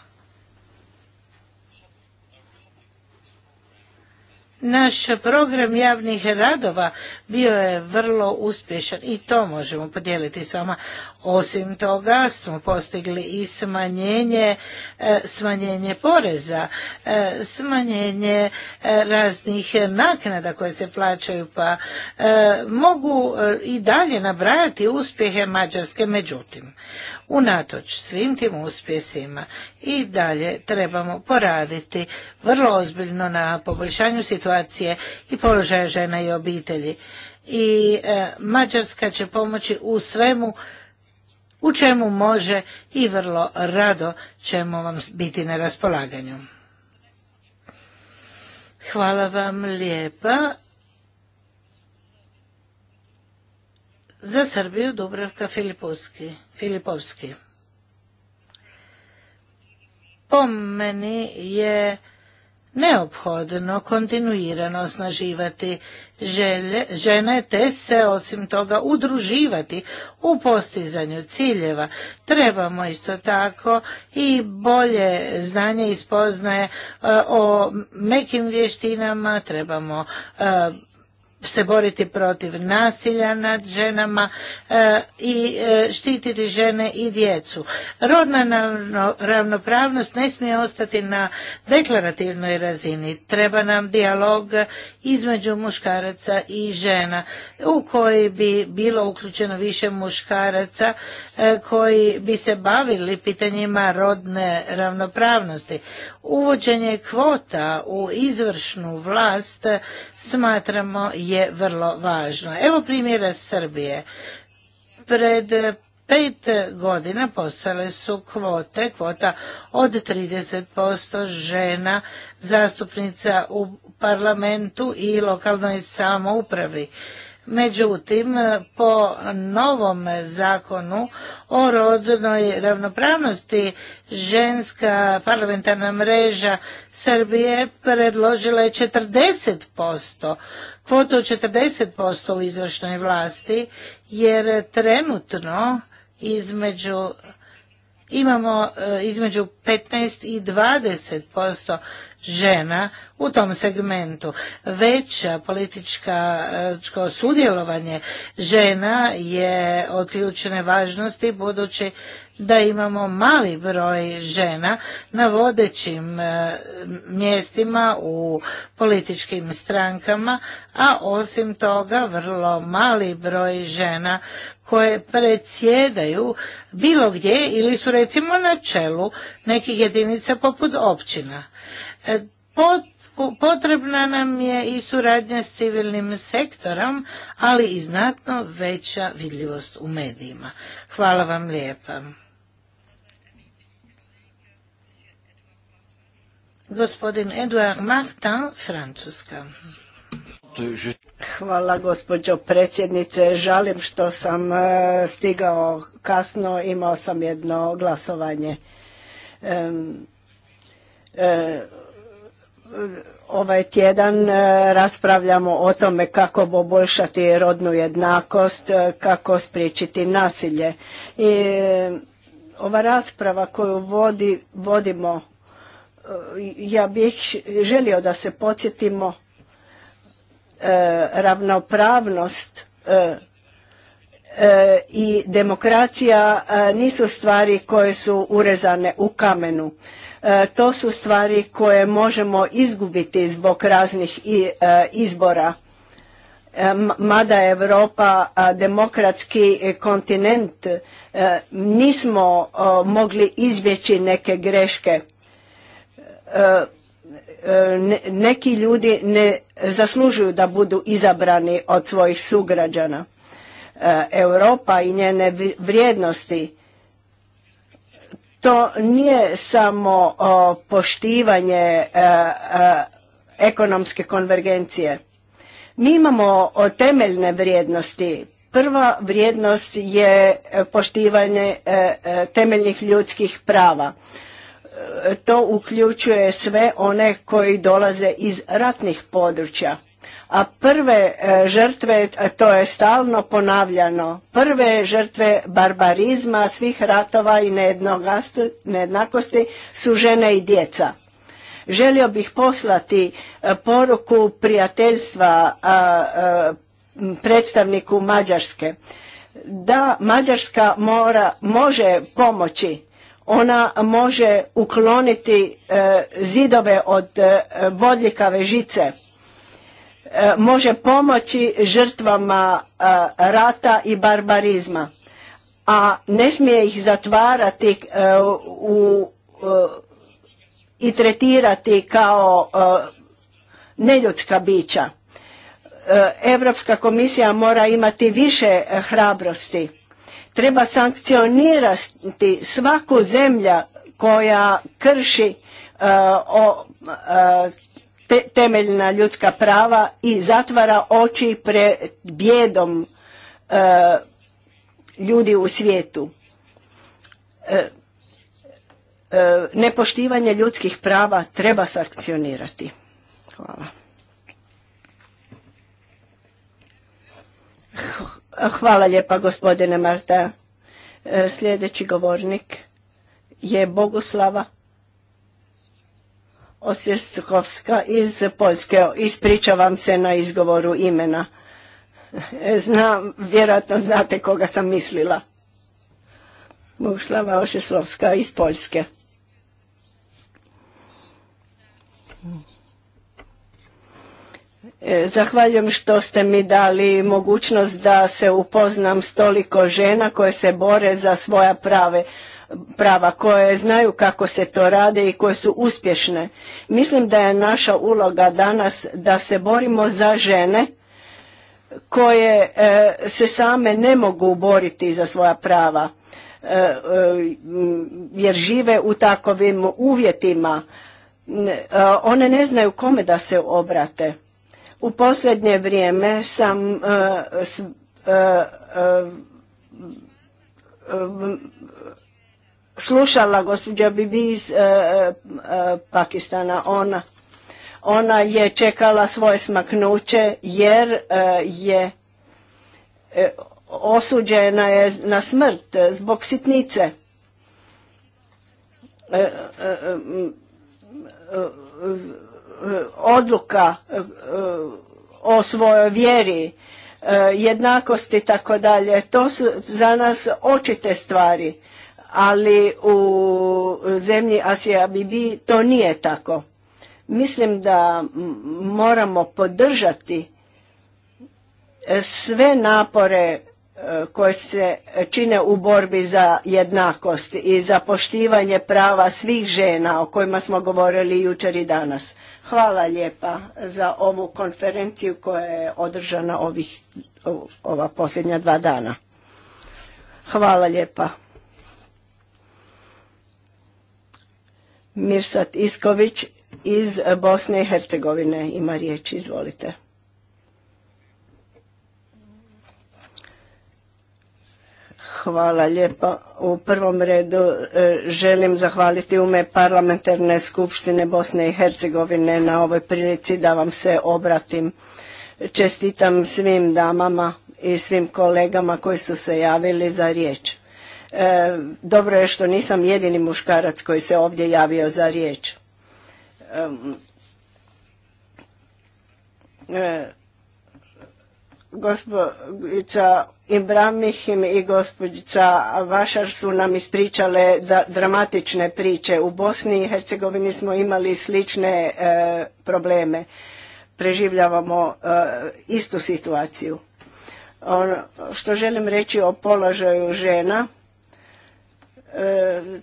Naš program javnih radova bio je vrlo uspješan i to možemo podijeliti s vama. Osim toga smo postigli i smanjenje, e, smanjenje poreza, e, smanjenje e, raznih naknada koje se plaćaju, pa mogu i dalje nabrajati uspjehe Mađarske, međutim, unatoč svim tim uspjesima i dalje trebamo poraditi vrlo ozbiljno na poboljšanju situacije i položaja žena i obitelji. I Mađarska će pomoći u svemu u čemu može i vrlo rado ćemo vam biti na raspolaganju. Hvala vam lijepa. Za Srbiju Dubravka Filipovski. Filipovski. Po meni je neophodno kontinuirano osnaživati želje, žene te se osim toga udruživati u postizanju ciljeva. Trebamo isto tako i bolje znanje i spoznaje e, o mekim vještinama, trebamo e, se boriti protiv nasilja nad ženama e, i e, štititi žene i djecu. Rodna ravnopravnost ne smije ostati na deklarativnoj razini. Treba nam dijalog između muškaraca i žena u koji bi bilo uključeno više muškaraca e, koji bi se bavili pitanjima rodne ravnopravnosti. Uvođenje kvota u izvršnu vlast smatramo je je vrlo važno. Evo primjera Srbije. Pred pet godina postale su kvote, kvota od 30% žena zastupnica u parlamentu i lokalnoj samoupravi. Međutim, po novom zakonu o rodnoj ravnopravnosti ženska parlamentarna mreža Srbije predložila je 40%, kvotu 40% u izvršnoj vlasti, jer trenutno između imamo e, između 15 i 20% žena u tom segmentu. Veća politička sudjelovanje žena je od ključne važnosti budući da imamo mali broj žena na vodećim e, mjestima u političkim strankama, a osim toga vrlo mali broj žena koje predsjedaju bilo gdje ili su recimo na čelu nekih jedinica poput općina. E, potrebna nam je i suradnja s civilnim sektorom, ali i znatno veća vidljivost u medijima. Hvala vam lijepa. Gospodin Eduard Martin, Francuska. Hvala gospođo predsjednice. Žalim što sam e, stigao kasno, imao sam jedno glasovanje. E, ovaj tjedan e, raspravljamo o tome kako poboljšati rodnu jednakost, e, kako spriječiti nasilje. I e, ova rasprava koju vodimo, ja bih želio da se podsjetimo ravnopravnost i demokracija nisu stvari koje su urezane u kamenu. E, to su stvari koje možemo izgubiti zbog raznih e, izbora. E, mada je Europa demokratski kontinent, nismo mogli izbjeći neke greške. Neki ljudi ne zaslužuju da budu izabrani od svojih sugrađana. Europa i njene vrijednosti to nije samo poštivanje e, e, ekonomske konvergencije. Mi imamo temeljne vrijednosti. Prva vrijednost je e, poštivanje temeljnih ljudskih prava. To uključuje sve one koji dolaze iz ratnih područja a prve e, žrtve, e, to je stalno ponavljano, prve žrtve barbarizma svih ratova i nejednakosti su žene i djeca. Želio bih poslati e, poruku prijateljstva predstavniku Mađarske. Da, Mađarska mora, može pomoći ona može ukloniti zidove od bodljikave žice E, može pomoći žrtvama e, rata i barbarizma, a ne smije ih zatvarati e, u, i tretirati kao neljudska bića. Europska komisija mora imati više hrabrosti. Treba sankcionirati svaku zemlja koja krši o, temeljna ljudska prava i zatvara oči pred bjedom e, ljudi u svijetu. E, e, nepoštivanje ljudskih prava treba sankcionirati. Hvala. Hvala lijepa gospodine Marta. E, sljedeći govornik je Bogoslava Osjeskovska iz Poljske. Ispričavam se na izgovoru imena. Znam, vjerojatno znate koga sam mislila. Boguslava Osjeslovska iz Poljske. E, zahvaljujem što ste mi dali mogućnost da se upoznam s toliko žena koje se bore za svoja prave prava koje znaju kako se to rade i koje su uspješne. Mislim da je naša uloga danas da se borimo za žene koje e, se same ne mogu boriti za svoja prava e, e, jer žive u takovim uvjetima. One ne znaju kome da se obrate. U posljednje vrijeme sam slušala gospođa Bibi iz e, e, e, Pakistana. Ona, ona je čekala svoje smaknuće jer je osuđena je na smrt zbog sitnice. Odluka o svojoj vjeri, jednakosti i tako dalje, to su za nas očite stvari ali u zemlji Asija Bibi to nije tako. Mislim da moramo podržati e, sve napore e, koje se čine u borbi za jednakost i za poštivanje prava svih žena o kojima smo govorili jučer i danas. Hvala lijepa za ovu konferenciju koja je održana ovih, ova posljednja dva dana. Hvala lijepa. Mirsat Isković iz Bosne i Hercegovine ima riječ, izvolite. Hvala lijepa. U prvom redu e, želim zahvaliti ume parlamentarne skupštine Bosne i Hercegovine na ovoj prilici da vam se obratim. Čestitam svim damama i svim kolegama koji su se javili za riječ. E, dobro je što nisam jedini muškarac koji se ovdje javio za riječ. E, i Ibramihim i gospođica Vašar su nam ispričale da, dramatične priče. U Bosni i Hercegovini smo imali slične e, probleme. Preživljavamo e, istu situaciju. Ono što želim reći o položaju žena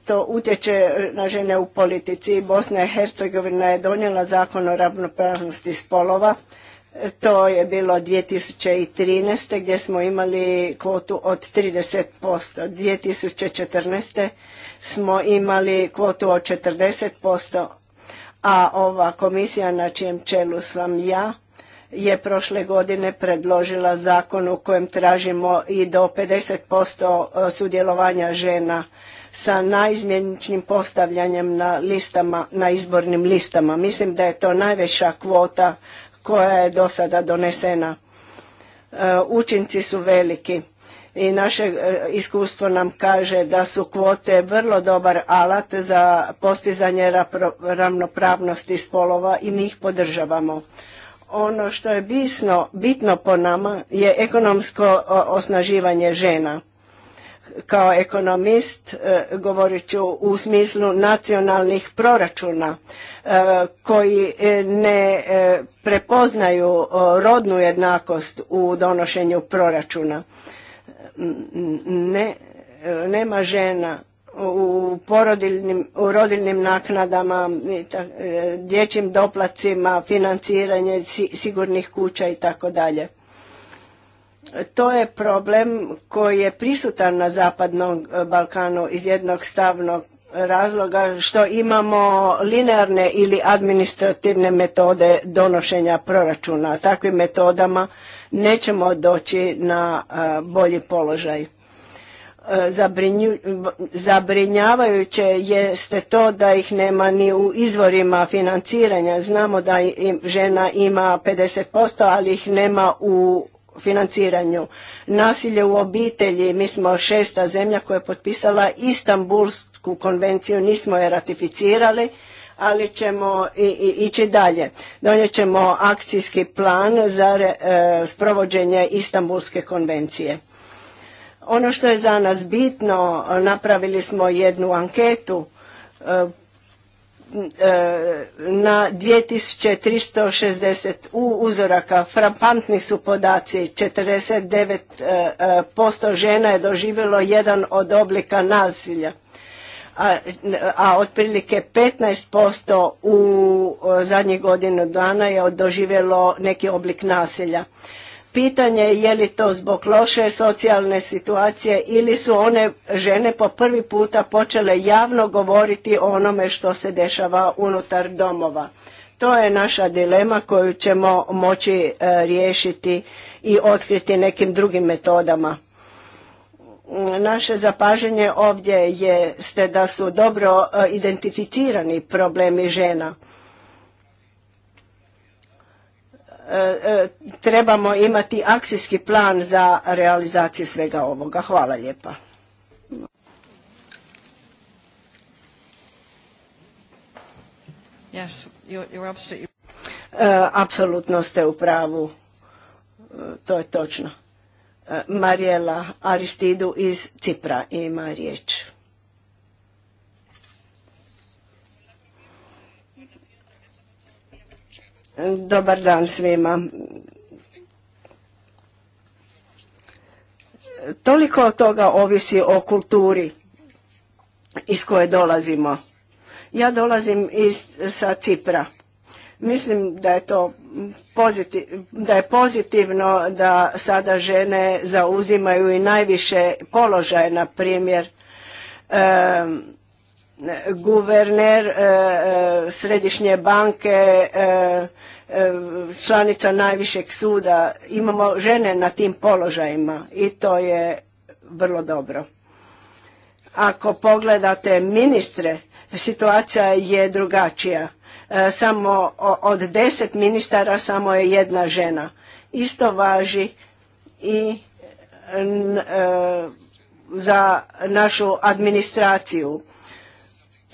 to utječe na žene u politici. Bosna i Hercegovina je donijela zakon o ravnopravnosti spolova. To je bilo 2013. gdje smo imali kvotu od 30%. 2014. smo imali kvotu od 40%. A ova komisija na čijem čelu sam ja je prošle godine predložila zakon u kojem tražimo i do 50% sudjelovanja žena sa najizmjeničnim postavljanjem na listama, na izbornim listama. Mislim da je to najveća kvota koja je do sada donesena. E, učinci su veliki i naše e, iskustvo nam kaže da su kvote vrlo dobar alat za postizanje ravnopravnosti spolova i mi ih podržavamo. Ono što je bisno, bitno po nama je ekonomsko osnaživanje žena kao ekonomist e, govorit ću u smislu nacionalnih proračuna e, koji e, ne prepoznaju rodnu jednakost u donošenju proračuna. Ne, nema žena u u rodiljnim naknadama, dječjim doplacima, financiranje sigurnih kuća i tako dalje. To je problem koji je prisutan na Zapadnom e, Balkanu iz jednog stavnog razloga što imamo linearne ili administrativne metode donošenja proračuna. Takvim metodama nećemo doći na e, bolji položaj. E, zabrinjavajuće jeste to da ih nema ni u izvorima financiranja. Znamo da žena ima 50%, ali ih nema u financiranju. Nasilje u obitelji, mi smo šesta zemlja koja je potpisala Istanbulsku konvenciju, nismo je ratificirali, ali ćemo i, i, ići dalje. Donijet ćemo akcijski plan za re, sprovođenje Istanbulske konvencije. Ono što je za nas bitno, napravili smo jednu anketu e, E, na 2360 u uzoraka. frapantni su podaci, 49% e, e, žena je doživjelo jedan od oblika nasilja, a, a otprilike 15% u zadnjih godinu dana je doživjelo neki oblik nasilja. Pitanje je li to zbog loše socijalne situacije ili su one žene po prvi puta počele javno govoriti o onome što se dešava unutar domova. To je naša dilema koju ćemo moći e, riješiti i otkriti nekim drugim metodama. Naše zapaženje ovdje jeste da su dobro e, identificirani problemi žena E, e, trebamo imati akcijski plan za realizaciju svega ovoga. Hvala lijepa. you're, e, apsolutno ste u pravu. to je točno. Marijela Aristidu iz Cipra ima riječ. Dobar dan svima. Toliko od toga ovisi o kulturi iz koje dolazimo. Ja dolazim iz, sa Cipra. Mislim da je to pozitiv, da je pozitivno da sada žene zauzimaju i najviše položaje, na primjer, guverner e, e, središnje banke e, članica najvišeg suda imamo žene na tim položajima i to je vrlo dobro ako pogledate ministre situacija je drugačija samo od deset ministara samo je jedna žena isto važi i za našu administraciju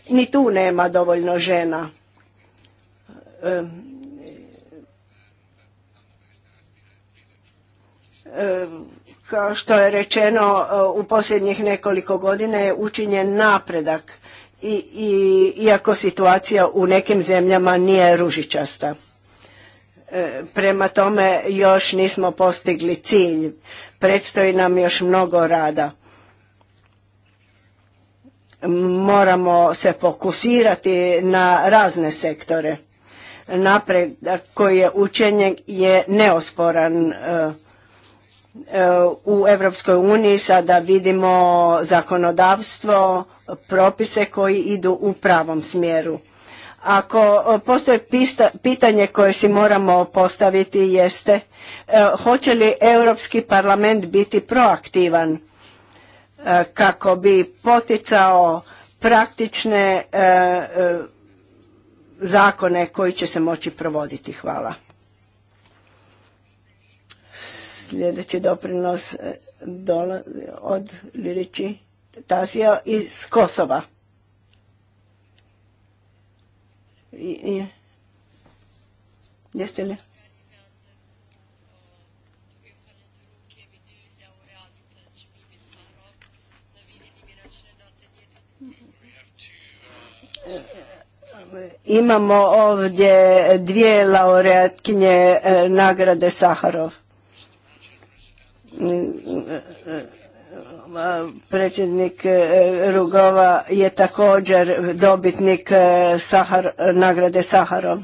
ni tu nema dovoljno žena. kao što je rečeno u posljednjih nekoliko godina je učinjen napredak i, iako situacija u nekim zemljama nije ružičasta. E, prema tome još nismo postigli cilj. Predstoji nam još mnogo rada moramo se fokusirati na razne sektore. Napredak koji je učenje je neosporan e, e, u Europskoj uniji sada vidimo zakonodavstvo, propise koji idu u pravom smjeru. Ako postoje pitanje koje si moramo postaviti jeste e, hoće li Europski parlament biti proaktivan E, kako bi poticao praktične e, e, zakone koji će se moći provoditi. Hvala. Sljedeći doprinos od Lilići Tazio iz Kosova. jeste li? Imamo ovdje dvije laureatkinje e, nagrade Saharov. Predsjednik e, Rugova je također dobitnik e, Sahar, nagrade Saharov.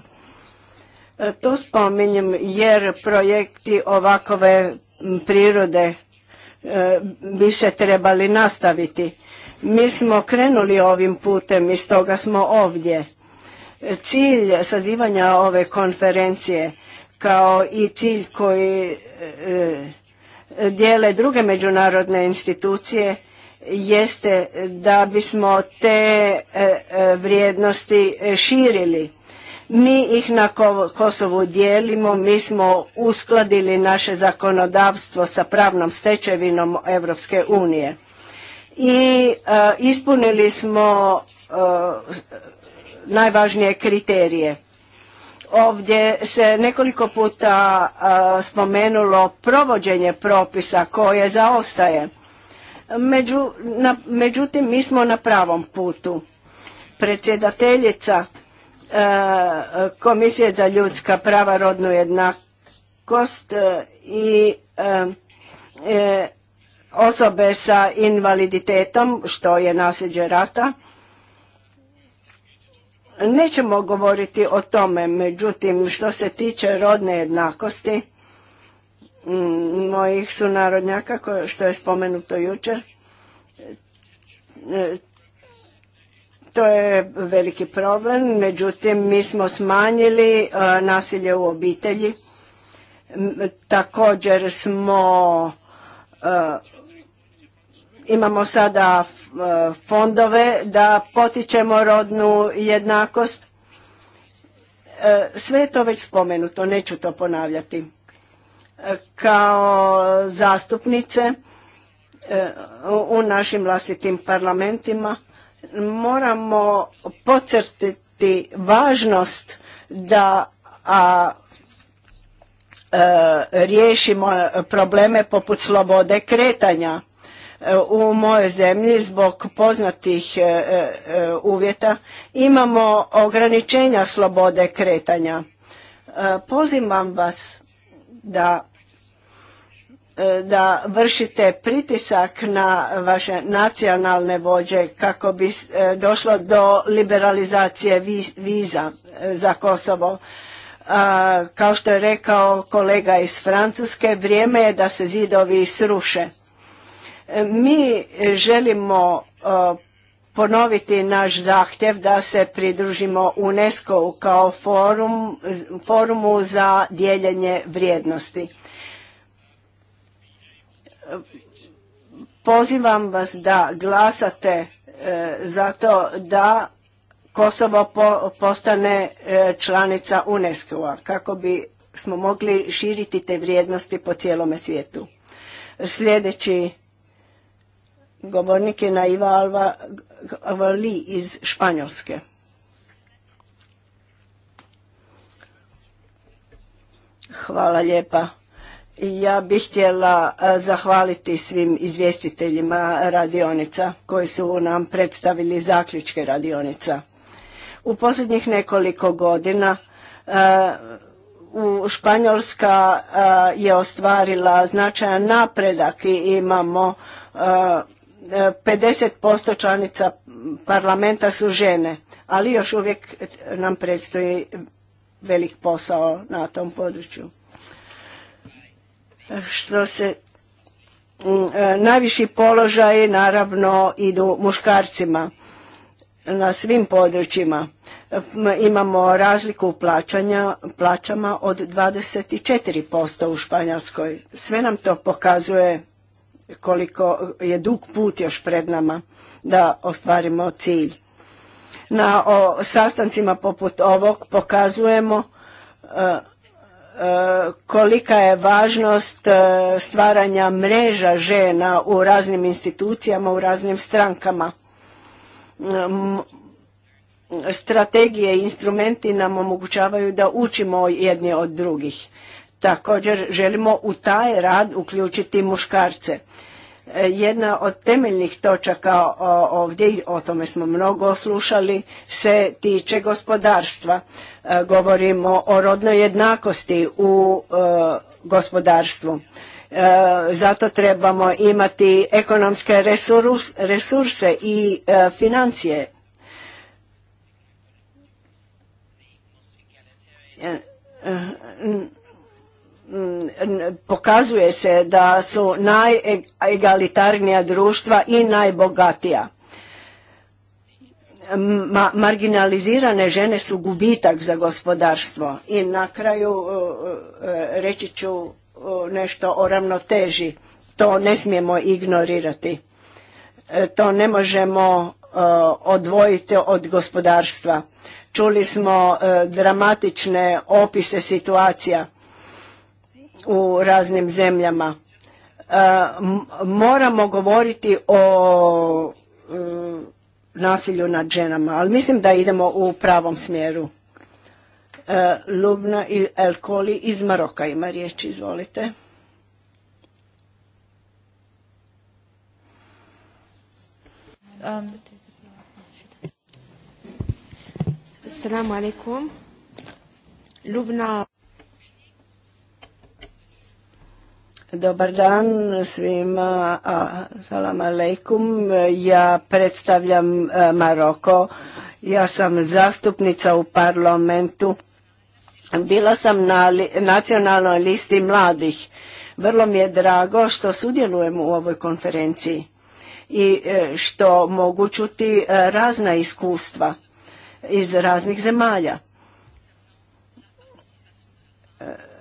To spominjem jer projekti ovakove prirode bi se trebali nastaviti. Mi smo krenuli ovim putem i stoga smo ovdje. Cilj sazivanja ove konferencije kao i cilj koji e, e, dijele druge međunarodne institucije jeste da bismo te e, vrijednosti širili. Mi ih na Kosovu dijelimo, mi smo uskladili naše zakonodavstvo sa pravnom stečevinom Europske unije i ispunili smo najvažnije kriterije. Ovdje se nekoliko puta spomenulo provođenje propisa koje zaostaje. međutim, mi smo na pravom putu. Predsjedateljica e, Komisije za ljudska prava rodnu jednakost e, i e, osobe sa invaliditetom, što je nasljeđe rata, Nećemo govoriti o tome, međutim, što se tiče rodne jednakosti, mm, mojih sunarodnjaka, što je spomenuto jučer, e, to je veliki problem, međutim, mi smo smanjili e, nasilje u obitelji, također smo e, Imamo sada e, fondove da potičemo rodnu jednakost. E, sve je to već spomenuto, neću to ponavljati. E, kao zastupnice u našim vlastitim parlamentima moramo pocrtiti važnost da a, riješimo probleme poput slobode kretanja u mojoj zemlji zbog poznatih e, e, uvjeta imamo ograničenja slobode kretanja. E, pozivam vas da da vršite pritisak na vaše nacionalne vođe kako bi došlo do liberalizacije viza za Kosovo. Kao što je rekao kolega iz Francuske, vrijeme je da se zidovi sruše E, mi želimo e, ponoviti naš zahtjev da se pridružimo UNESCO-u kao forum, forumu za dijeljenje vrijednosti. E, pozivam vas da glasate za to da Kosovo postane članica UNESCO-a kako bi smo mogli širiti te vrijednosti po cijelome svijetu. Sljedeći Govornik je Naiva Gvali iz Španjolske. Hvala lijepa. Ja bih htjela e, zahvaliti svim izvjestiteljima radionica koji su nam predstavili zaključke radionica. U posljednjih nekoliko godina e, u Španjolska e, je ostvarila značajan napredak i imamo 50% članica parlamenta su žene, ali još uvijek nam predstoji velik posao na tom području. Što se mm, e, najviši položaj naravno idu muškarcima na svim područjima. Imamo razliku u plaćanja, plaćama od 24% u Španjolskoj. Sve nam to pokazuje koliko je dug put još pred nama da ostvarimo cilj. Na o, sastancima poput ovog pokazujemo e, e, kolika je važnost e, stvaranja mreža žena u raznim institucijama, u raznim strankama. Strategije i instrumenti nam omogućavaju da učimo jedni od drugih. Također želimo u taj rad uključiti muškarce. E, jedna od temeljnih točaka ovdje, o tome smo mnogo slušali, se tiče gospodarstva. E, govorimo o rodnoj jednakosti u e, gospodarstvu. Zato trebamo imati ekonomske resurse i financije pokazuje se da su najegalitarnija društva i najbogatija. marginalizirane žene su gubitak za gospodarstvo. I na kraju e, reći ću nešto o ravnoteži. To ne smijemo ignorirati. E, to ne možemo e, odvojiti od gospodarstva. Čuli smo dramatične opise situacija u raznim zemljama. E, moramo govoriti o e, nasilju nad ženama, ali mislim da idemo u pravom smjeru. E, Lubna Elkoli iz Maroka ima riječ, izvolite. Um, Assalamu alaikum. Lubna. Dobar dan svima, salam aleikum, ja predstavljam e, Maroko, ja sam zastupnica u parlamentu, bila sam na nacionalnoj listi mladih. Vrlo mi je drago što sudjelujem u ovoj konferenciji i e, što mogu čuti e, razna iskustva iz raznih zemalja.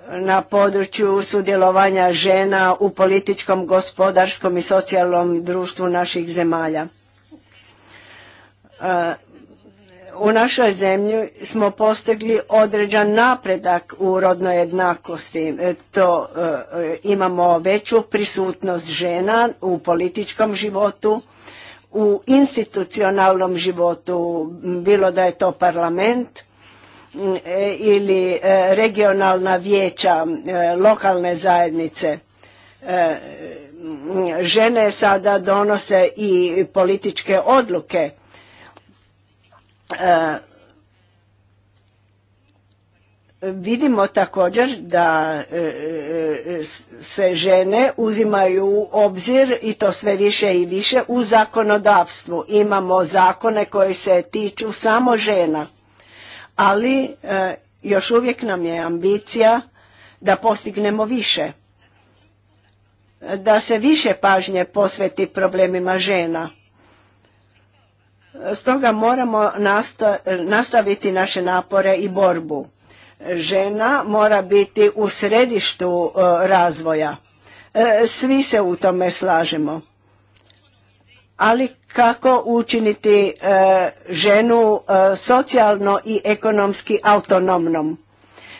na području sudjelovanja žena u političkom, gospodarskom i socijalnom društvu naših zemalja. E, u našoj zemlji smo postigli određan napredak u rodnoj jednakosti. E, to e, imamo veću prisutnost žena u političkom životu, u institucionalnom životu, bilo da je to parlament, E, ili e, regionalna vijeća, e, lokalne zajednice. Žene sada donose i političke odluke. Vidimo također da se žene uzimaju u obzir i to sve više i više u zakonodavstvu. Imamo zakone koji se tiču samo žena ali e, još uvijek nam je ambicija da postignemo više da se više pažnje posveti problemima žena stoga moramo nastaviti naše napore i borbu žena mora biti u središtu e, razvoja e, svi se u tome slažemo ali kako učiniti e, ženu e, socijalno i ekonomski autonomnom.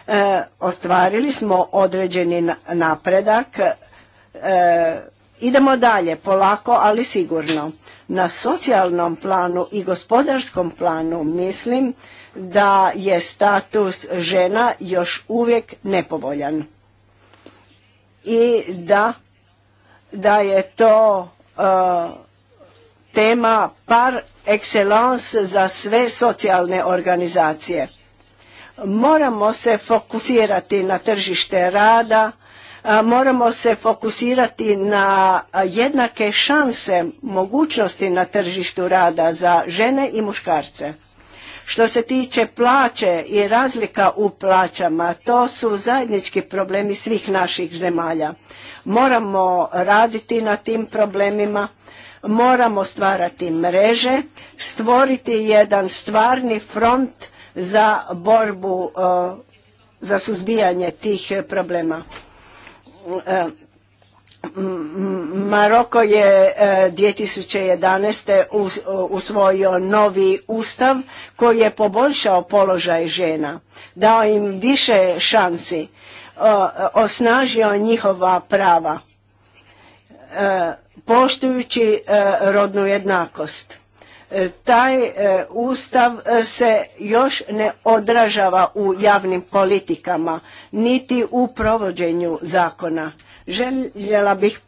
E, ostvarili smo određeni napredak, idemo dalje polako ali sigurno. Na socijalnom planu i gospodarskom planu mislim da je status žena još uvijek nepovoljan i da, je to tema par excellence za sve socijalne organizacije. Moramo se fokusirati na tržište rada, moramo se fokusirati na jednake šanse, mogućnosti na tržištu rada za žene i muškarce. Što se tiče plaće i razlika u plaćama, to su zajednički problemi svih naših zemalja. Moramo raditi na tim problemima, Moramo stvarati mreže, stvoriti jedan stvarni front za borbu, e, za suzbijanje tih problema. E, Maroko je 2011. E, usvojio novi ustav koji je poboljšao položaj žena, dao im više šansi, osnažio njihova prava poštujući e, rodnu jednakost. E, taj e, ustav se još ne odražava u javnim politikama, niti u provođenju zakona. Željela bih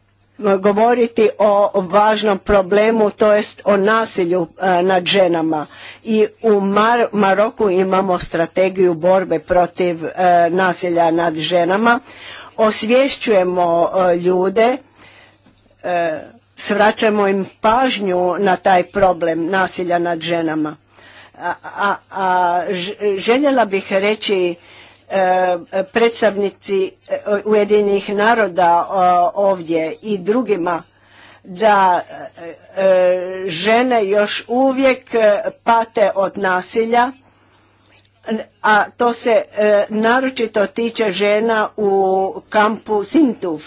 govoriti o važnom problemu, to jest o nasilju nad ženama. I u Maroku imamo strategiju borbe protiv nasilja nad ženama. Osvješćujemo ljude E, svraćamo im pažnju na taj problem nasilja nad ženama. A, a, željela bih reći e, predstavnici e, Ujedinjenih naroda ovdje i drugima da e, žene još uvijek pate od nasilja, a to se naročito tiče žena u kampu Sintuf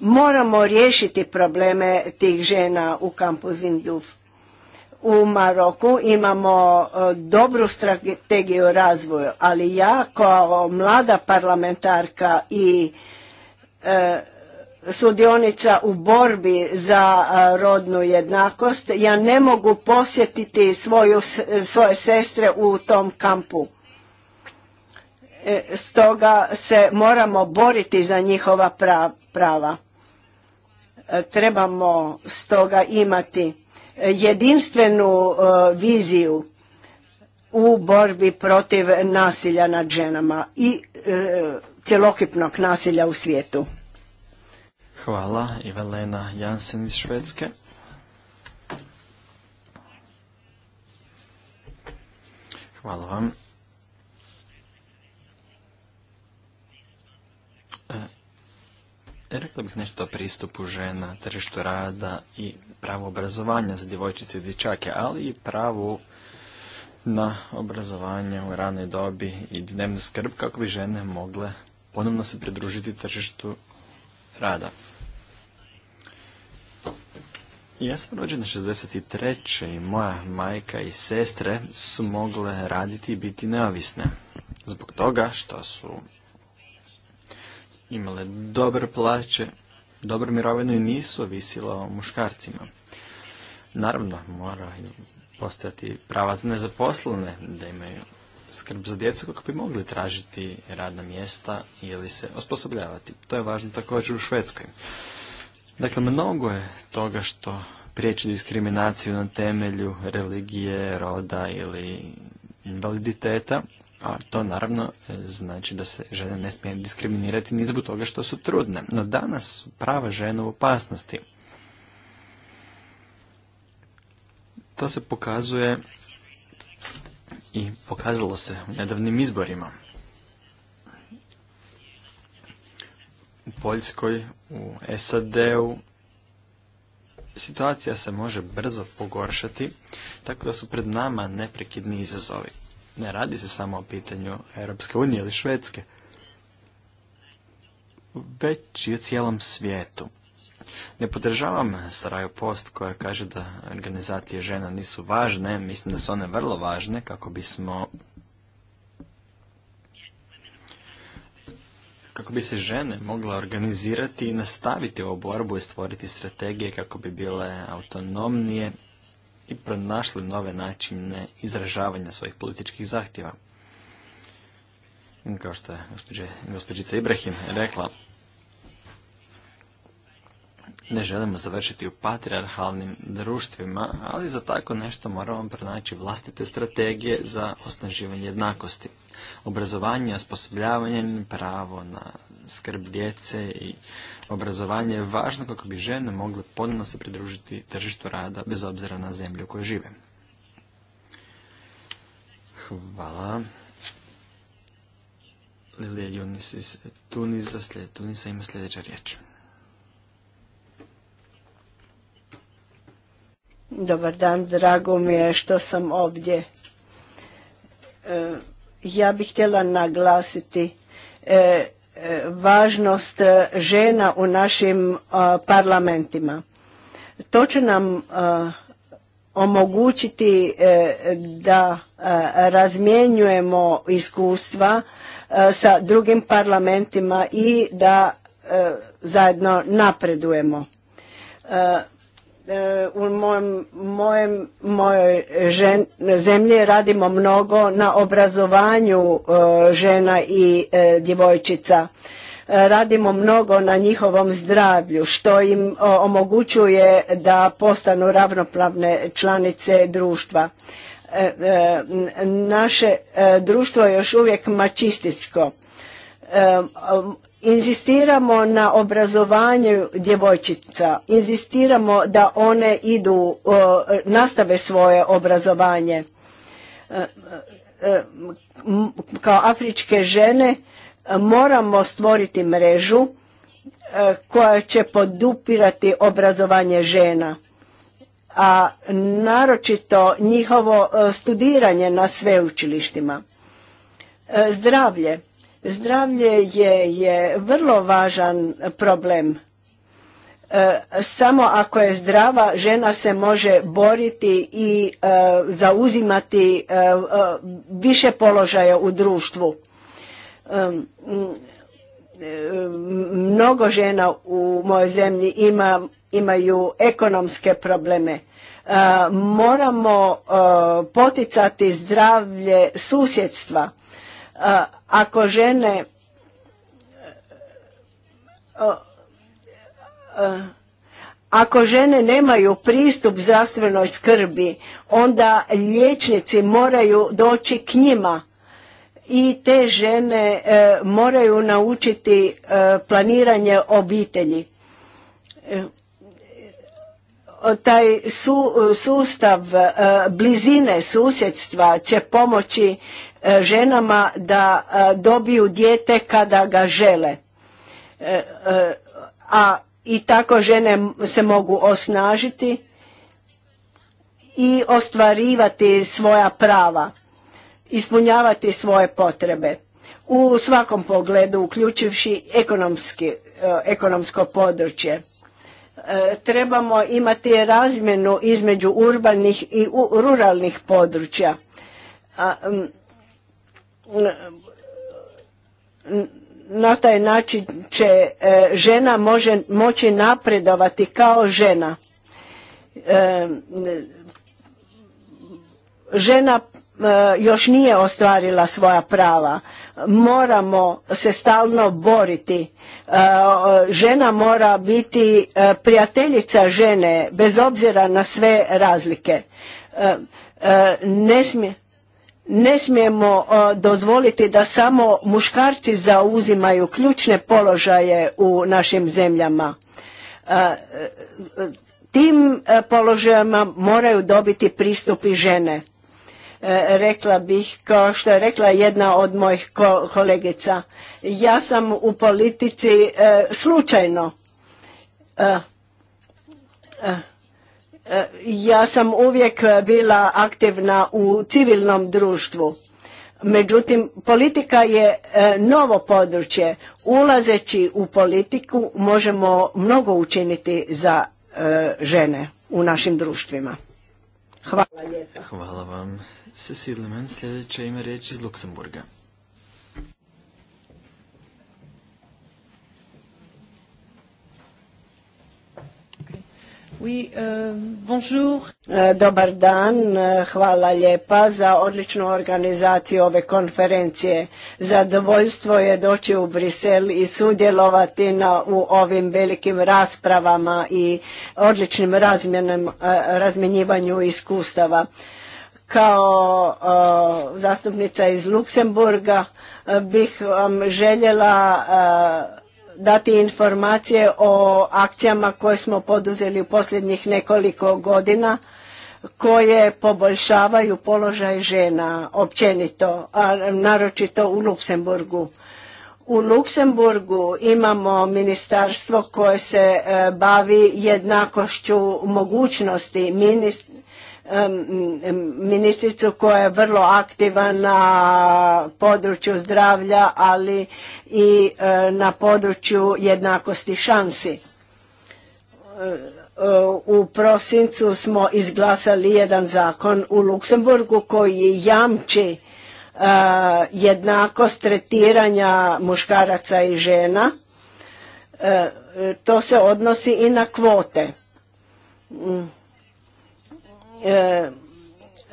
Moramo riješiti probleme tih žena u kampu Zinduf. U Maroku imamo e, dobru strategiju razvoju, ali ja kao mlada parlamentarka i e, sudionica u borbi za e, rodnu jednakost, ja ne mogu posjetiti svoju, svoje sestre u tom kampu. Stoga se moramo boriti za njihova prava. E, trebamo stoga imati e, jedinstvenu e, viziju u borbi protiv nasilja nad ženama i cjelokupnog nasilja u svijetu. Hvala, Ivelena Jansen iz Švedske. Hvala vam. Rekla bih nešto o pristupu žena, tržištu rada i pravo obrazovanja za djevojčice i dječake, ali i pravu na obrazovanje u ranoj dobi i dnevnu skrb kako bi žene mogle ponovno se pridružiti tržištu rada. Ja sam rođena 63. i moja majka i sestre su mogle raditi i biti neovisne. Zbog toga što su imale dobre plaće, dobre mirovine i nisu ovisile o muškarcima. Naravno, mora postojati prava nezaposlene, da imaju skrb za djecu kako bi mogli tražiti radna mjesta ili se osposobljavati. To je važno također u Švedskoj. Dakle, mnogo je toga što priječi diskriminaciju na temelju religije, roda ili invaliditeta, a to naravno e, znači da se žene ne smije diskriminirati ni zbog toga što su trudne. No danas prava žena u opasnosti. To se pokazuje i pokazalo se u nedavnim izborima. U Poljskoj, u SAD-u, situacija se može brzo pogoršati, tako da su pred nama neprekidni izazovi. Ne radi se samo o pitanju Europske unije ili Švedske, već i o cijelom svijetu. Ne podržavam Saraju Post koja kaže da organizacije žena nisu važne, mislim da su one vrlo važne kako bismo kako bi se žene mogle organizirati i nastaviti ovu borbu i stvoriti strategije kako bi bile autonomnije i pronašli nove načine izražavanja svojih političkih zahtjeva. Kao što je gospođica Ibrahim rekla, ne želimo završiti u patriarhalnim društvima, ali za tako nešto moramo pronaći vlastite strategije za osnaživanje jednakosti. Obrazovanje, osposobljavanje, pravo na skrb djece i obrazovanje je važno kako bi žene mogle ponovno se pridružiti tržištu rada bez obzira na zemlju u kojoj žive. Hvala. Lilija Junis iz Tunisa, Tunisa ima sljedeća riječ. Dobar dan, drago mi je što sam ovdje. E, ja bih htjela naglasiti e, važnost eh, žena u našim eh, parlamentima. To će nam eh, omogućiti da razmjenjujemo iskustva sa drugim parlamentima i da zajedno napredujemo u mojem, mojoj zemlji radimo mnogo na obrazovanju e, žena i e, djevojčica. E, radimo mnogo na njihovom zdravlju što im omogućuje da postanu ravnopravne članice društva. Naše društvo je još uvijek mačističko Inzistiramo na obrazovanju djevojčica, inzistiramo da one idu, nastave svoje obrazovanje. E, e, kao afričke žene e, moramo stvoriti mrežu koja će podupirati obrazovanje žena, a naročito njihovo studiranje na sveučilištima. Zdravlje Zdravlje je, je vrlo važan problem. E, samo ako je zdrava žena se može boriti i e, zauzimati e, više položaja u društvu. Mnogo žena u mojoj zemlji ima, imaju ekonomske probleme. Moramo poticati zdravlje susjedstva ako žene ako žene nemaju pristup zdravstvenoj skrbi, onda liječnici moraju doći k njima i te žene e, moraju naučiti e, planiranje obitelji. E, taj su, sustav blizine susjedstva će pomoći E, ženama da e, dobiju dijete kada ga žele. E, a i tako žene se mogu osnažiti i ostvarivati svoja prava, ispunjavati svoje potrebe u svakom pogledu, uključivši ekonomsko područje. Trebamo imati razmjenu između urbanih i ruralnih područja na taj način će e, žena moći napredovati kao žena. E, žena e, još nije ostvarila svoja prava. Moramo se stalno boriti. Žena mora biti prijateljica žene bez obzira na sve razlike. Ne smije ne smijemo e, dozvoliti da samo muškarci zauzimaju ključne položaje u našim zemljama. E, e, tim položajama moraju dobiti pristup i žene. Rekla bih, kao što je rekla jedna od mojih kolegica, ja sam u politici slučajno. Ja sam uvijek bila aktivna u civilnom društvu. Međutim, politika je e, novo područje. Ulazeći u politiku možemo mnogo učiniti za e, žene u našim društvima. Hvala lijepa. Hvala vam. sljedeća ima riječ iz Luksemburga. Euh, e, dobar dan, e, hvala lijepa za odličnu organizaciju ove konferencije. Zadovoljstvo je doći u Brisel i sudjelovati na, u ovim velikim raspravama i odličnim e, razmjenjivanju iskustava. Kao zastupnica iz Luksemburga bih vam željela dati informacije o akcijama koje smo poduzeli u posljednjih nekoliko godina koje poboljšavaju položaj žena općenito, a naročito u Luksemburgu. U Luksemburgu imamo ministarstvo koje se e, bavi jednakošću mogućnosti ministricu koja je vrlo aktiva na području zdravlja, ali i e, na području jednakosti šansi. E, e, u prosincu smo izglasali jedan zakon u Luksemburgu koji jamči jednakost tretiranja muškaraca i žena. To se odnosi i na kvote. Mm. E,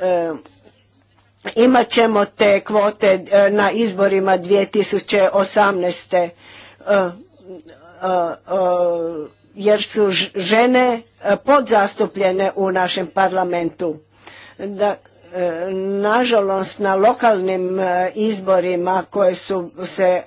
e, imat ćemo te kvote e, na izborima 2018. jer su žene podzastupljene u našem parlamentu. Da, Nažalost, na lokalnim e, izborima koje su se e,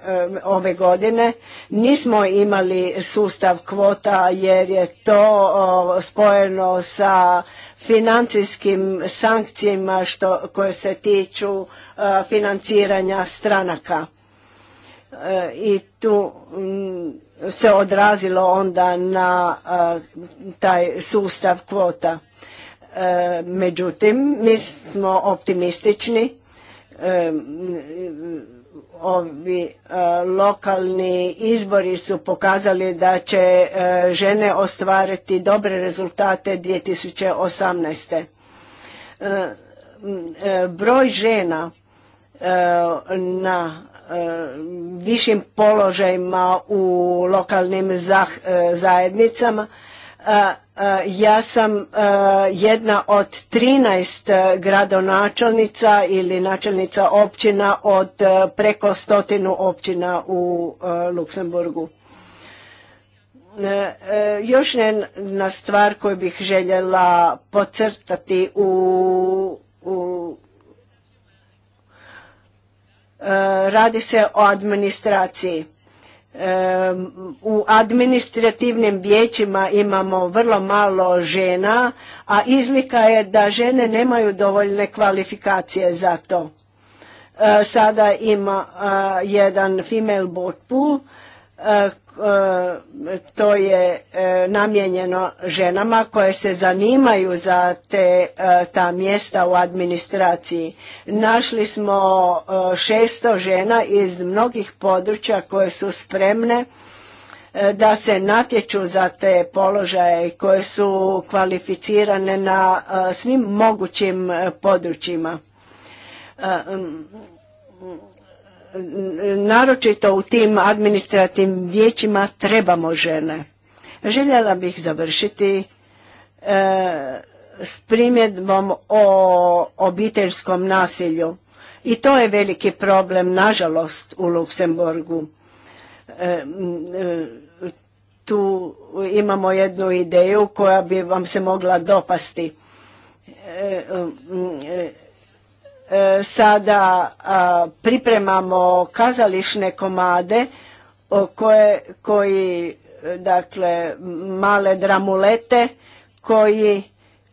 ove godine nismo imali sustav kvota jer je to spojeno sa financijskim sankcijama što, koje se tiču e, financiranja stranaka. I tu se odrazilo onda na taj sustav kvota Međutim, mi smo optimistični. Ovi e, lokalni izbori su pokazali da će e, žene ostvariti dobre rezultate 2018. E, broj žena na višim položajima u lokalnim zajednicama Eh, ja sam eh, jedna od 13 eh, gradonačelnica ili načelnica općina od preko stotinu općina u Luksemburgu. Još jedna stvar koju bih željela pocrtati u, u radi se o administraciji u administrativnim vijećima imamo vrlo malo žena, a izlika je da žene nemaju dovoljne kvalifikacije za to. E, sada ima e, jedan female board pool e, E, to je e, namijenjeno ženama koje se zanimaju za te, e, ta mjesta u administraciji. Našli smo 600 žena iz mnogih područja koje su spremne da se natječu za te položaje koje su kvalificirane na svim mogućim područjima naročito u tim administrativnim vijećima trebamo žene. Željela bih završiti e, s primjedbom o obiteljskom nasilju. I to je veliki problem, nažalost, u Luksemburgu. E, e, tu imamo jednu ideju koja bi vam se mogla dopasti. E, sada pripremamo kazališne komade koji e, dakle male dramulete koji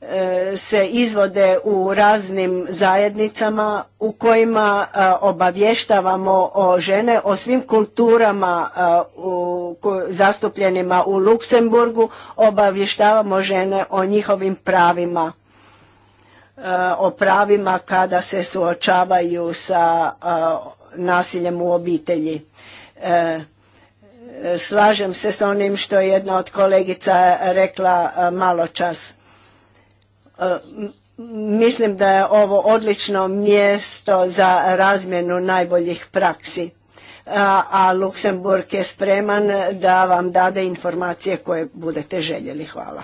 e, se izvode u raznim zajednicama u kojima obavještavamo o žene o svim kulturama zastupljenima u Luksemburgu obavještavamo žene o njihovim pravima o pravima kada se suočavaju sa nasiljem u obitelji. E, slažem se s onim što je jedna od kolegica rekla malo čas. E, mislim da je ovo odlično mjesto za razmjenu najboljih praksi. A, Luksemburg je spreman da vam dade informacije koje budete željeli. Hvala.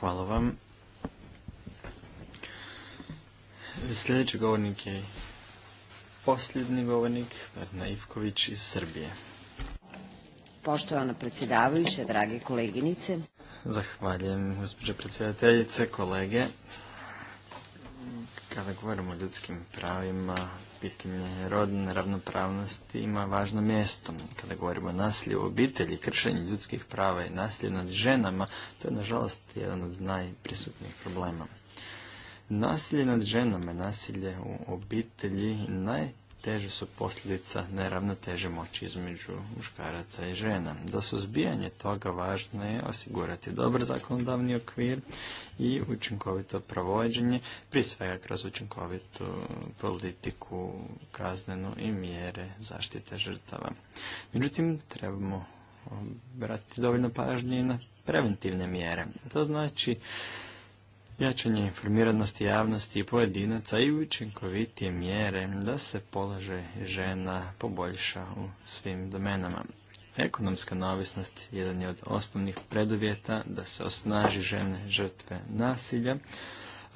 Hvala vam. Sljedeći govornik je posljedni govornik, Verna Ivković iz Srbije. Poštovana predsjedavajuća, drage koleginice. Zahvaljujem, gospođo predsjedateljice, kolege. Kada govorimo o ljudskim pravima, pitanje rodne ravnopravnosti ima važno mjesto. Kada govorimo o nasilju u obitelji, kršenju ljudskih prava i nasilju nad ženama, to je nažalost jedan od najprisutnijih problema. Nasilje nad ženama, nasilje u obitelji najteže su posljedica neravnoteže moći između muškaraca i žena. Za suzbijanje toga važno je osigurati dobar zakonodavni okvir i učinkovito provođenje, prije svega kroz učinkovitu politiku, kaznenu i mjere zaštite žrtava. Međutim, trebamo obratiti dovoljno pažnje i na preventivne mjere. To znači jačanje informiranosti javnosti i pojedinaca i učinkovitije mjere da se položaj žena poboljša u svim domenama. Ekonomska neovisnost jedan je od osnovnih preduvjeta da se osnaži žene žrtve nasilja,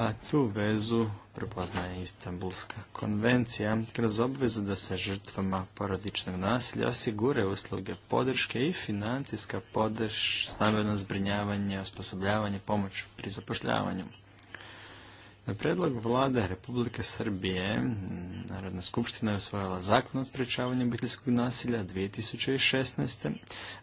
a tu vezu prepoznaje Istanbulska konvencija kroz obvezu da se žrtvama porodičnog nasilja osigure usluge podrške i financijska podrš, stambeno zbrinjavanje, osposobljavanje, pomoć pri zapošljavanju. Na ovaj predlog vlade Republike Srbije Narodna skupština je osvojila zakon o sprečavanju obiteljskog nasilja 2016.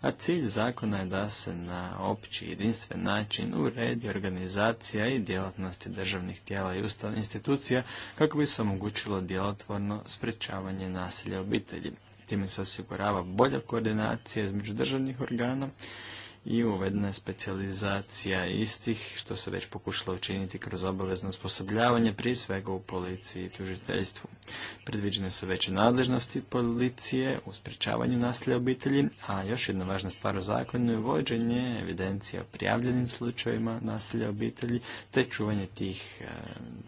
A cilj zakona je da se na opći jedinstven način uredi organizacija i djelatnosti državnih tijela i ustavnih institucija kako bi se omogućilo djelotvorno sprečavanje nasilja obitelji. Time se osigurava bolja koordinacija između državnih organa i uvedena je specijalizacija istih, što se već pokušalo učiniti kroz obavezno osposobljavanje, prije svega u policiji i tužiteljstvu. Predviđene su veće nadležnosti policije u sprečavanju nasilja obitelji, a još jedna važna stvar u zakonu je vođenje evidencija o prijavljenim slučajevima nasilja obitelji, te čuvanje tih eh,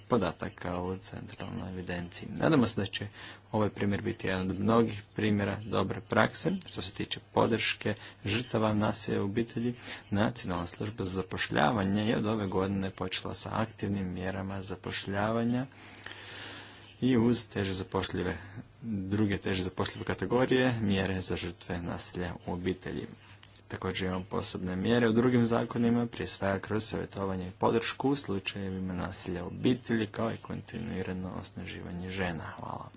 podataka u centralnoj evidenciji. Nadamo se da će ovaj primjer biti jedan od mnogih primjera dobre prakse što se tiče podrške žrtava nasilja u obitelji. Nacionalna služba za zapošljavanje je od ove godine počela sa aktivnim mjerama zapošljavanja i uz teže zapošljive, druge teže zapošljive kategorije, mjere za žrtve nasilja u obitelji. Također imamo posebne mjere u drugim zakonima, prije svega kroz savjetovanje i podršku u slučajevima nasilja u obitelji, kao i kontinuirano osnaživanje žena. Hvala.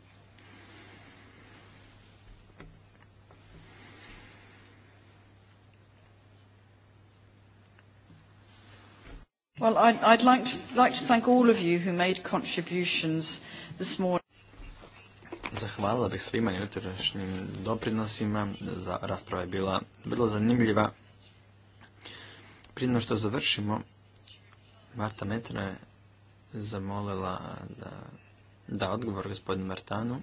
Well, I'd, I'd like, to, like to thank all of you who made contributions this morning. Zahvalila bih svima doprinosima. Za, rasprava je bila vrlo zanimljiva. Prije što završimo, Marta Metra je zamolila da da odgovor gospodinu Martanu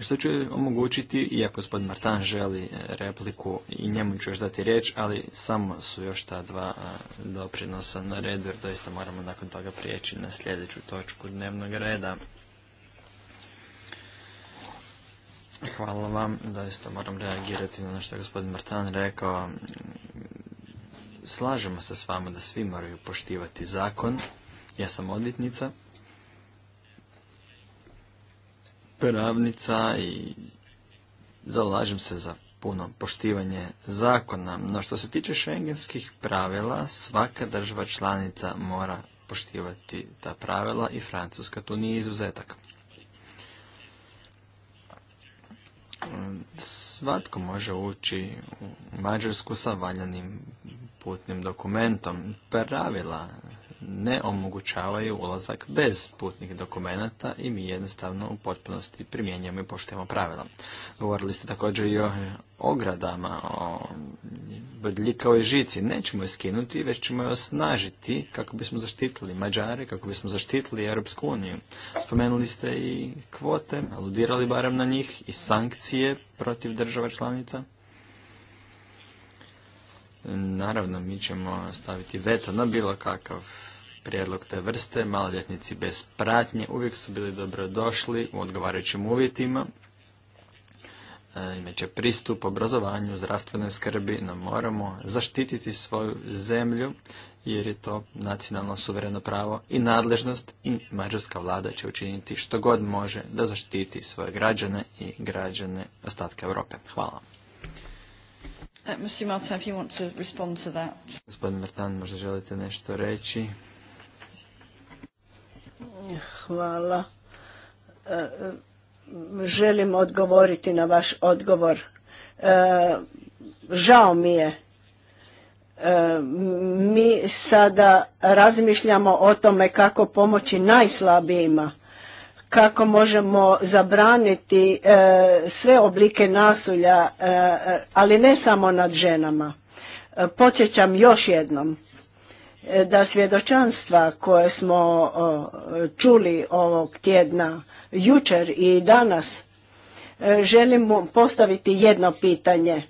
što ću omogućiti, iako gospodin Martan želi e, repliku i njemu ću još dati riječ, ali samo su još ta dva e, doprinosa na redu, jer doista moramo nakon toga prijeći na sljedeću točku dnevnog reda. Hvala vam, doista moram reagirati na ono što je gospodin Martan rekao. Slažemo se s vama da svi moraju poštivati zakon. Ja sam odvjetnica, pravnica i zalažem se za puno poštivanje zakona. No što se tiče šengenskih pravila, svaka država članica mora poštivati ta pravila i Francuska tu nije izuzetak. Svatko može ući u Mađarsku sa valjanim putnim dokumentom. Pravila ne omogućavaju ulazak bez putnih dokumenata i mi jednostavno u potpunosti primjenjujemo i poštujemo pravila. Govorili ste također i o ogradama, o i žici. Nećemo je skinuti, već ćemo je osnažiti kako bismo zaštitili Mađare, kako bismo zaštitili Europsku uniju. Spomenuli ste i kvote, aludirali barem na njih i sankcije protiv država članica. Naravno, mi ćemo staviti veto na bilo kakav prijedlog te vrste. Maloljetnici bez pratnje uvijek su bili dobrodošli u odgovarajućim uvjetima. E, Imeće pristup obrazovanju, zdravstvenoj skrbi, no moramo zaštititi svoju zemlju jer je to nacionalno suvereno pravo i nadležnost i mađarska vlada će učiniti što god može da zaštiti svoje građane i građane ostatka Europe. Hvala. Gospodin Martan, možda želite nešto reći? Hvala. E, e, želim odgovoriti na vaš odgovor. E, žao mi je. Mi sada razmišljamo o tome kako pomoći najslabijima kako možemo zabraniti sve oblike nasulja, ali ne samo nad ženama. E, još jednom da svjedočanstva koje smo čuli ovog tjedna, jučer i danas, e, želim postaviti jedno pitanje.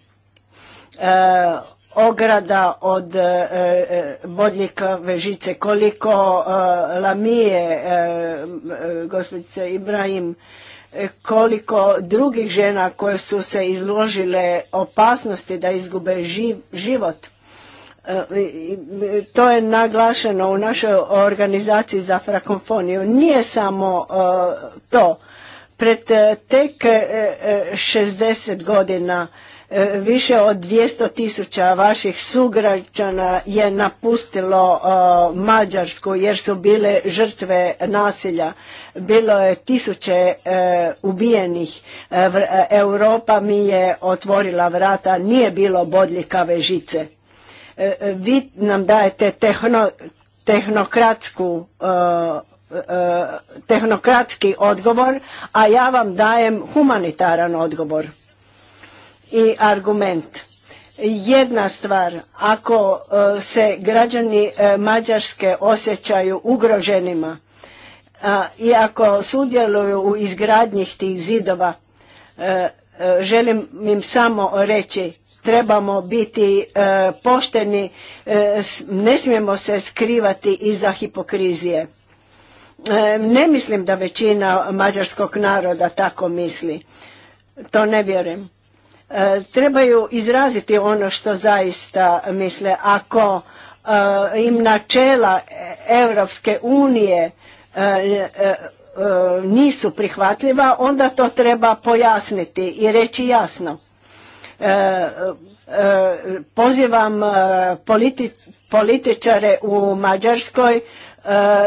E, ograda od e, bodljikave žice, koliko Lamije, gospođice Ibrahim, koliko drugih žena koje su se izložile opasnosti da izgube život E, to je naglašeno u našoj organizaciji za frakofoniju. Nije samo e, to. Pred e, tek 60 godina više od 200 tisuća vaših sugrađana je napustilo Mađarsku jer su bile žrtve nasilja. Bilo je tisuće ubijenih. Europa mi je otvorila vrata, nije bilo bodljikave žice E, e, vi nam dajete tehno, tehnokratsku e, tehnokratski odgovor, a ja vam dajem humanitaran odgovor i argument. Jedna stvar, ako se građani Mađarske osjećaju ugroženima i ako sudjeluju u izgradnji tih zidova, želim im samo reći trebamo biti e, pošteni, e, ne smijemo se skrivati iza hipokrizije. E, ne mislim da većina mađarskog naroda tako misli. To ne vjerujem. Trebaju izraziti ono što zaista misle. Ako im načela Europske unije nisu prihvatljiva, onda to treba pojasniti i reći jasno. Pozivam e, političare u Mađarskoj e,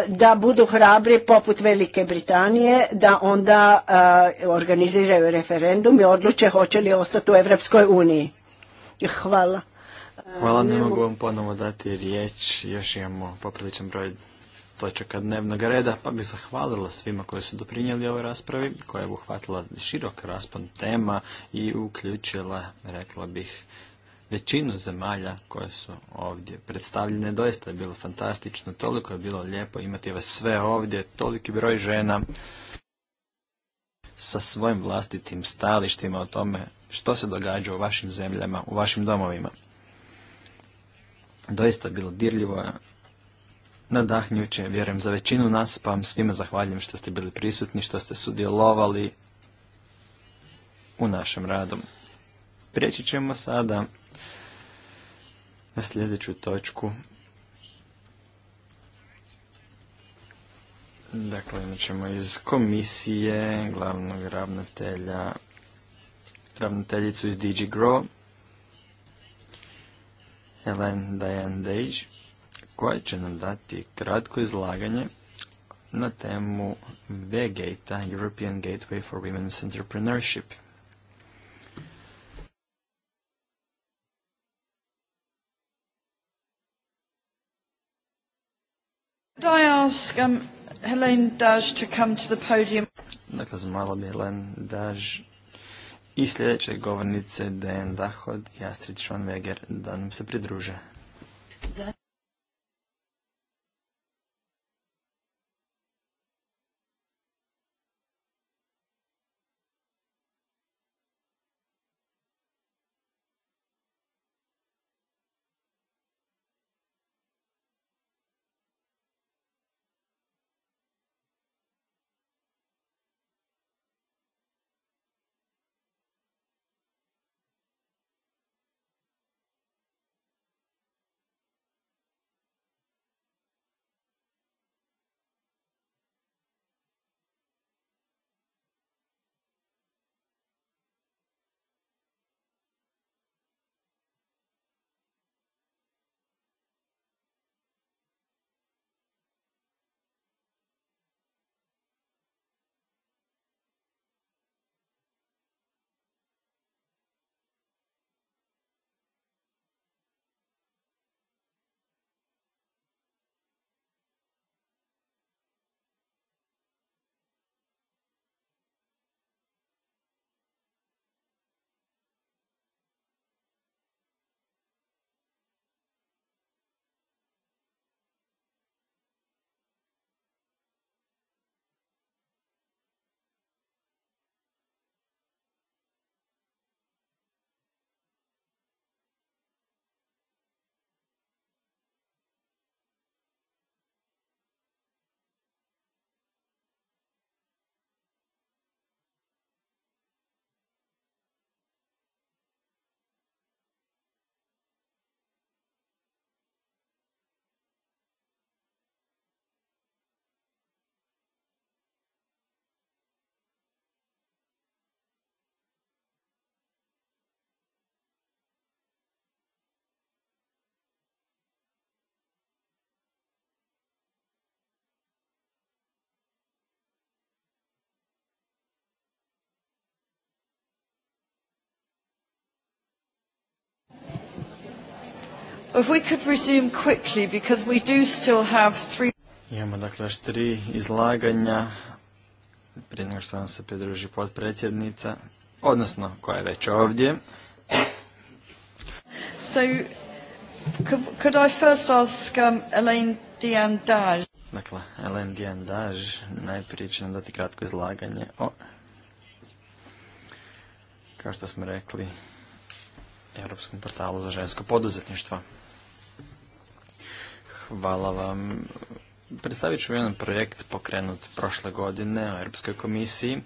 da budu hrabri poput Velike Britanije, da onda e, organiziraju referendum i odluče hoće li ostati u Evropskoj uniji. Hvala. Hvala, ne mogu vam ponovo dati riječ, još imamo popriličan broj točaka dnevnog reda, pa bih zahvalila svima koji su doprinijeli ovoj raspravi, koja je uhvatila širok raspon tema i uključila, rekla bih, većinu zemalja koje su ovdje predstavljene. Doista je bilo fantastično, toliko je bilo lijepo imati vas sve ovdje, toliki broj žena sa svojim vlastitim stalištima o tome što se događa u vašim zemljama, u vašim domovima. Doista je bilo dirljivo nadahnjuće, vjerujem, za većinu nas, pa vam svima zahvaljujem što ste bili prisutni, što ste sudjelovali u našem radu. Prijeći ćemo sada na sljedeću točku. Dakle, imat ćemo iz komisije glavnog ravnatelja, ravnateljicu iz DigiGrow, Helen Diane koja će nam dati kratko izlaganje na temu VGate-a, European Gateway for Women's Entrepreneurship. Could I ask um, Helene Daj to Dakle, bi Helene i sljedeće govornice Dejan Dahod i Astrid Schoenweger da nam se pridruže. Za If we could resume quickly because we do still have three... Imamo dakle još tri izlaganja prije nego što nam se pridruži potpredsjednica, odnosno koja je već ovdje. So, could, could I first ask um, Elaine Dakle, Elaine Diandage najprije će nam dati kratko izlaganje o, kao što smo rekli, Europskom portalu za žensko poduzetništvo. Hvala vam. Predstavit ću jedan projekt pokrenut prošle godine u Europskoj komisiji.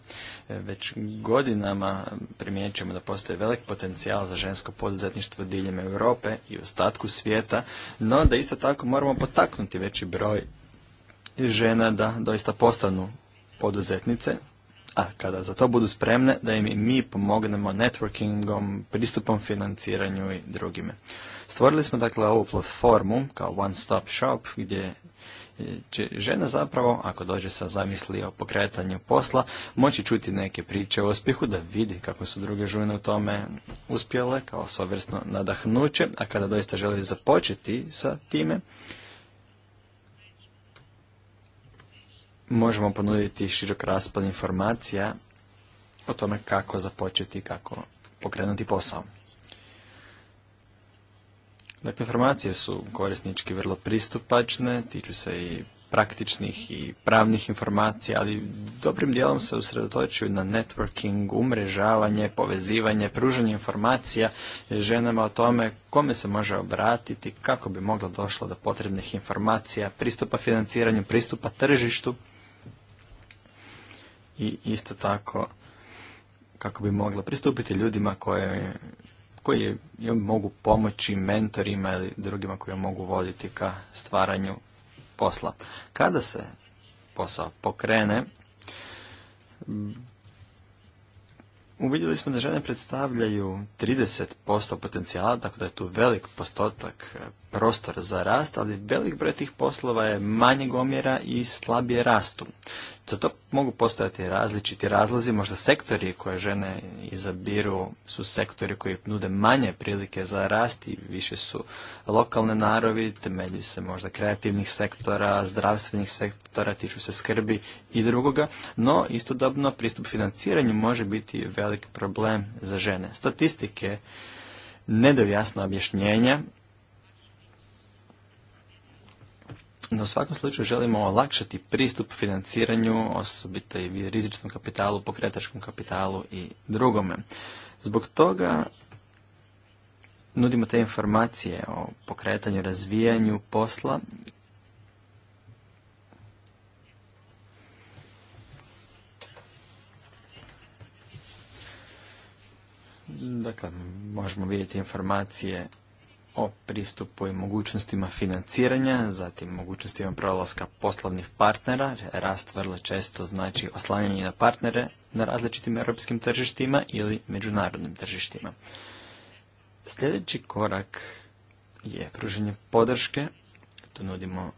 Već godinama primjećujemo da postoji velik potencijal za žensko poduzetništvo diljem Europe i ostatku svijeta, no da isto tako moramo potaknuti veći broj žena da doista postanu poduzetnice, a kada za to budu spremne da im i mi pomognemo networkingom, pristupom financiranju i drugime. Stvorili smo dakle ovu platformu kao one stop shop gdje će žena zapravo, ako dođe sa zamisli o pokretanju posla, moći čuti neke priče o uspjehu, da vidi kako su druge žene u tome uspjele, kao svojevrsno nadahnuće, a kada doista želi započeti sa time, možemo ponuditi širok raspad informacija o tome kako započeti, kako pokrenuti posao. Dakle, informacije su korisnički vrlo pristupačne, tiču se i praktičnih i pravnih informacija, ali dobrim dijelom se usredotočuju na networking, umrežavanje, povezivanje, pružanje informacija ženama o tome kome se može obratiti, kako bi mogla došla do potrebnih informacija, pristupa financiranju, pristupa tržištu i isto tako kako bi mogla pristupiti ljudima koje koji mogu pomoći mentorima ili drugima koji mogu voditi ka stvaranju posla. Kada se posao pokrene, uvidjeli smo da žene predstavljaju 30% potencijala, tako da je tu velik postotak e, prostora za rast, ali velik broj tih poslova je manjeg omjera i slabije rastu. Za to mogu postojati različiti razlozi, možda sektori koje žene izabiru su sektori koji nude manje prilike za rast i više su lokalne narovi, temelji se možda kreativnih sektora, zdravstvenih sektora, tiču se skrbi i drugoga, no istodobno pristup financiranju može biti velik problem za žene. Statistike ne daju jasno objašnjenja No u svakom slučaju želimo olakšati pristup financiranju, osobito i rizičnom kapitalu, pokretačkom kapitalu i drugome. Zbog toga nudimo te informacije o pokretanju, razvijanju posla Dakle, možemo vidjeti informacije o pristupu i mogućnostima financiranja, zatim mogućnostima prolaska poslovnih partnera. Rast vrlo često znači oslanjanje na partnere na različitim europskim tržištima ili međunarodnim tržištima. Sljedeći korak je pruženje podrške. to nudimo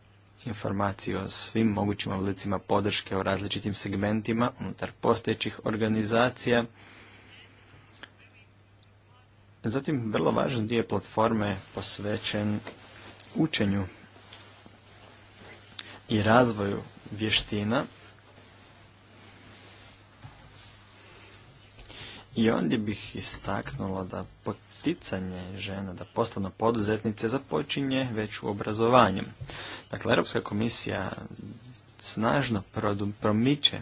informaciju o svim mogućim oblicima podrške u različitim segmentima unutar postojećih organizacija Zatim, vrlo važan dio platforme posvećen učenju i razvoju vještina I ondje bih istaknula da poticanje žena da postanu poduzetnice započinje već u obrazovanju. Dakle, Europska komisija snažno promiče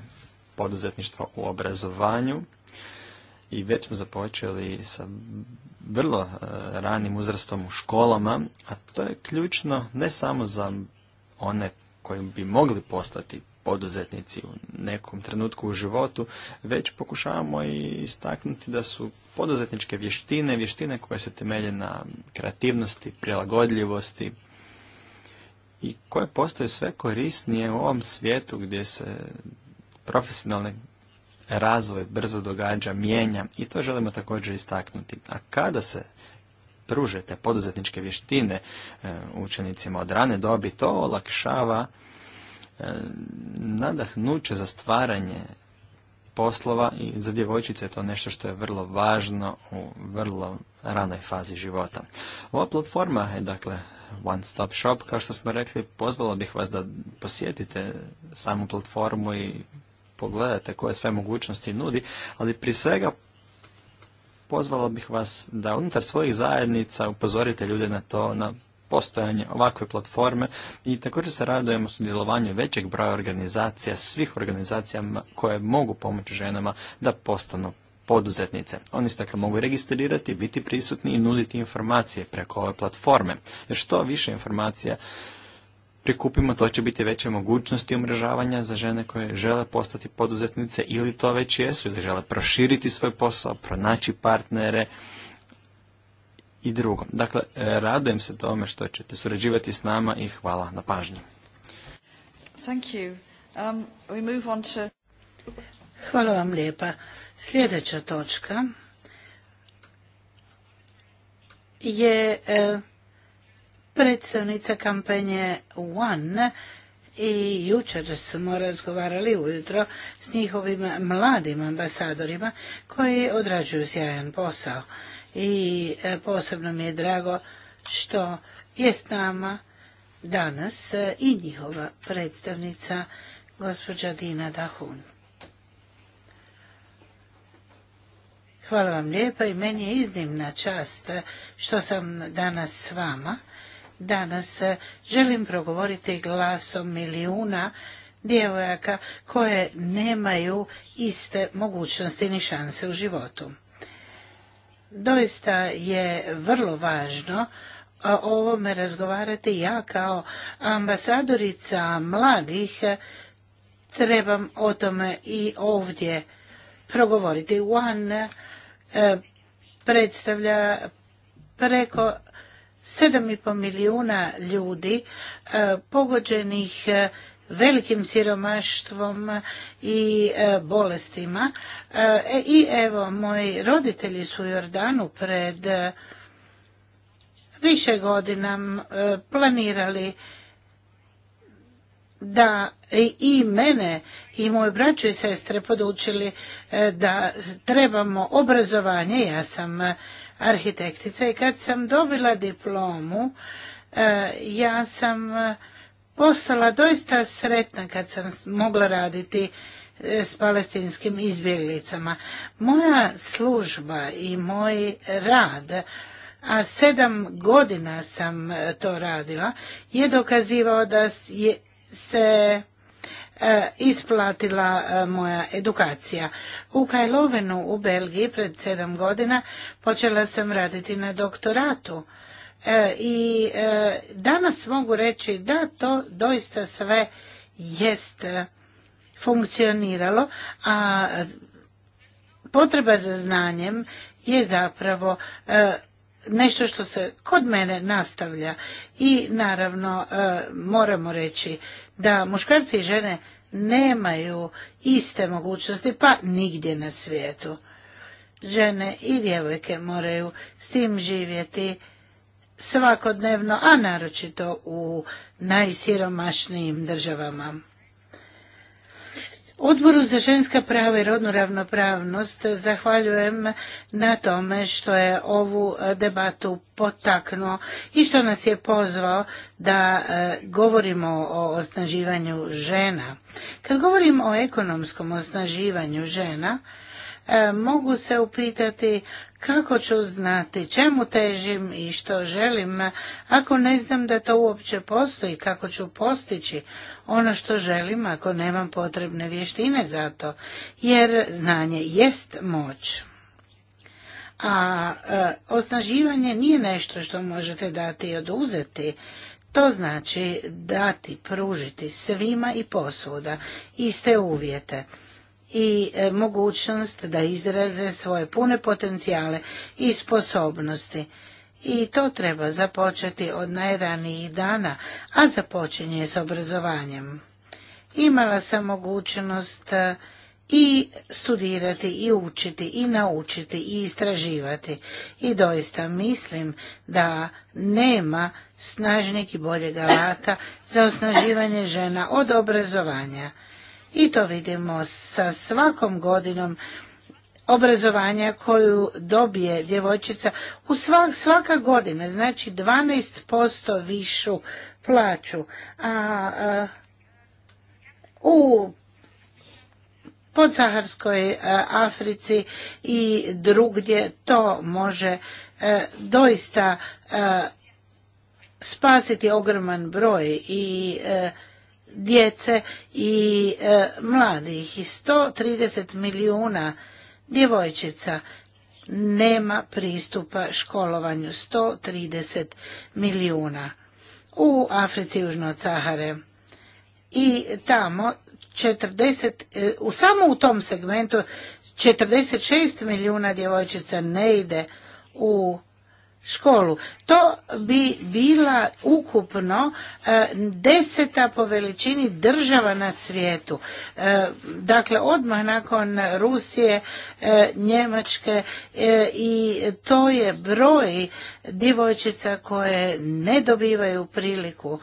poduzetništvo u obrazovanju i već smo započeli sa vrlo e, ranim uzrastom u školama, a to je ključno ne samo za one koji bi mogli postati poduzetnici u nekom trenutku u životu, već pokušavamo i istaknuti da su poduzetničke vještine, vještine koje se temelje na kreativnosti, prilagodljivosti i koje postoje sve korisnije u ovom svijetu gdje se profesionalne razvoj brzo događa, mijenja i to želimo također istaknuti. A kada se pružete poduzetničke vještine e, učenicima od rane dobi, to olakšava e, nadahnuće za stvaranje poslova i za djevojčice je to nešto što je vrlo važno u vrlo ranoj fazi života. Ova platforma je dakle One Stop Shop, kao što smo rekli, pozvala bih vas da posjetite samu platformu i pogledate koje sve mogućnosti nudi, ali pri svega pozvala bih vas da unutar svojih zajednica upozorite ljude na to, na postojanje ovakve platforme i također se radujemo sudjelovanju većeg broja organizacija, svih organizacija koje mogu pomoći ženama da postanu poduzetnice. Oni se dakle mogu registrirati, biti prisutni i nuditi informacije preko ove platforme. Jer što više informacija, prikupimo, to će biti veće mogućnosti umrežavanja za žene koje žele postati poduzetnice ili to već jesu, ili žele proširiti svoj posao, pronaći partnere i drugo. Dakle, radujem se tome što ćete surađivati s nama i hvala na pažnji. Thank you. Um, we move Hvala vam lijepa. Sljedeća točka je... Eh, predstavnica kampanje One i jučer smo razgovarali ujutro s njihovim mladim ambasadorima koji odrađuju sjajan posao. I e, posebno mi je drago što je s nama danas e, i njihova predstavnica gospođa Dina Dahun. Hvala vam lijepa i meni je iznimna čast što sam danas s vama danas. E, želim progovoriti glasom milijuna djevojaka koje nemaju iste mogućnosti ni šanse u životu. Doista je vrlo važno o ovome razgovarati ja kao ambasadorica mladih e, trebam o tome i ovdje progovoriti. One e, predstavlja preko 7,5 milijuna ljudi e, pogođenih e, velikim siromaštvom i e, bolestima. I evo, moji roditelji su u Jordanu pred više godina planirali da i mene i moje braću i sestre podučili da trebamo obrazovanje. Ja sam arhitektica i kad sam dobila diplomu e, ja sam e, postala doista sretna kad sam mogla raditi e, s palestinskim izbjeglicama. Moja služba i moj rad, a sedam godina sam to radila, je dokazivao da se E, isplatila e, moja edukacija. U Kajlovenu u Belgiji pred sedam godina počela sam raditi na doktoratu. E, I danas mogu reći da to doista sve jest funkcioniralo, a potreba za znanjem je zapravo nešto što se kod mene nastavlja i naravno moramo reći da muškarci i žene nemaju iste mogućnosti pa nigdje na svijetu. Žene i djevojke moraju s tim živjeti svakodnevno, a naročito u najsiromašnijim državama. Odboru za ženska prava i rodnu ravnopravnost zahvaljujem na tome što je ovu e, debatu potaknuo i što nas je pozvao da e, govorimo o osnaživanju žena. Kad govorim o ekonomskom osnaživanju žena, e, mogu se upitati kako ću znati čemu težim i što želim ako ne znam da to uopće postoji, kako ću postići ono što želim ako nemam potrebne vještine za to, jer znanje jest moć. A e, osnaživanje nije nešto što možete dati i oduzeti, to znači dati, pružiti svima i posvuda iste uvjete i e, mogućnost da izraze svoje pune potencijale i sposobnosti. I to treba započeti od najranijih dana, a započinje s obrazovanjem. Imala sam mogućnost e, i studirati i učiti i naučiti i istraživati i doista mislim da nema snažnijeg i boljeg alata za osnaživanje žena od obrazovanja i to vidimo sa svakom godinom obrazovanja koju dobije djevojčica u svak, svaka godina, znači 12% višu plaću. A, a u podsaharskoj e, Africi i drugdje to može e, doista e, spasiti ogroman broj i djece i e, mladih i 130 milijuna djevojčica nema pristupa školovanju 130 milijuna u Africi južno od Sahare i tamo 40 e, u samo u tom segmentu 46 milijuna djevojčica ne ide u školu. To bi bila ukupno e, deseta po veličini država na svijetu. E, dakle, odmah nakon Rusije, e, Njemačke i to je broj djevojčica koje ne dobivaju priliku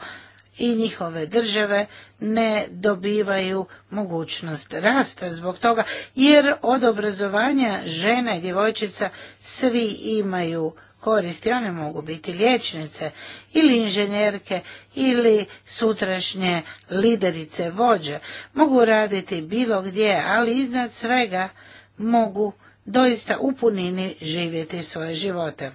i njihove države ne dobivaju mogućnost rasta zbog toga jer od obrazovanja žena i djevojčica svi imaju koristi. One mogu biti liječnice ili inženjerke ili sutrašnje liderice vođe. Mogu raditi bilo gdje, ali iznad svega mogu doista u punini živjeti svoje živote.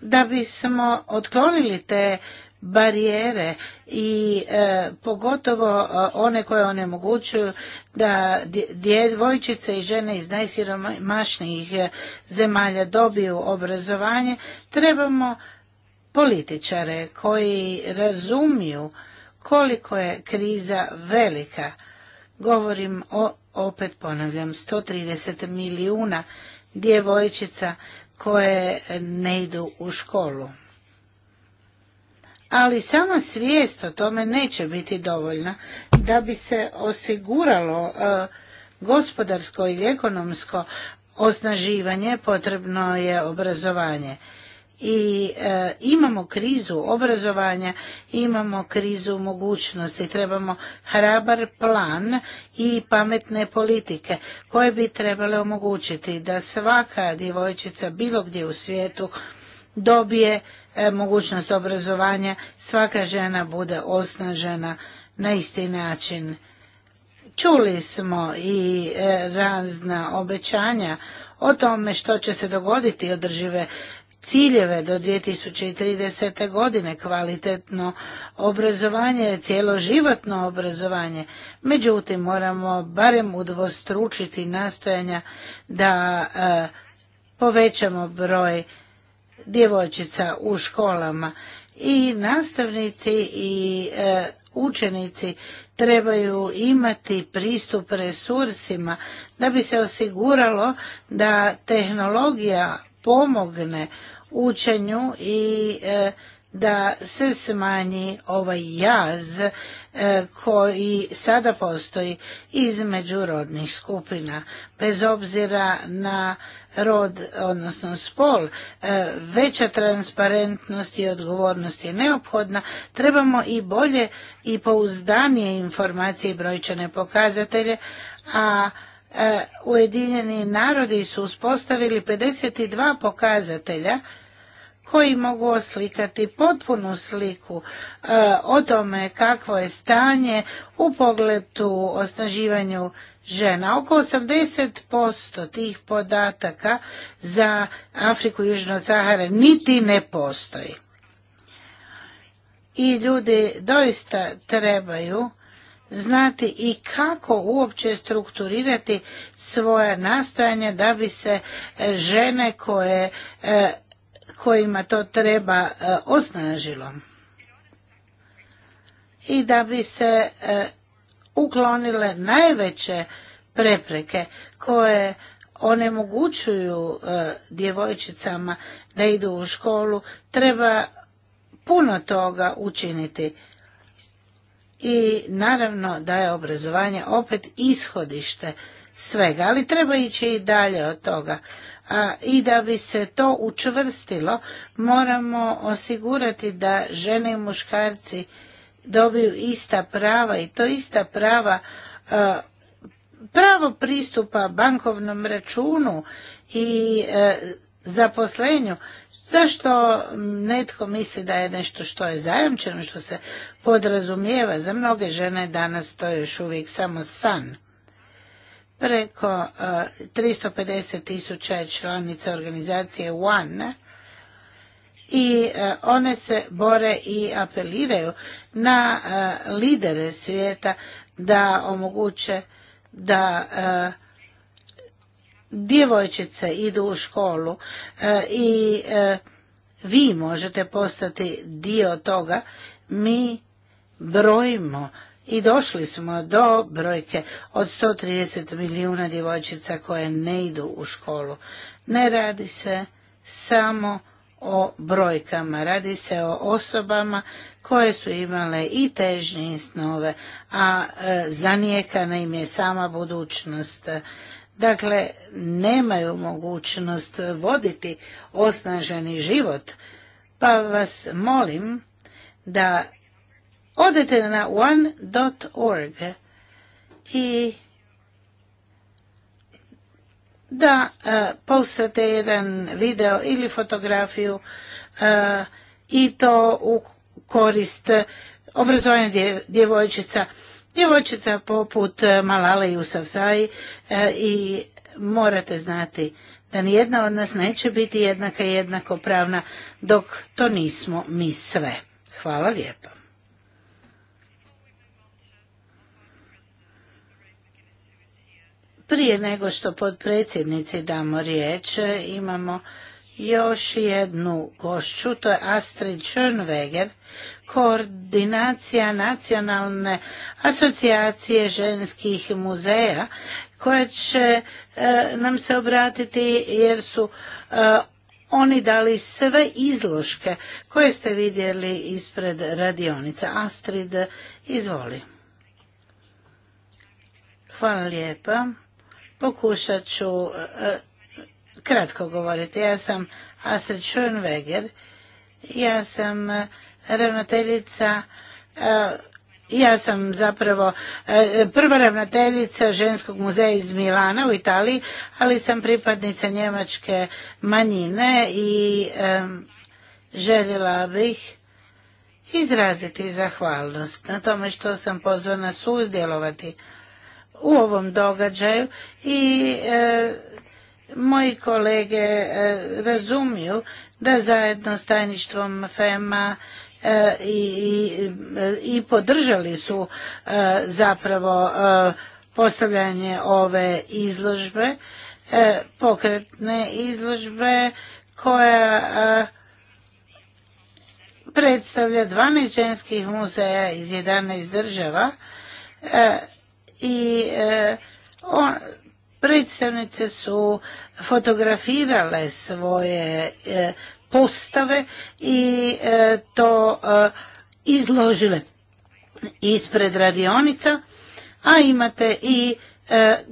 Da bismo otklonili te barijere i e, pogotovo e, one koje onemogućuju da djevojčice i žene iz najsiromašnijih e, zemalja dobiju obrazovanje, trebamo političare koji razumiju koliko je kriza velika. Govorim o, opet ponavljam, 130 milijuna djevojčica koje ne idu u školu ali sama svijest o tome neće biti dovoljna da bi se osiguralo e, gospodarsko i ekonomsko osnaživanje potrebno je obrazovanje i e, imamo krizu obrazovanja imamo krizu mogućnosti trebamo hrabar plan i pametne politike koje bi trebale omogućiti da svaka djevojčica bilo gdje u svijetu dobije E, mogućnost obrazovanja, svaka žena bude osnažena na isti način. Čuli smo i e, razna obećanja o tome što će se dogoditi održive ciljeve do 2030. godine kvalitetno obrazovanje, životno obrazovanje. Međutim, moramo barem udvostručiti nastojanja da e, povećamo broj djevojčica u školama i nastavnici i e, učenici trebaju imati pristup resursima da bi se osiguralo da tehnologija pomogne učenju i e, da se smanji ovaj jaz e, koji sada postoji između rodnih skupina bez obzira na rod, odnosno spol, e, veća transparentnost i odgovornost je neophodna, trebamo i bolje i pouzdanije informacije i brojčane pokazatelje, a e, Ujedinjeni narodi su uspostavili 52 pokazatelja koji mogu oslikati potpunu sliku e, o tome kakvo je stanje u pogledu osnaživanju žena. Oko 80% tih podataka za Afriku i Južno Sahara niti ne postoji. I ljudi doista trebaju znati i kako uopće strukturirati svoje nastojanje da bi se e, žene koje, e, kojima to treba e, osnažilo i da bi se uklonile najveće prepreke koje onemogućuju e, djevojčicama da idu u školu, treba puno toga učiniti. I naravno da je obrazovanje opet ishodište svega, ali treba ići i dalje od toga. A, I da bi se to učvrstilo, moramo osigurati da žene i muškarci dobiju ista prava i to ista prava e, pravo pristupa bankovnom računu i e, zaposlenju Zašto netko misli da je nešto što je zajamčeno, što se podrazumijeva? Za mnoge žene danas to je još uvijek samo san. Preko 350 e, tisuća članica organizacije One i e, one se bore i apeliraju na e, lidere svijeta da omoguće da e, djevojčice idu u školu i vi možete postati dio toga. Mi brojimo i došli smo do brojke od 130 milijuna djevojčica koje ne idu u školu. Ne radi se samo o brojkama, radi se o osobama koje su imale i težnje i snove, a e, zanijekana im je sama budućnost. Dakle, nemaju mogućnost voditi osnaženi život, pa vas molim da odete na one.org i da e, postate jedan video ili fotografiju e, i to u korist obrazovanja djevojčica. Djevojčica poput e, Malale i Usavsaj i morate znati da nijedna od nas neće biti jednaka i jednakopravna dok to nismo mi sve. Hvala lijepo. Prije nego što podpredsjednici damo riječ, imamo još jednu gošću, to je Astrid Schönweger, koordinacija nacionalne asocijacije ženskih muzeja, koja će e, nam se obratiti jer su e, oni dali sve izloške koje ste vidjeli ispred radionica. Astrid, izvoli. Hvala lijepa. Pokušat ću e, e, kratko govoriti. Ja sam Astrid Schoenweger. Ja sam e, ravnateljica ja sam zapravo prva ravnateljica ženskog muzeja iz Milana u Italiji, ali sam pripadnica njemačke manjine i željela bih izraziti zahvalnost na tome što sam pozvana sudjelovati u ovom događaju i e, moji kolege e, razumiju da zajedno s tajništvom FEMA e, i, i podržali su zapravo postavljanje ove izložbe, pokretne izložbe koja predstavlja 12 ženskih muzeja iz 11 država i e, predstavnice su fotografirale svoje e, postave i e, to izložile ispred radionica, a imate i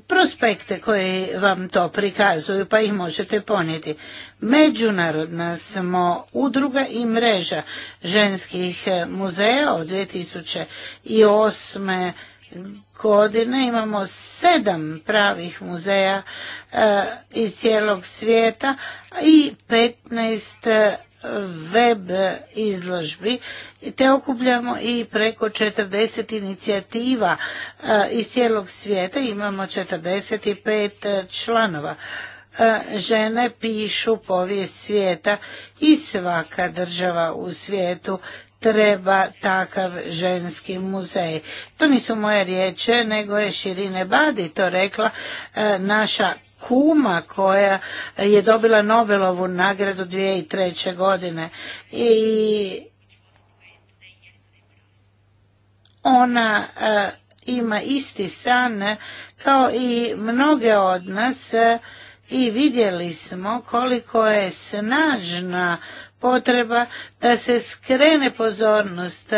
prospekte koji vam to prikazuju pa ih možete ponijeti. Međunarodna smo udruga i mreža ženskih muzeja od 2008 godine imamo sedam pravih muzeja e, iz cijelog svijeta i 15 e, web izložbi te okupljamo i preko 40 inicijativa e, iz cijelog svijeta imamo 45 članova žene pišu povijest svijeta i svaka država u svijetu treba takav ženski muzej. To nisu moje riječe, nego je Širine Badi to rekla e, naša kuma koja je dobila Nobelovu nagradu 2003. godine. I ona e, ima isti san kao i mnoge od nas e, i vidjeli smo koliko je snažna potreba da se skrene pozornost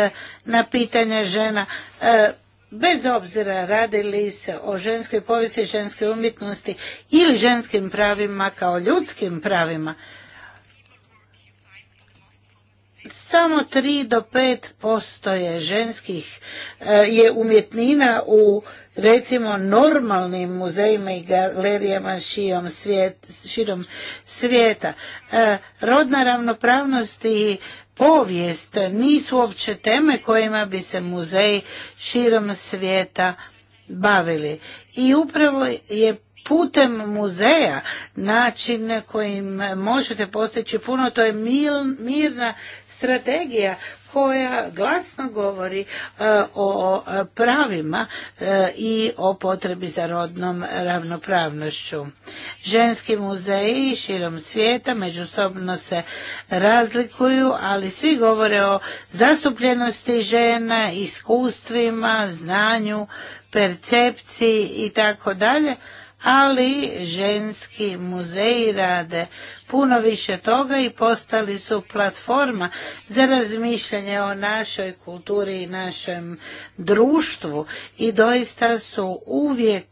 na pitanje žena e, bez obzira radi li se o ženskoj povijesti, ženskoj umjetnosti ili ženskim pravima kao ljudskim pravima. Samo 3 do 5 posto je ženskih e, je umjetnina u recimo normalnim muzejima i galerijama širom svijeta. E, rodna ravnopravnost i povijest nisu uopće teme kojima bi se muzeji širom svijeta bavili. I upravo je putem muzeja način kojim možete postići puno, to je mirna strategija koja glasno govori e, o pravima e, i o potrebi za rodnom ravnopravnošću. Ženski muzeji širom svijeta međusobno se razlikuju, ali svi govore o zastupljenosti žena, iskustvima, znanju, percepciji i tako dalje, ali ženski muzeji rade puno više toga i postali su platforma za razmišljanje o našoj kulturi i našem društvu i doista su uvijek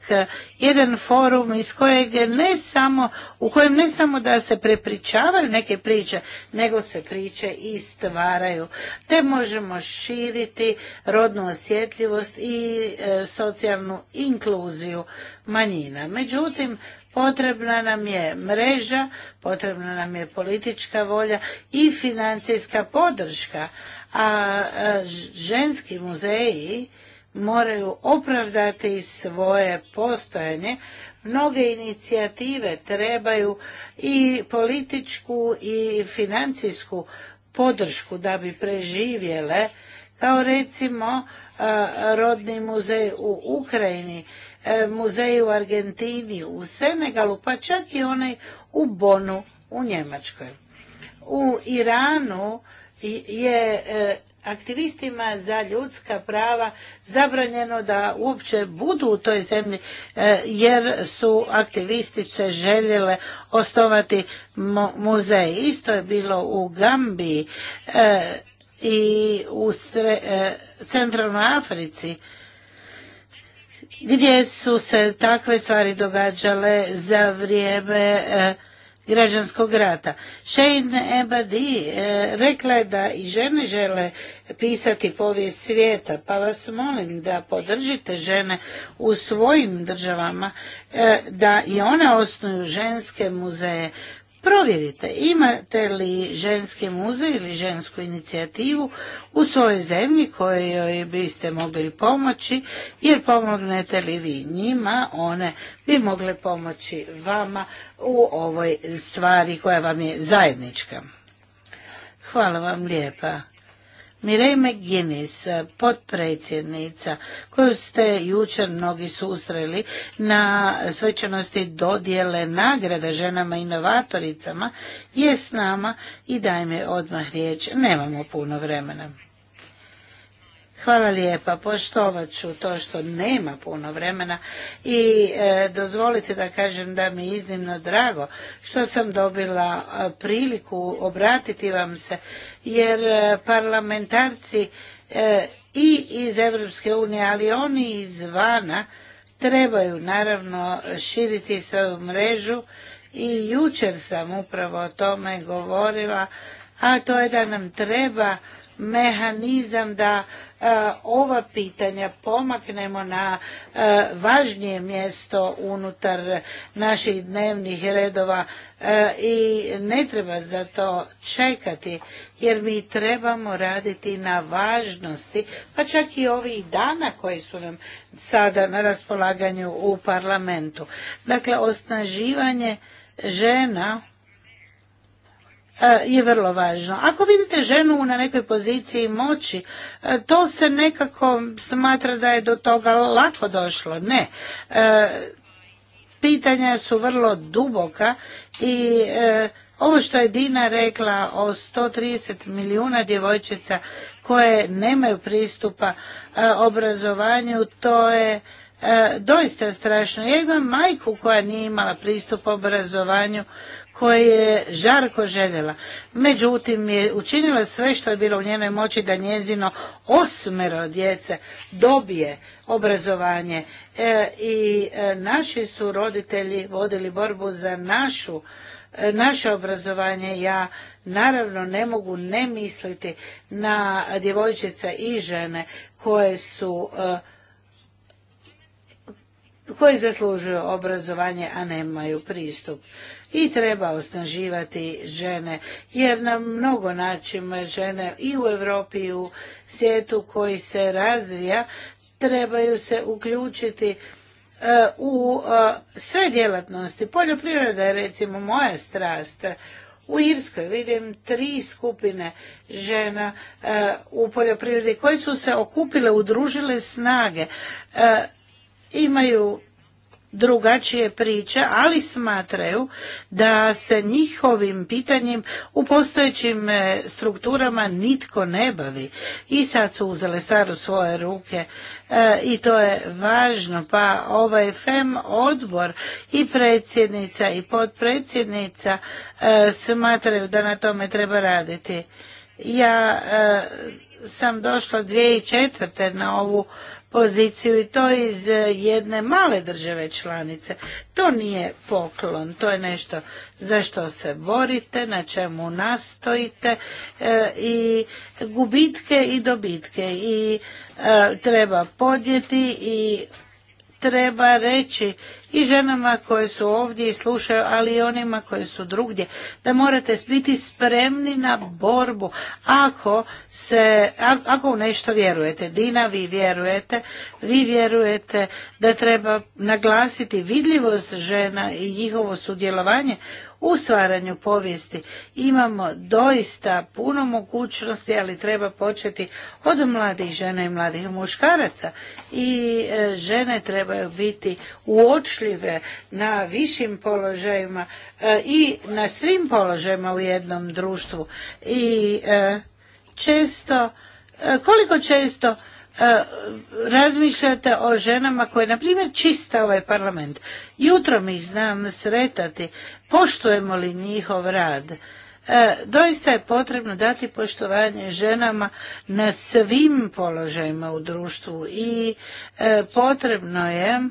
jedan forum iz kojeg ne samo, u kojem ne samo da se prepričavaju neke priče, nego se priče i stvaraju. Te možemo širiti rodnu osjetljivost i e, socijalnu inkluziju manjina. Međutim, Potrebna nam je mreža, potrebna nam je politička volja i financijska podrška, a ženski muzeji moraju opravdati svoje postojanje. Mnoge inicijative trebaju i političku i financijsku podršku da bi preživjele, kao recimo rodni muzej u Ukrajini muzeji u Argentini, u Senegalu, pa čak i onaj u Bonu u Njemačkoj. U Iranu je e, aktivistima za ljudska prava zabranjeno da uopće budu u toj zemlji e, jer su aktivistice željele osnovati muzej. Isto je bilo u Gambiji e, i u Centralnoj Africi gdje su se takve stvari događale za vrijeme e, građanskog rata. Shane Ebadi e, rekla je da i žene žele pisati povijest svijeta, pa vas molim da podržite žene u svojim državama, e, da i one osnuju ženske muzeje, provjerite imate li ženski muzej ili žensku inicijativu u svojoj zemlji kojoj biste mogli pomoći jer pomognete li vi njima one bi mogle pomoći vama u ovoj stvari koja vam je zajednička. Hvala vam lijepa. Mirej McGinnis, potpredsjednica, koju ste jučer mnogi susreli na svečanosti dodjele nagrada ženama inovatoricama, je s nama i daj mi odmah riječ, nemamo puno vremena. Hvala lijepa, poštovat ću to što nema puno vremena i e, dozvolite da kažem da mi je iznimno drago što sam dobila e, priliku obratiti vam se jer e, parlamentarci i iz Europske unije, ali oni izvana trebaju naravno širiti svoju mrežu i jučer sam upravo o tome govorila, a to je da nam treba mehanizam da E, ova pitanja pomaknemo na e, važnije mjesto unutar naših dnevnih redova e, i ne treba za to čekati jer mi trebamo raditi na važnosti pa čak i ovih dana koji su nam sada na raspolaganju u parlamentu. Dakle, osnaživanje žena E, je vrlo važno. Ako vidite ženu na nekoj poziciji moći, e, to se nekako smatra da je do toga lako došlo. Ne. E, pitanja su vrlo duboka i ovo što je Dina rekla o 130 milijuna djevojčica koje nemaju pristupa obrazovanju, to je doista strašno. Ja imam majku koja nije imala pristup obrazovanju, koje je žarko željela. Međutim, je učinila sve što je bilo u njenoj moći da njezino osmero djece dobije obrazovanje e, i e, naši su roditelji vodili borbu za našu e, naše obrazovanje ja naravno ne mogu ne misliti na djevojčice i žene koje su koje zaslužuju obrazovanje a nemaju pristup i treba osnaživati žene jer na mnogo način žene i u Europi i u svijetu koji se razvija trebaju se uključiti e, u e, sve djelatnosti. Poljoprivreda je recimo moja strast. U Irskoj vidim tri skupine žena e, u poljoprivredi koje su se okupile, udružile snage. Imaju drugačije priča, ali smatraju da se njihovim pitanjem u postojećim e, strukturama nitko ne bavi. I sad su uzele stvar u svoje ruke e, i to je važno. Pa ovaj FEM odbor i predsjednica i potpredsjednica e, smatraju da na tome treba raditi. Ja sam došla 2004. na ovu poziciju i to iz e, jedne male države članice. To nije poklon, to je nešto za što se borite, na čemu nastojite e, i gubitke i dobitke i e, treba podnijeti i treba reći i ženama koje su ovdje i slušaju, ali i onima koje su drugdje, da morate biti spremni na borbu ako, se, ako u nešto vjerujete. Dina, vi vjerujete, vi vjerujete da treba naglasiti vidljivost žena i njihovo sudjelovanje u stvaranju povijesti. Imamo doista puno mogućnosti, ali treba početi od mladih žena i mladih muškaraca. I e, žene trebaju biti uočljive na višim položajima e, i na svim položajima u jednom društvu. I e, često, e, koliko često razmišljate o ženama koje, na primjer, čista ovaj parlament. Jutro mi ih znam sretati, poštujemo li njihov rad. doista je potrebno dati poštovanje ženama na svim položajima u društvu i potrebno je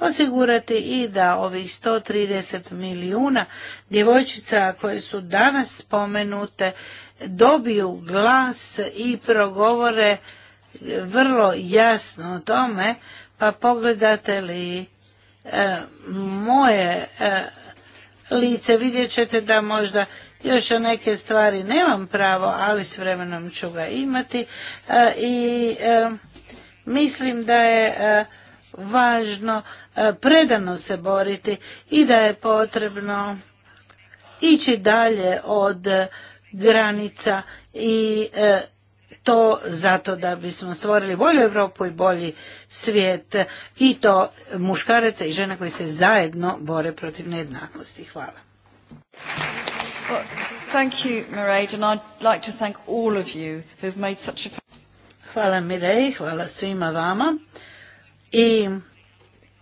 osigurati i da ovih 130 milijuna djevojčica koje su danas spomenute dobiju glas i progovore vrlo jasno o tome, pa pogledate li e, moje e, lice, vidjet ćete da možda još o neke stvari nemam pravo, ali s vremenom ću ga imati e, i mislim da je važno e, predano se boriti i da je potrebno ići dalje od granica i e, to zato da bismo stvorili bolju Europu i bolji svijet i to muškaraca i žena koji se zajedno bore protiv nejednakosti. Hvala. Hvala Mirej, hvala svima vama i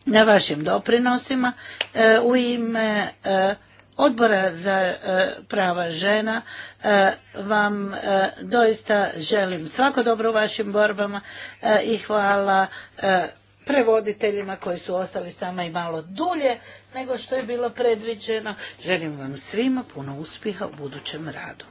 na vašim doprinosima e, u ime e, odbora za e, prava žena vam doista želim svako dobro u vašim borbama i hvala prevoditeljima koji su ostali s nama i malo dulje nego što je bilo predviđeno. Želim vam svima puno uspjeha u budućem radu.